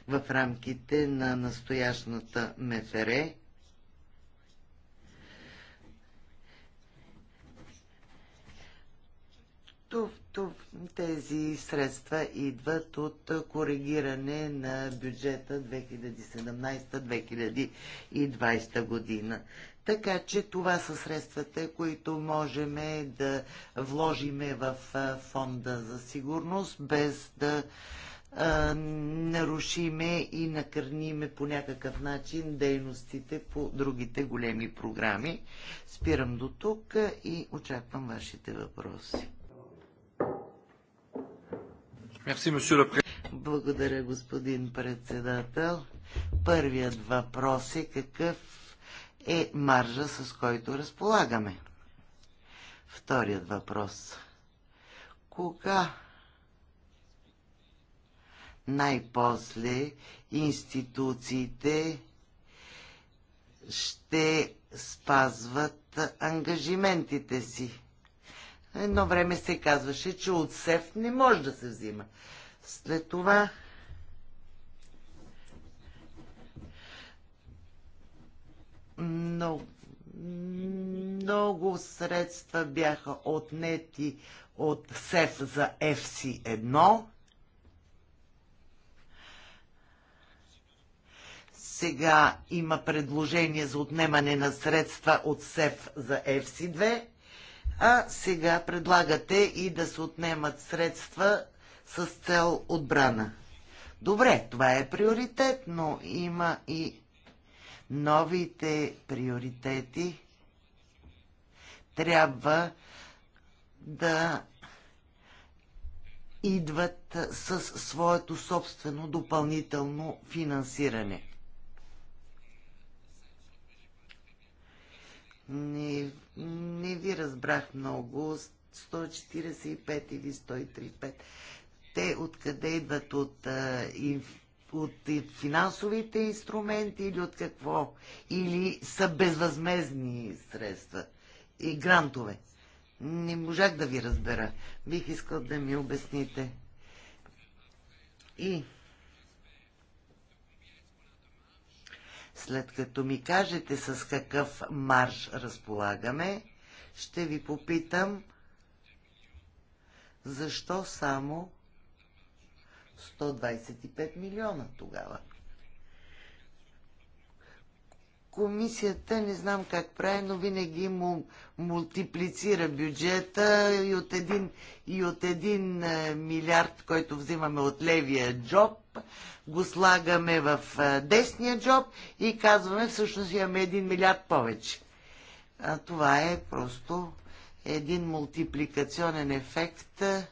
в рамките на настоящната МФР. тези средства идват от коригиране на бюджета 2017-2020 година. Така че това са средствата, които можем да вложиме в фонда за сигурност, без да а, нарушиме и накърниме по някакъв начин дейностите по другите големи програми. Спирам до тук и очаквам вашите въпроси. Благодаря, господин председател. Първият въпрос е какъв е маржа, с който разполагаме? Вторият въпрос. Кога най-после институциите ще спазват ангажиментите си? Едно време се казваше, че от СЕФ не може да се взима. След това много, много средства бяха отнети от СЕФ за FC1. Сега има предложение за отнемане на средства от СЕФ за FC2 а сега предлагате и да се отнемат средства с цел отбрана. Добре, това е приоритет, но има и новите приоритети. Трябва да идват със своето собствено допълнително финансиране. Не, не ви разбрах много. 145 или 135. Те откъде идват? От, а, и, от и финансовите инструменти или от какво? Или са безвъзмезни средства и грантове? Не можах да ви разбера. Бих искал да ми обясните. И След като ми кажете с какъв марш разполагаме, ще ви попитам защо само 125 милиона тогава. Комисията, не знам как прави, но винаги му мултиплицира бюджета и от един, и от един е, милиард, който взимаме от левия джоб, го слагаме в десния джоб и казваме всъщност имаме 1 милиард повече. А това е просто един мултипликационен ефект а,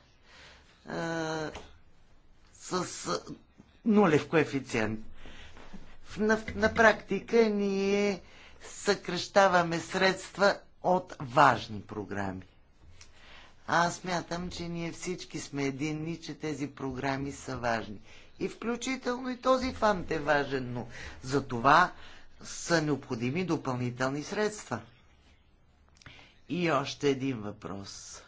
с нулев коефициент. На, на практика ние съкръщаваме средства от важни програми. Аз мятам, че ние всички сме единни, че тези програми са важни. И включително и този фант е важен, но за това са необходими допълнителни средства. И още един въпрос.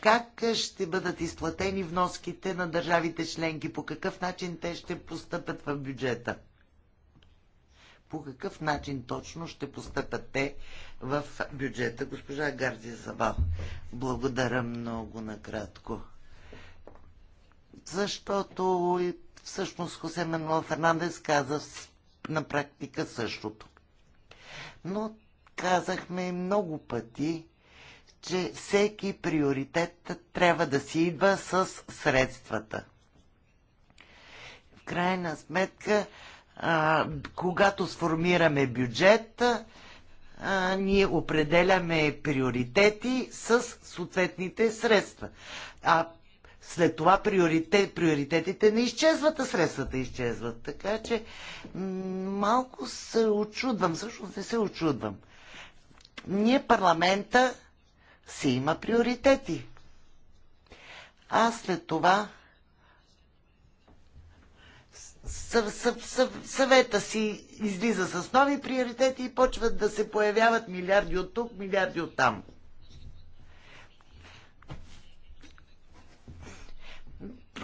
Как ще бъдат изплатени вноските на държавите членки? По какъв начин те ще постъпят в бюджета? По какъв начин точно ще постъпят те в бюджета? Госпожа Гарди Забал? благодаря много накратко защото всъщност Хосе Мануел Фернандес каза на практика същото. Но казахме много пъти, че всеки приоритет трябва да си идва с средствата. В крайна сметка, а, когато сформираме бюджет, а, ние определяме приоритети с съответните средства. А след това приоритет, приоритетите не изчезват, а средствата изчезват. Така че малко се очудвам, всъщност не се очудвам. Ние парламента си има приоритети. А след това съв, съв, съв, съвета си излиза с нови приоритети и почват да се появяват милиарди от тук, милиарди от там.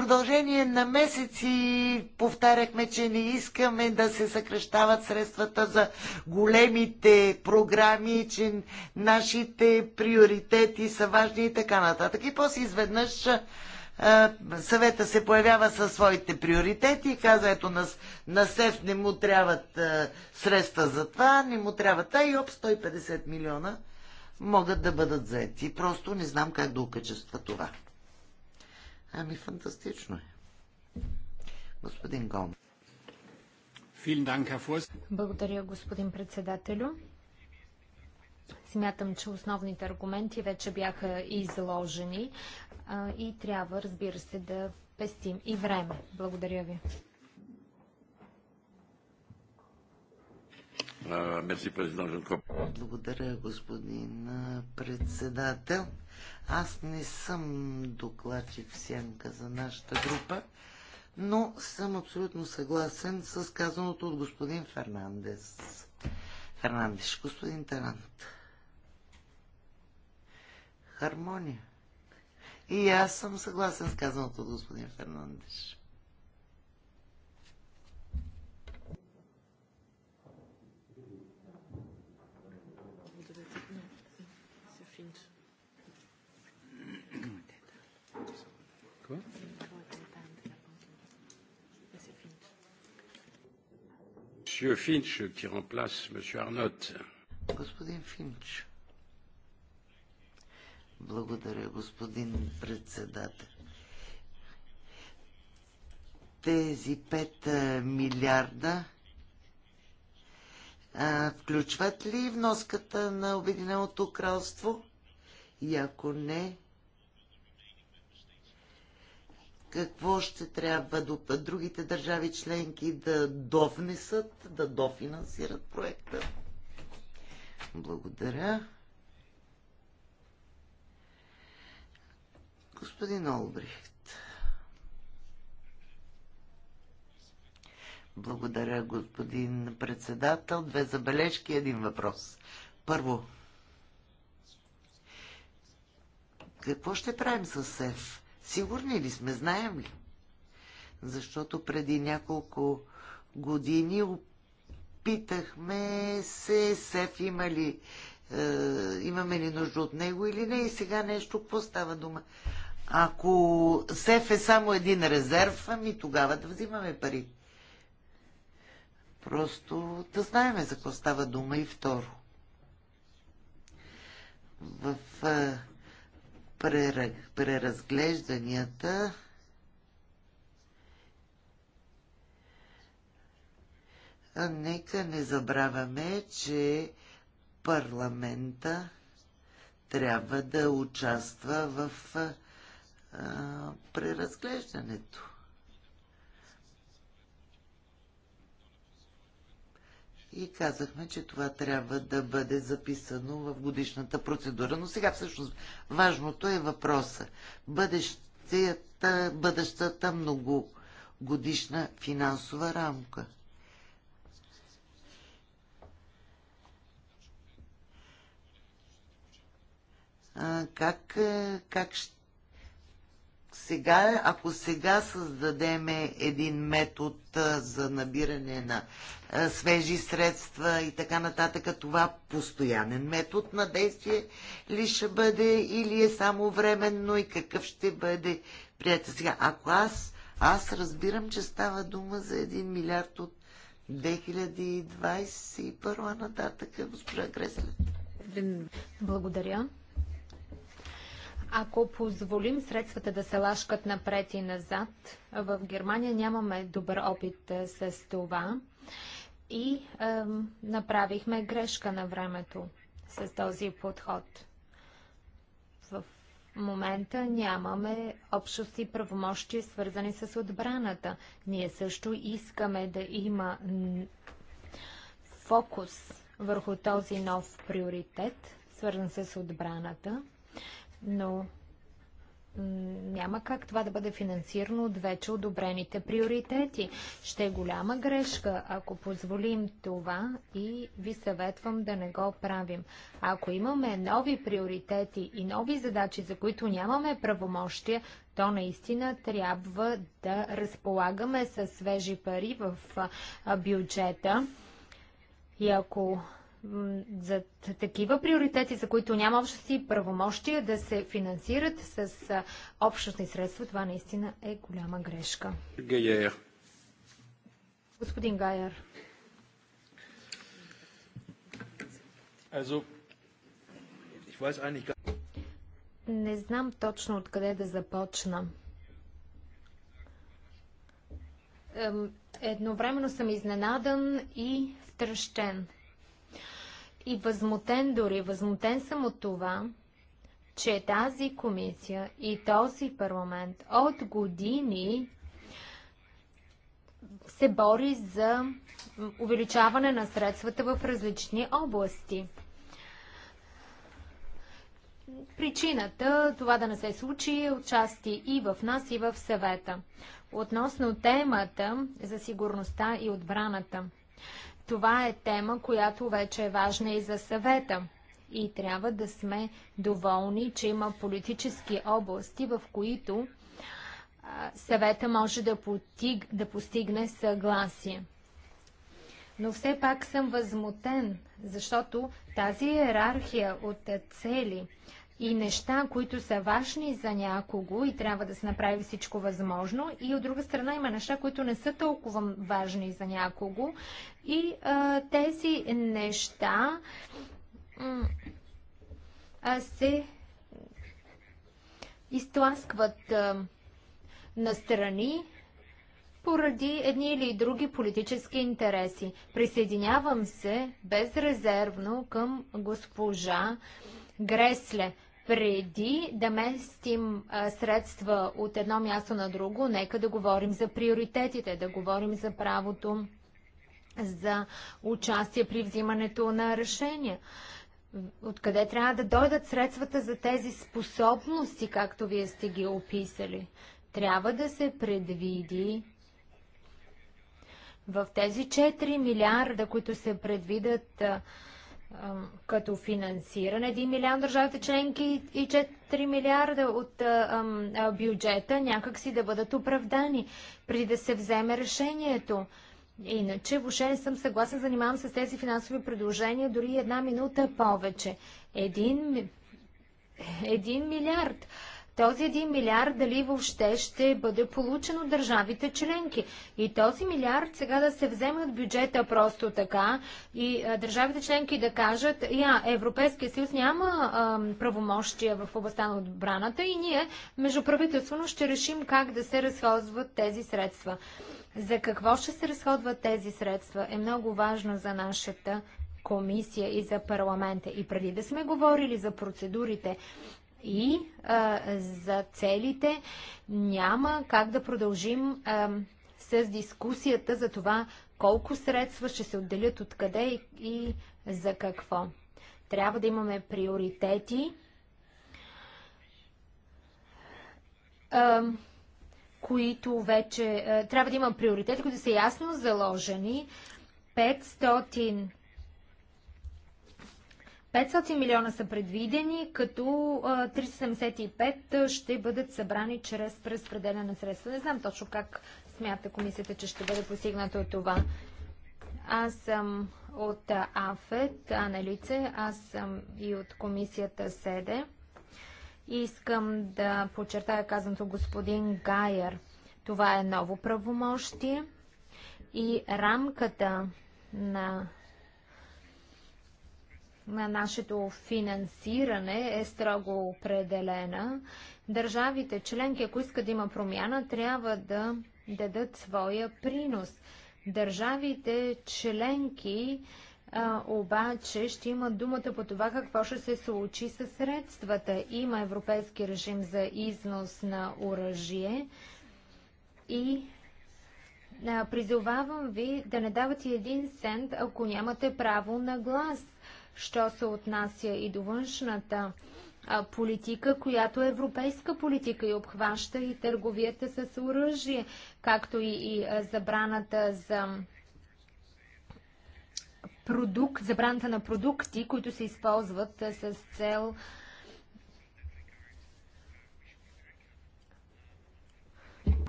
продължение на месеци повтаряхме, че не искаме да се съкрещават средствата за големите програми, че нашите приоритети са важни и така нататък. И после изведнъж съвета се появява със своите приоритети и каза, ето на, на СЕФ не му трябват средства за това, не му трябва та и об 150 милиона могат да бъдат заети. Просто не знам как да окачества това. Ами фантастично е. Господин Гон. Благодаря, господин председателю. Смятам, че основните аргументи вече бяха изложени и трябва, разбира се, да пестим и време. Благодаря ви. Благодаря, господин председател. Аз не съм докладчик в сянка за нашата група, но съм абсолютно съгласен с казаното от господин Фернандес. Фернандеш, господин Тарант. Хармония. И аз съм съгласен с казаното от господин Фернандеш. Monsieur Finch, qui remplace Monsieur Arnott. Господин Финч. Благодаря, господин председател. Тези 5 милиарда а, включват ли вноската на Обединеното кралство? И ако не, какво ще трябва до другите държави членки да довнесат, да дофинансират проекта. Благодаря. Господин Олбрихт. Благодаря, господин председател. Две забележки, един въпрос. Първо, какво ще правим с СЕФ? Сигурни ли сме? Знаем ли? Защото преди няколко години опитахме се, СЕФ има ли, е, имаме ли нужда от него или не. И сега нещо, какво става дума? Ако СЕФ е само един резерв, ами тогава да взимаме пари. Просто да знаеме за какво става дума и второ. В е, преразглежданията нека не забравяме, че парламента трябва да участва в а, преразглеждането. и казахме, че това трябва да бъде записано в годишната процедура. Но сега всъщност важното е въпроса. Бъдещата, бъдещата многогодишна финансова рамка. как, как ще сега, ако сега създадем един метод за набиране на свежи средства и така нататък, това постоянен метод на действие ли ще бъде или е само временно и какъв ще бъде приятел сега? Ако аз, аз разбирам, че става дума за 1 милиард от 2021 нататък, госпожа Креслет. Благодаря. Ако позволим средствата да се лашкат напред и назад, в Германия нямаме добър опит е, с това и е, направихме грешка на времето с този подход. В момента нямаме общости правомощи, свързани с отбраната. Ние също искаме да има фокус върху този нов приоритет, свързан с отбраната но няма как това да бъде финансирано от вече одобрените приоритети. Ще е голяма грешка, ако позволим това и ви съветвам да не го правим. Ако имаме нови приоритети и нови задачи, за които нямаме правомощия, то наистина трябва да разполагаме с свежи пари в бюджета. И ако за такива приоритети, за които няма общности правомощия да се финансират с общностни средства, това наистина е голяма грешка. Гайер. Господин Гайер. Also, ich weiß eigentlich gar... Не знам точно откъде да започна. Едновременно съм изненадан и втръщен и възмутен дори, възмутен съм от това, че тази комисия и този парламент от години се бори за увеличаване на средствата в различни области. Причината това да не се случи е отчасти и в нас, и в съвета. Относно темата за сигурността и отбраната. Това е тема, която вече е важна и за съвета. И трябва да сме доволни, че има политически области, в които съвета може да, потиг, да постигне съгласие. Но все пак съм възмутен, защото тази иерархия от цели, и неща, които са важни за някого и трябва да се направи всичко възможно. И от друга страна има неща, които не са толкова важни за някого. И а, тези неща а, се изтласкват а, настрани поради едни или други политически интереси. Присъединявам се безрезервно към госпожа Гресле преди да местим средства от едно място на друго, нека да говорим за приоритетите, да говорим за правото за участие при взимането на решения. Откъде трябва да дойдат средствата за тези способности, както вие сте ги описали? Трябва да се предвиди в тези 4 милиарда, които се предвидат като финансиране 1 милиард държавите членки и 4 милиарда от бюджета някакси да бъдат оправдани, преди да се вземе решението. Иначе въобще не съм съгласен, занимавам се с тези финансови предложения дори една минута повече. Един, един милиард. Този 1 милиард дали въобще ще бъде получен от държавите членки? И този милиард сега да се вземе от бюджета просто така и държавите членки да кажат, я, Европейския съюз няма правомощия в областта на отбраната и ние междуправителствено ще решим как да се разходват тези средства. За какво ще се разходват тези средства е много важно за нашата комисия и за парламента. И преди да сме говорили за процедурите, и а, за целите няма как да продължим а, с дискусията за това колко средства ще се отделят откъде и, и за какво. Трябва да имаме приоритети, а, които вече. трябва да има приоритети, които са ясно заложени. 500 500 милиона са предвидени, като 375 ще бъдат събрани чрез преразпределяне на средства. Не знам точно как смята комисията, че ще бъде постигнато това. Аз съм от АФЕТ, Аналице, аз съм и от комисията СЕДЕ. Искам да подчертая казаното господин Гайер. Това е ново правомощие и рамката на на нашето финансиране е строго определена. Държавите членки, ако искат да има промяна, трябва да дадат своя принос. Държавите членки а, обаче ще имат думата по това какво ще се случи с средствата. Има европейски режим за износ на оръжие и а, призовавам ви да не давате един сент, ако нямате право на глас що се отнася и до външната политика, която е европейска политика и обхваща и търговията с оръжие, както и, и забраната за продукт, забраната на продукти, които се използват с цел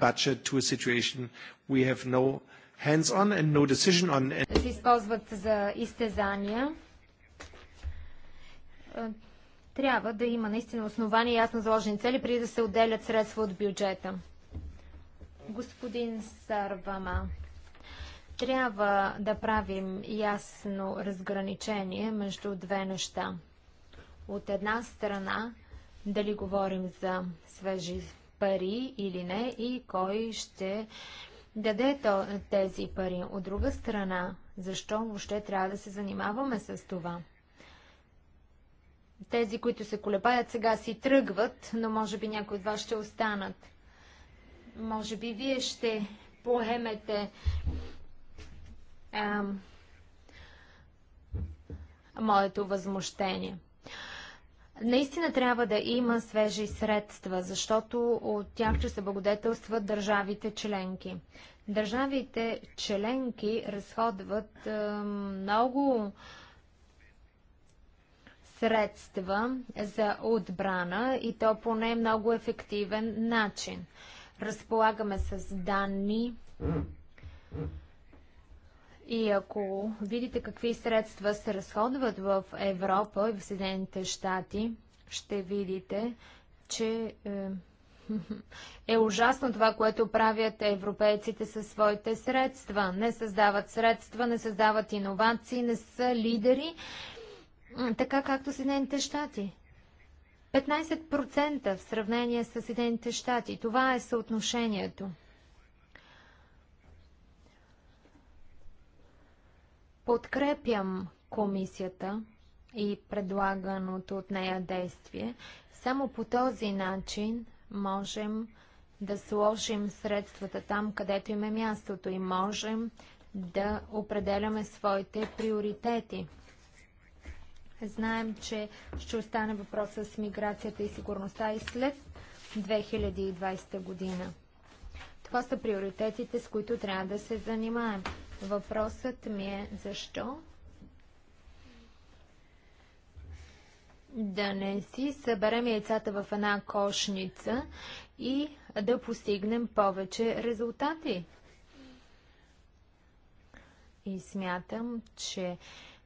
budget to a situation we have no hands on and no decision on. Се използват за изтезания. Е, трябва да има наистина основания и ясно заложени цели, преди да се отделят средства от бюджета. Господин Сарвама, трябва да правим ясно разграничение между две неща. От една страна, дали говорим за свежи пари или не и кой ще даде тези пари. От друга страна, защо въобще трябва да се занимаваме с това? Тези, които се колебаят, сега си тръгват, но може би някои от вас ще останат. Може би вие ще поемете а, моето възмущение. Наистина трябва да има свежи средства, защото от тях ще се благодетелстват държавите членки. Държавите членки разходват е, много средства за отбрана и то по не много ефективен начин. Разполагаме с данни и ако видите какви средства се разходват в Европа и в Съединените щати, ще видите, че е, е ужасно това, което правят европейците със своите средства. Не създават средства, не създават иновации, не са лидери така както Съединените щати. 15% в сравнение с Съединените щати. Това е съотношението. Подкрепям комисията и предлаганото от нея действие. Само по този начин можем да сложим средствата там, където им е мястото и можем да определяме своите приоритети. Знаем, че ще остане въпроса с миграцията и сигурността и след 2020 година. Това са приоритетите, с които трябва да се занимаем. Въпросът ми е защо да не си съберем яйцата в една кошница и да постигнем повече резултати. И смятам, че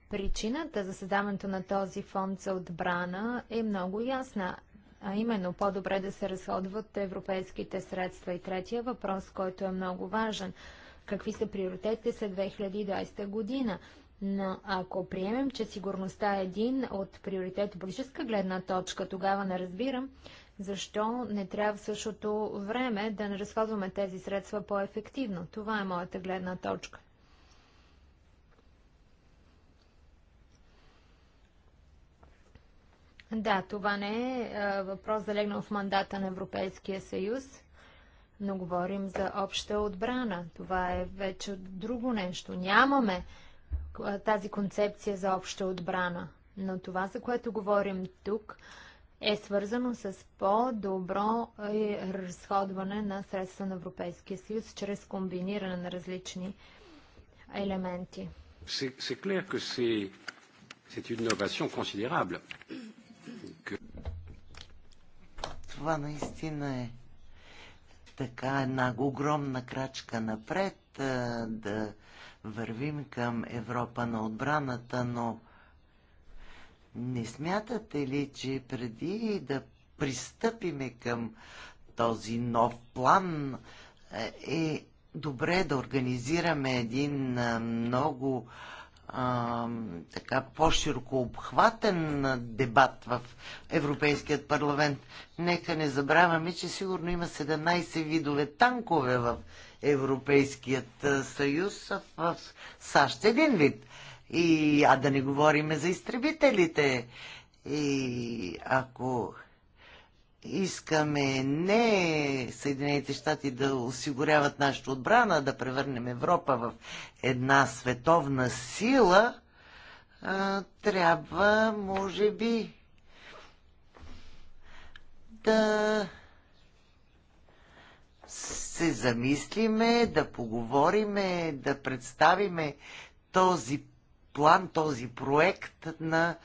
Причината за създаването на този фонд за отбрана е много ясна, а именно по-добре да се разходват европейските средства. И третия въпрос, който е много важен – какви са приоритетите след 2020 година? Но ако приемем, че сигурността е един от приоритет политическа гледна точка, тогава не разбирам защо не трябва в същото време да не разходваме тези средства по-ефективно. Това е моята гледна точка. Да, това не е, въпрос залегнал в мандата на Европейския съюз, но говорим за обща отбрана. Това е вече друго нещо. Нямаме тази концепция за обща отбрана. Но това, за което говорим тук, е свързано с по-добро разходване на средства на Европейския съюз чрез комбиниране на различни елементи. C'est clair que c'est une innovation considérable това наистина е така една огромна крачка напред да вървим към Европа на отбраната, но не смятате ли, че преди да пристъпиме към този нов план, е, е добре да организираме един много така по-широко обхватен дебат в Европейският парламент. Нека не забравяме, че сигурно има 17 видове танкове в Европейският съюз, а в САЩ един вид. И, а да не говорим за изтребителите. И ако искаме не Съединените щати да осигуряват нашата отбрана, да превърнем Европа в една световна сила, а, трябва, може би, да се замислиме, да поговориме, да представиме този план, този проект на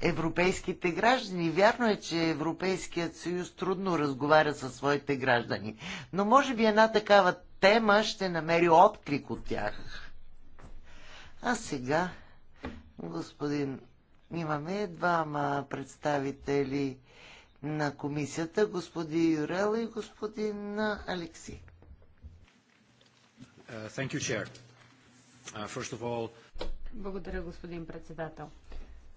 европейските граждани. Вярно е, че Европейският съюз трудно разговаря със своите граждани, но може би една такава тема ще намери отклик от тях. А сега, господин, имаме двама представители на комисията, господин Юрел и господин Алекси. Uh, thank you, Chair. Uh, first of all, благодаря, господин председател.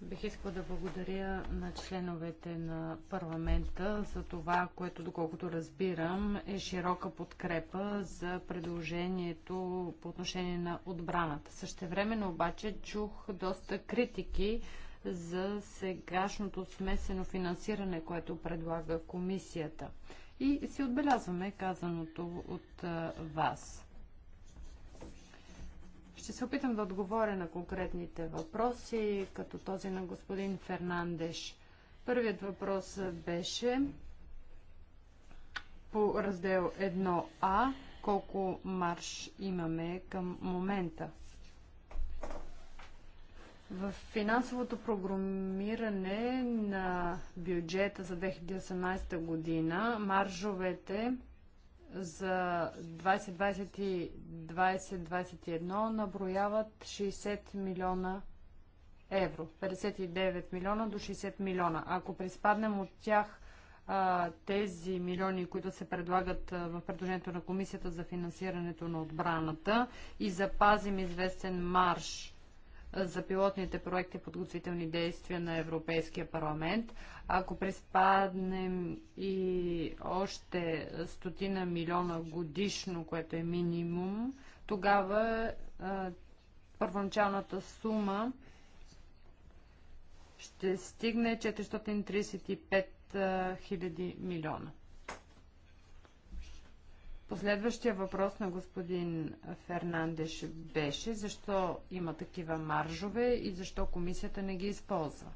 Бих искал да благодаря на членовете на парламента за това, което, доколкото разбирам, е широка подкрепа за предложението по отношение на отбраната. Същевременно обаче чух доста критики за сегашното смесено финансиране, което предлага комисията. И си отбелязваме казаното от вас. Ще се опитам да отговоря на конкретните въпроси, като този на господин Фернандеш. Първият въпрос беше по раздел 1А колко марш имаме към момента. В финансовото програмиране на бюджета за 2018 година маржовете за 2020 и 2021 наброяват 60 милиона евро. 59 милиона до 60 милиона. Ако приспаднем от тях тези милиони, които се предлагат в предложението на комисията за финансирането на отбраната и запазим известен марш за пилотните проекти подготвителни действия на Европейския парламент. Ако приспаднем и още стотина милиона годишно, което е минимум, тогава а, първоначалната сума ще стигне 435 000 милиона. Последващия въпрос на господин Фернандеш беше защо има такива маржове и защо комисията не ги използва.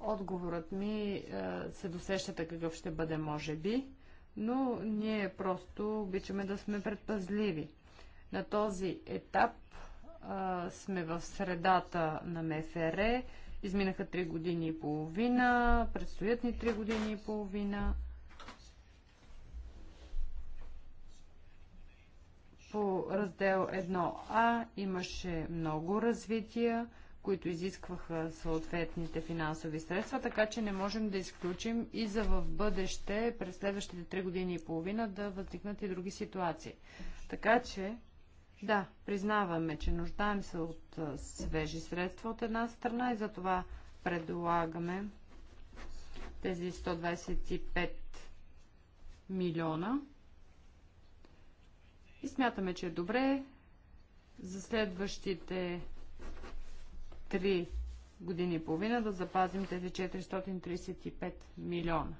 Отговорът ми е, се досещате какъв ще бъде, може би, но ние просто обичаме да сме предпазливи. На този етап е, сме в средата на МФР. Изминаха 3 години и половина, предстоят ни 3 години и половина. По раздел 1А имаше много развития, които изискваха съответните финансови средства, така че не можем да изключим и за в бъдеще, през следващите 3 години и половина, да възникнат и други ситуации. Така че да, признаваме, че нуждаем се от свежи средства от една страна и затова предлагаме тези 125 милиона и смятаме, че е добре за следващите 3 години и половина да запазим тези 435 милиона.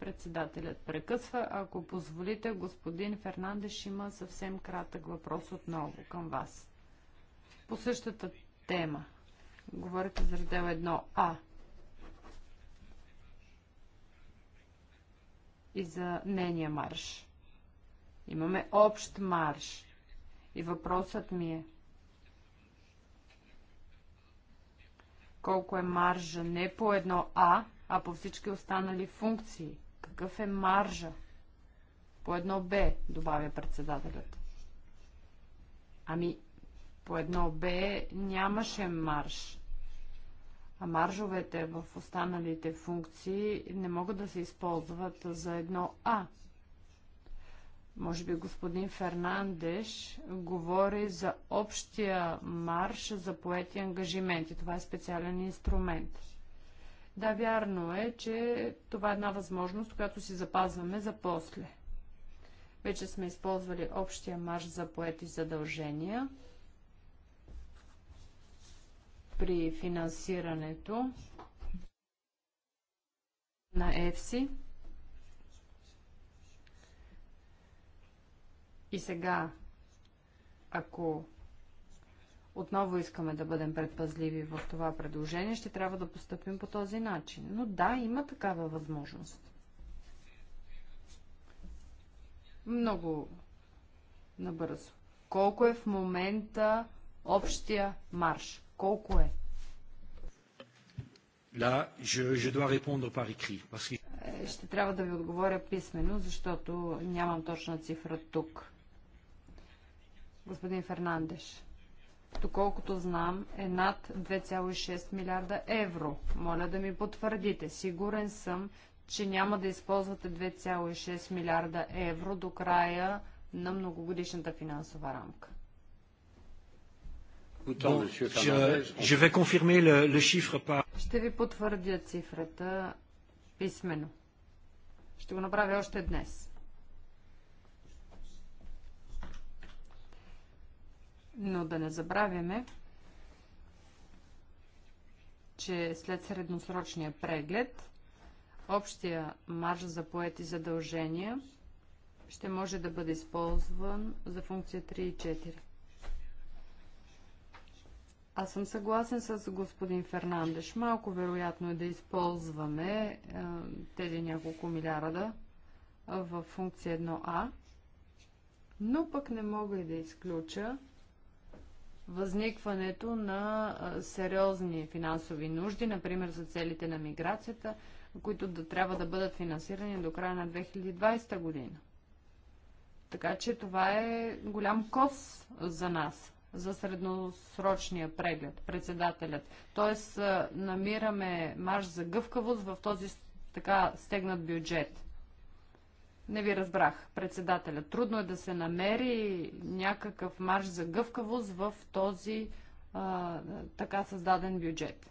Председателят прекъсва. Ако позволите, господин Фернандеш има съвсем кратък въпрос отново към вас. По същата тема. Говорите за раздел 1А. И за нейния марш. Имаме общ марш. И въпросът ми е, колко е маржа не по едно А, а по всички останали функции. Какъв е маржа? По едно Б, добавя председателят. Ами, по едно Б нямаше марш. А маржовете в останалите функции не могат да се използват за едно А. Може би господин Фернандеш говори за общия марш за поети ангажименти. Това е специален инструмент. Да, вярно е, че това е една възможност, която си запазваме за после. Вече сме използвали общия марш за поети задължения при финансирането на ЕФСИ. И сега, ако отново искаме да бъдем предпазливи в това предложение, ще трябва да поступим по този начин. Но да, има такава възможност. Много набързо. Колко е в момента общия марш? Колко е? Là, je, je dois répondre par écrit, parce que... Е, ще трябва да ви отговоря писменно, защото нямам точна цифра тук господин Фернандеш. Доколкото знам, е над 2,6 милиарда евро. Моля да ми потвърдите. Сигурен съм, че няма да използвате 2,6 милиарда евро до края на многогодишната финансова рамка. Ще ви потвърдя цифрата писменно. Ще го направя още днес. Но да не забравяме, че след средносрочния преглед общия марж за поети задължения ще може да бъде използван за функция 3 и 4. Аз съм съгласен с господин Фернандеш. Малко вероятно е да използваме е, тези няколко милиарда е, в функция 1А, но пък не мога и да изключа възникването на сериозни финансови нужди, например за целите на миграцията, които да трябва да бъдат финансирани до края на 2020 година. Така че това е голям кос за нас, за средносрочния преглед, председателят. Тоест, намираме марш за гъвкавост в този така стегнат бюджет. Не ви разбрах, председателя. Трудно е да се намери някакъв марш за гъвкавост в този а, така създаден бюджет.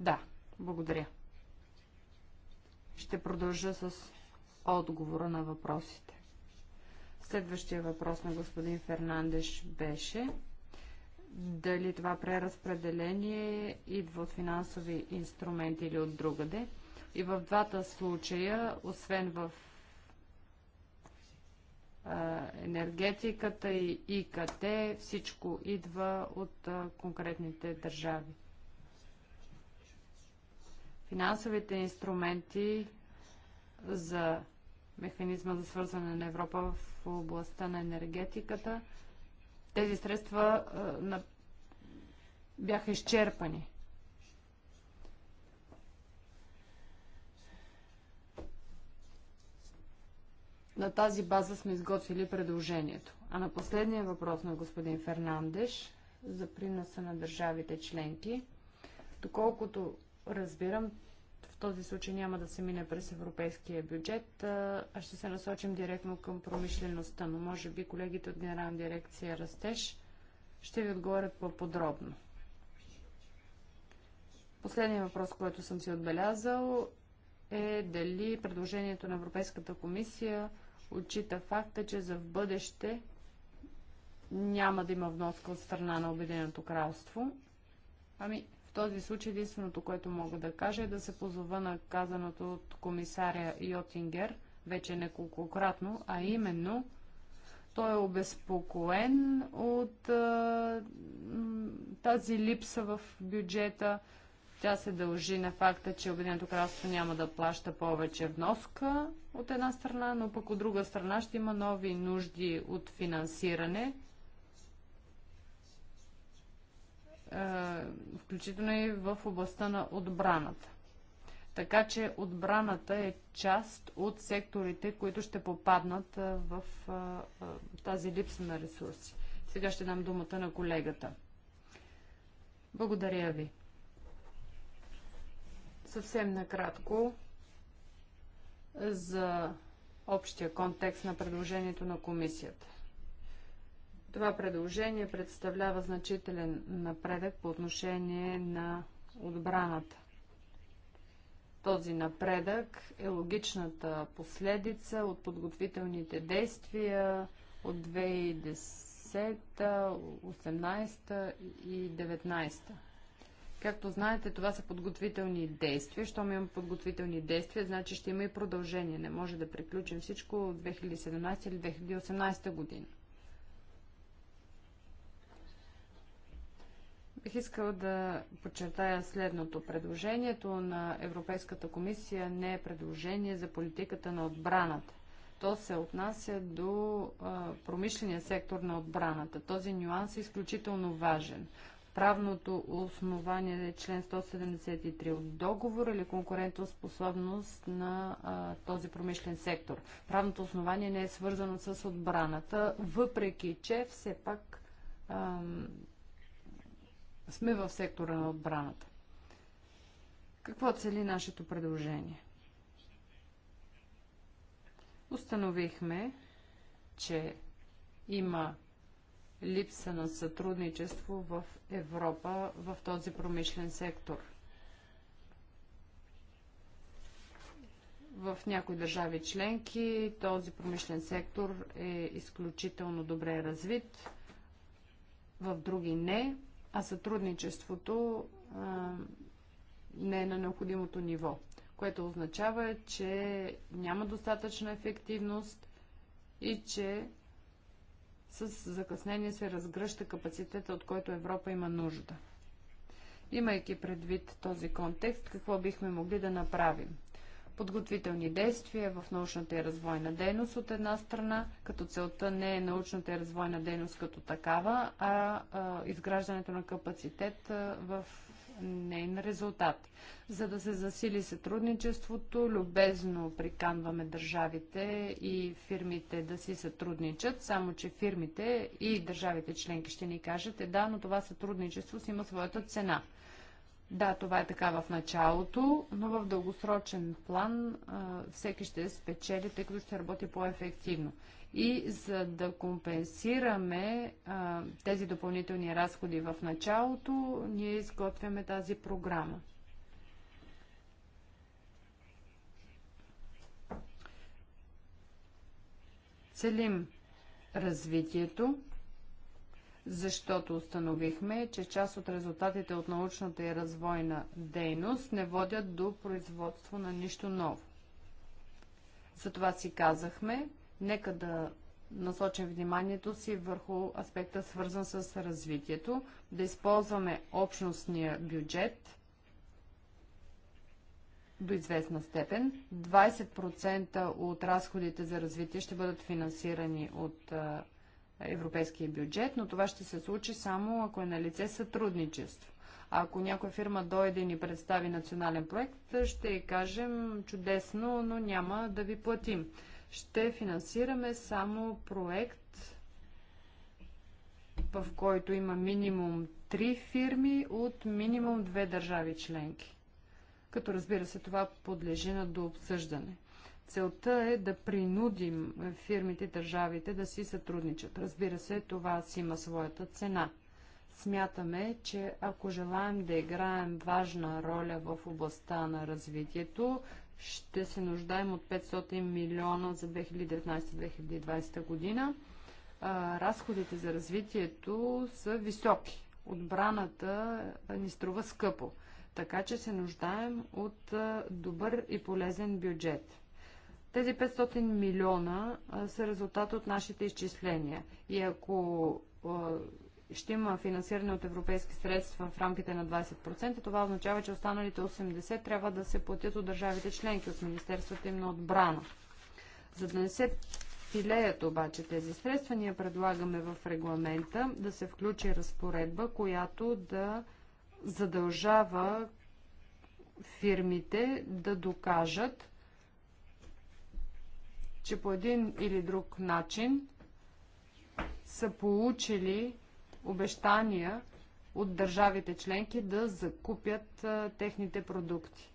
Да, благодаря. Ще продължа с отговора на въпросите. Следващия въпрос на господин Фернандеш беше дали това преразпределение идва от финансови инструменти или от другаде. И в двата случая, освен в енергетиката и ИКТ, всичко идва от конкретните държави. Финансовите инструменти за механизма за свързване на Европа в областта на енергетиката – тези средства а, на... бяха изчерпани. На тази база сме изготвили предложението. А на последния въпрос на господин Фернандеш за приноса на държавите членки, доколкото разбирам, този случай няма да се мине през европейския бюджет, а ще се насочим директно към промишлеността, но може би колегите от Генерална дирекция Растеж ще ви отговорят по-подробно. Последният въпрос, който съм си отбелязал е дали предложението на Европейската комисия отчита факта, че за в бъдеще няма да има вноска от страна на Обединеното кралство. Ами, в този случай единственото, което мога да кажа е да се позова на казаното от комисаря Йотингер вече неколкократно, а именно той е обезпокоен от а, тази липса в бюджета. Тя се дължи на факта, че Обединеното кралство няма да плаща повече вноска от една страна, но пък от друга страна ще има нови нужди от финансиране – включително и в областта на отбраната. Така че отбраната е част от секторите, които ще попаднат в тази липса на ресурси. Сега ще дам думата на колегата. Благодаря ви. Съвсем накратко за общия контекст на предложението на комисията. Това предложение представлява значителен напредък по отношение на отбраната. Този напредък е логичната последица от подготвителните действия от 2010, 2018 и 2019. Както знаете, това са подготвителни действия. Щом имам подготвителни действия, значи ще има и продължение. Не може да приключим всичко от 2017 или 2018 година. Бих искал да подчертая следното. Предложението на Европейската комисия не е предложение за политиката на отбраната. То се отнася до а, промишления сектор на отбраната. Този нюанс е изключително важен. Правното основание е член 173 от договор или конкурентоспособност на а, този промишлен сектор. Правното основание не е свързано с отбраната, въпреки че все пак сме в сектора на отбраната. Какво цели нашето предложение? Установихме, че има липса на сътрудничество в Европа в този промишлен сектор. В някои държави членки този промишлен сектор е изключително добре развит, в други не а сътрудничеството а, не е на необходимото ниво, което означава, че няма достатъчна ефективност и че с закъснение се разгръща капацитета, от който Европа има нужда. Имайки предвид този контекст, какво бихме могли да направим? подготвителни действия в научната и развойна дейност от една страна, като целта не е научната и развойна дейност като такава, а, а изграждането на капацитет а, в нейн резултат. За да се засили сътрудничеството, любезно приканваме държавите и фирмите да си сътрудничат, само че фирмите и държавите членки ще ни кажат, е да, но това сътрудничество си има своята цена – да, това е така в началото, но в дългосрочен план а, всеки ще спечели, тъй като ще работи по-ефективно. И за да компенсираме а, тези допълнителни разходи в началото, ние изготвяме тази програма. Целим развитието, защото установихме, че част от резултатите от научната и развойна дейност не водят до производство на нищо ново. Затова си казахме, нека да насочим вниманието си върху аспекта свързан с развитието, да използваме общностния бюджет до известна степен. 20% от разходите за развитие ще бъдат финансирани от европейския бюджет, но това ще се случи само ако е на лице сътрудничество. ако някоя фирма дойде и ни представи национален проект, ще кажем чудесно, но няма да ви платим. Ще финансираме само проект, в който има минимум три фирми от минимум две държави членки. Като разбира се, това подлежи на дообсъждане. Целта е да принудим фирмите, държавите да си сътрудничат. Разбира се, това си има своята цена. Смятаме, че ако желаем да играем важна роля в областта на развитието, ще се нуждаем от 500 милиона за 2019-2020 година. разходите за развитието са високи. Отбраната ни струва скъпо. Така че се нуждаем от добър и полезен бюджет. Тези 500 милиона а, са резултат от нашите изчисления. И ако а, ще има финансиране от европейски средства в рамките на 20%, това означава, че останалите 80 трябва да се платят от държавите членки, от Министерството им на отбрана. За да не се пилеят обаче тези средства, ние предлагаме в регламента да се включи разпоредба, която да задължава фирмите да докажат, че по един или друг начин са получили обещания от държавите членки да закупят а, техните продукти,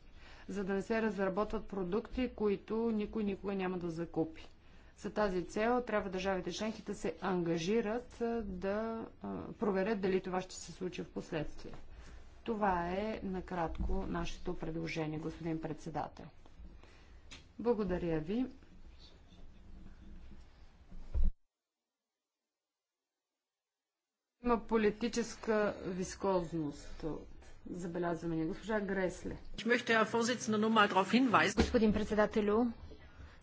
за да не се разработват продукти, които никой никога няма да закупи. За тази цел трябва държавите членки да се ангажират а, да а, проверят дали това ще се случи в последствие. Това е накратко нашето предложение, господин председател. Благодаря ви. Има политическа вискозност. Забелязваме ни. Госпожа Гресле. Господин председателю,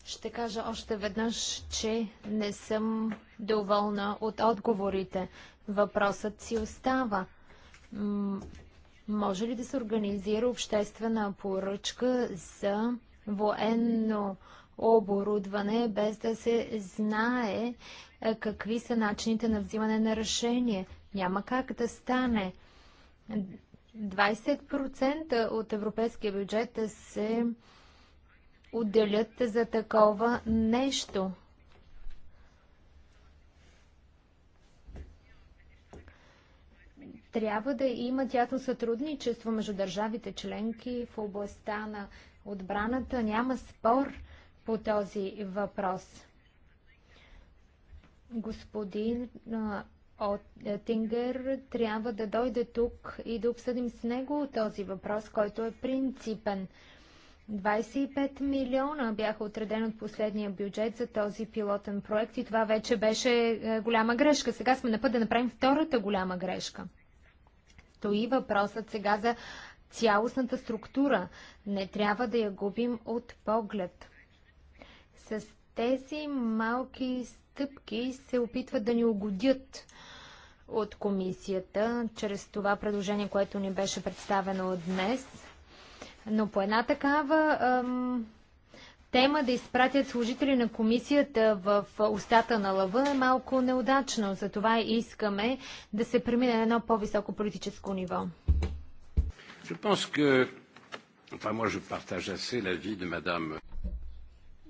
ще кажа още веднъж, че не съм доволна от отговорите. Въпросът си остава. може ли да се организира обществена поръчка за военно оборудване, без да се знае е, какви са начините на взимане на решение. Няма как да стане. 20% от европейския бюджет се отделят за такова нещо. Трябва да има тясно сътрудничество между държавите членки в областта на отбраната. Няма спор по този въпрос. Господин Оттингер трябва да дойде тук и да обсъдим с него този въпрос, който е принципен. 25 милиона бяха отредени от последния бюджет за този пилотен проект и това вече беше е, голяма грешка. Сега сме на път да направим втората голяма грешка. Той въпросът сега за цялостната структура. Не трябва да я губим от поглед с тези малки стъпки се опитват да ни угодят от комисията чрез това предложение, което ни беше представено днес. Но по една такава ам, тема да изпратят служители на комисията в устата на лъва е малко неудачно. Затова искаме да се премине на едно по-високо политическо ниво. Je pense que... Enfin, moi, je partage assez l'avis de Madame.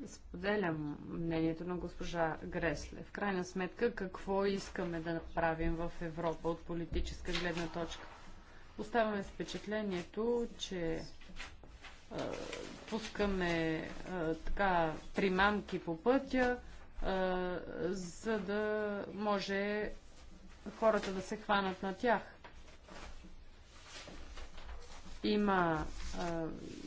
Споделям мнението на госпожа Гресле. В крайна сметка, какво искаме да направим в Европа от политическа гледна точка? Оставаме с впечатлението, че е, пускаме е, така примамки по пътя, е, за да може хората да се хванат на тях. Има,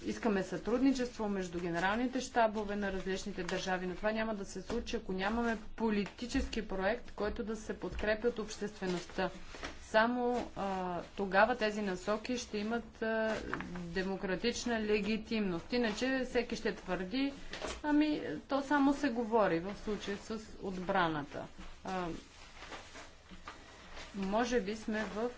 искаме сътрудничество между генералните щабове на различните държави, но това няма да се случи, ако нямаме политически проект, който да се подкрепи от обществеността. Само а, тогава тези насоки ще имат а, демократична легитимност. Иначе всеки ще твърди, ами то само се говори в случая с отбраната. А, може би сме в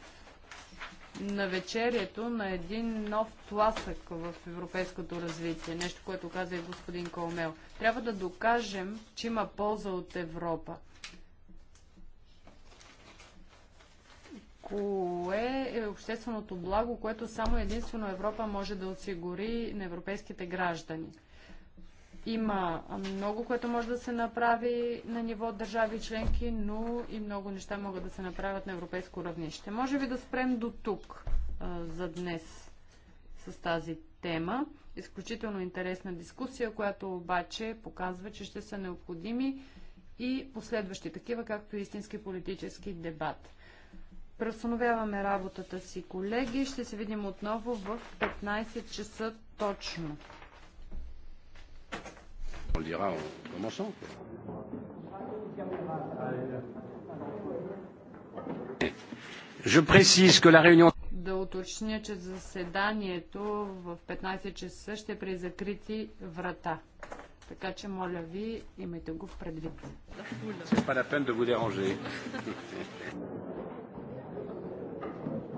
на вечерието на един нов тласък в европейското развитие, нещо, което каза и господин Колмел. Трябва да докажем, че има полза от Европа. Кое е общественото благо, което само единствено Европа може да осигури на европейските граждани? Има много, което може да се направи на ниво държави членки, но и много неща могат да се направят на европейско равнище. Може би да спрем до тук а, за днес с тази тема. Изключително интересна дискусия, която обаче показва, че ще са необходими и последващи такива, както истински политически дебат. Преустановяваме работата си, колеги. Ще се видим отново в 15 часа точно. On le dira en commençant. Je précise que la réunion да уточня, че заседанието в 15 часа ще е при закрити врата. Така че, моля ви, имайте го в предвид.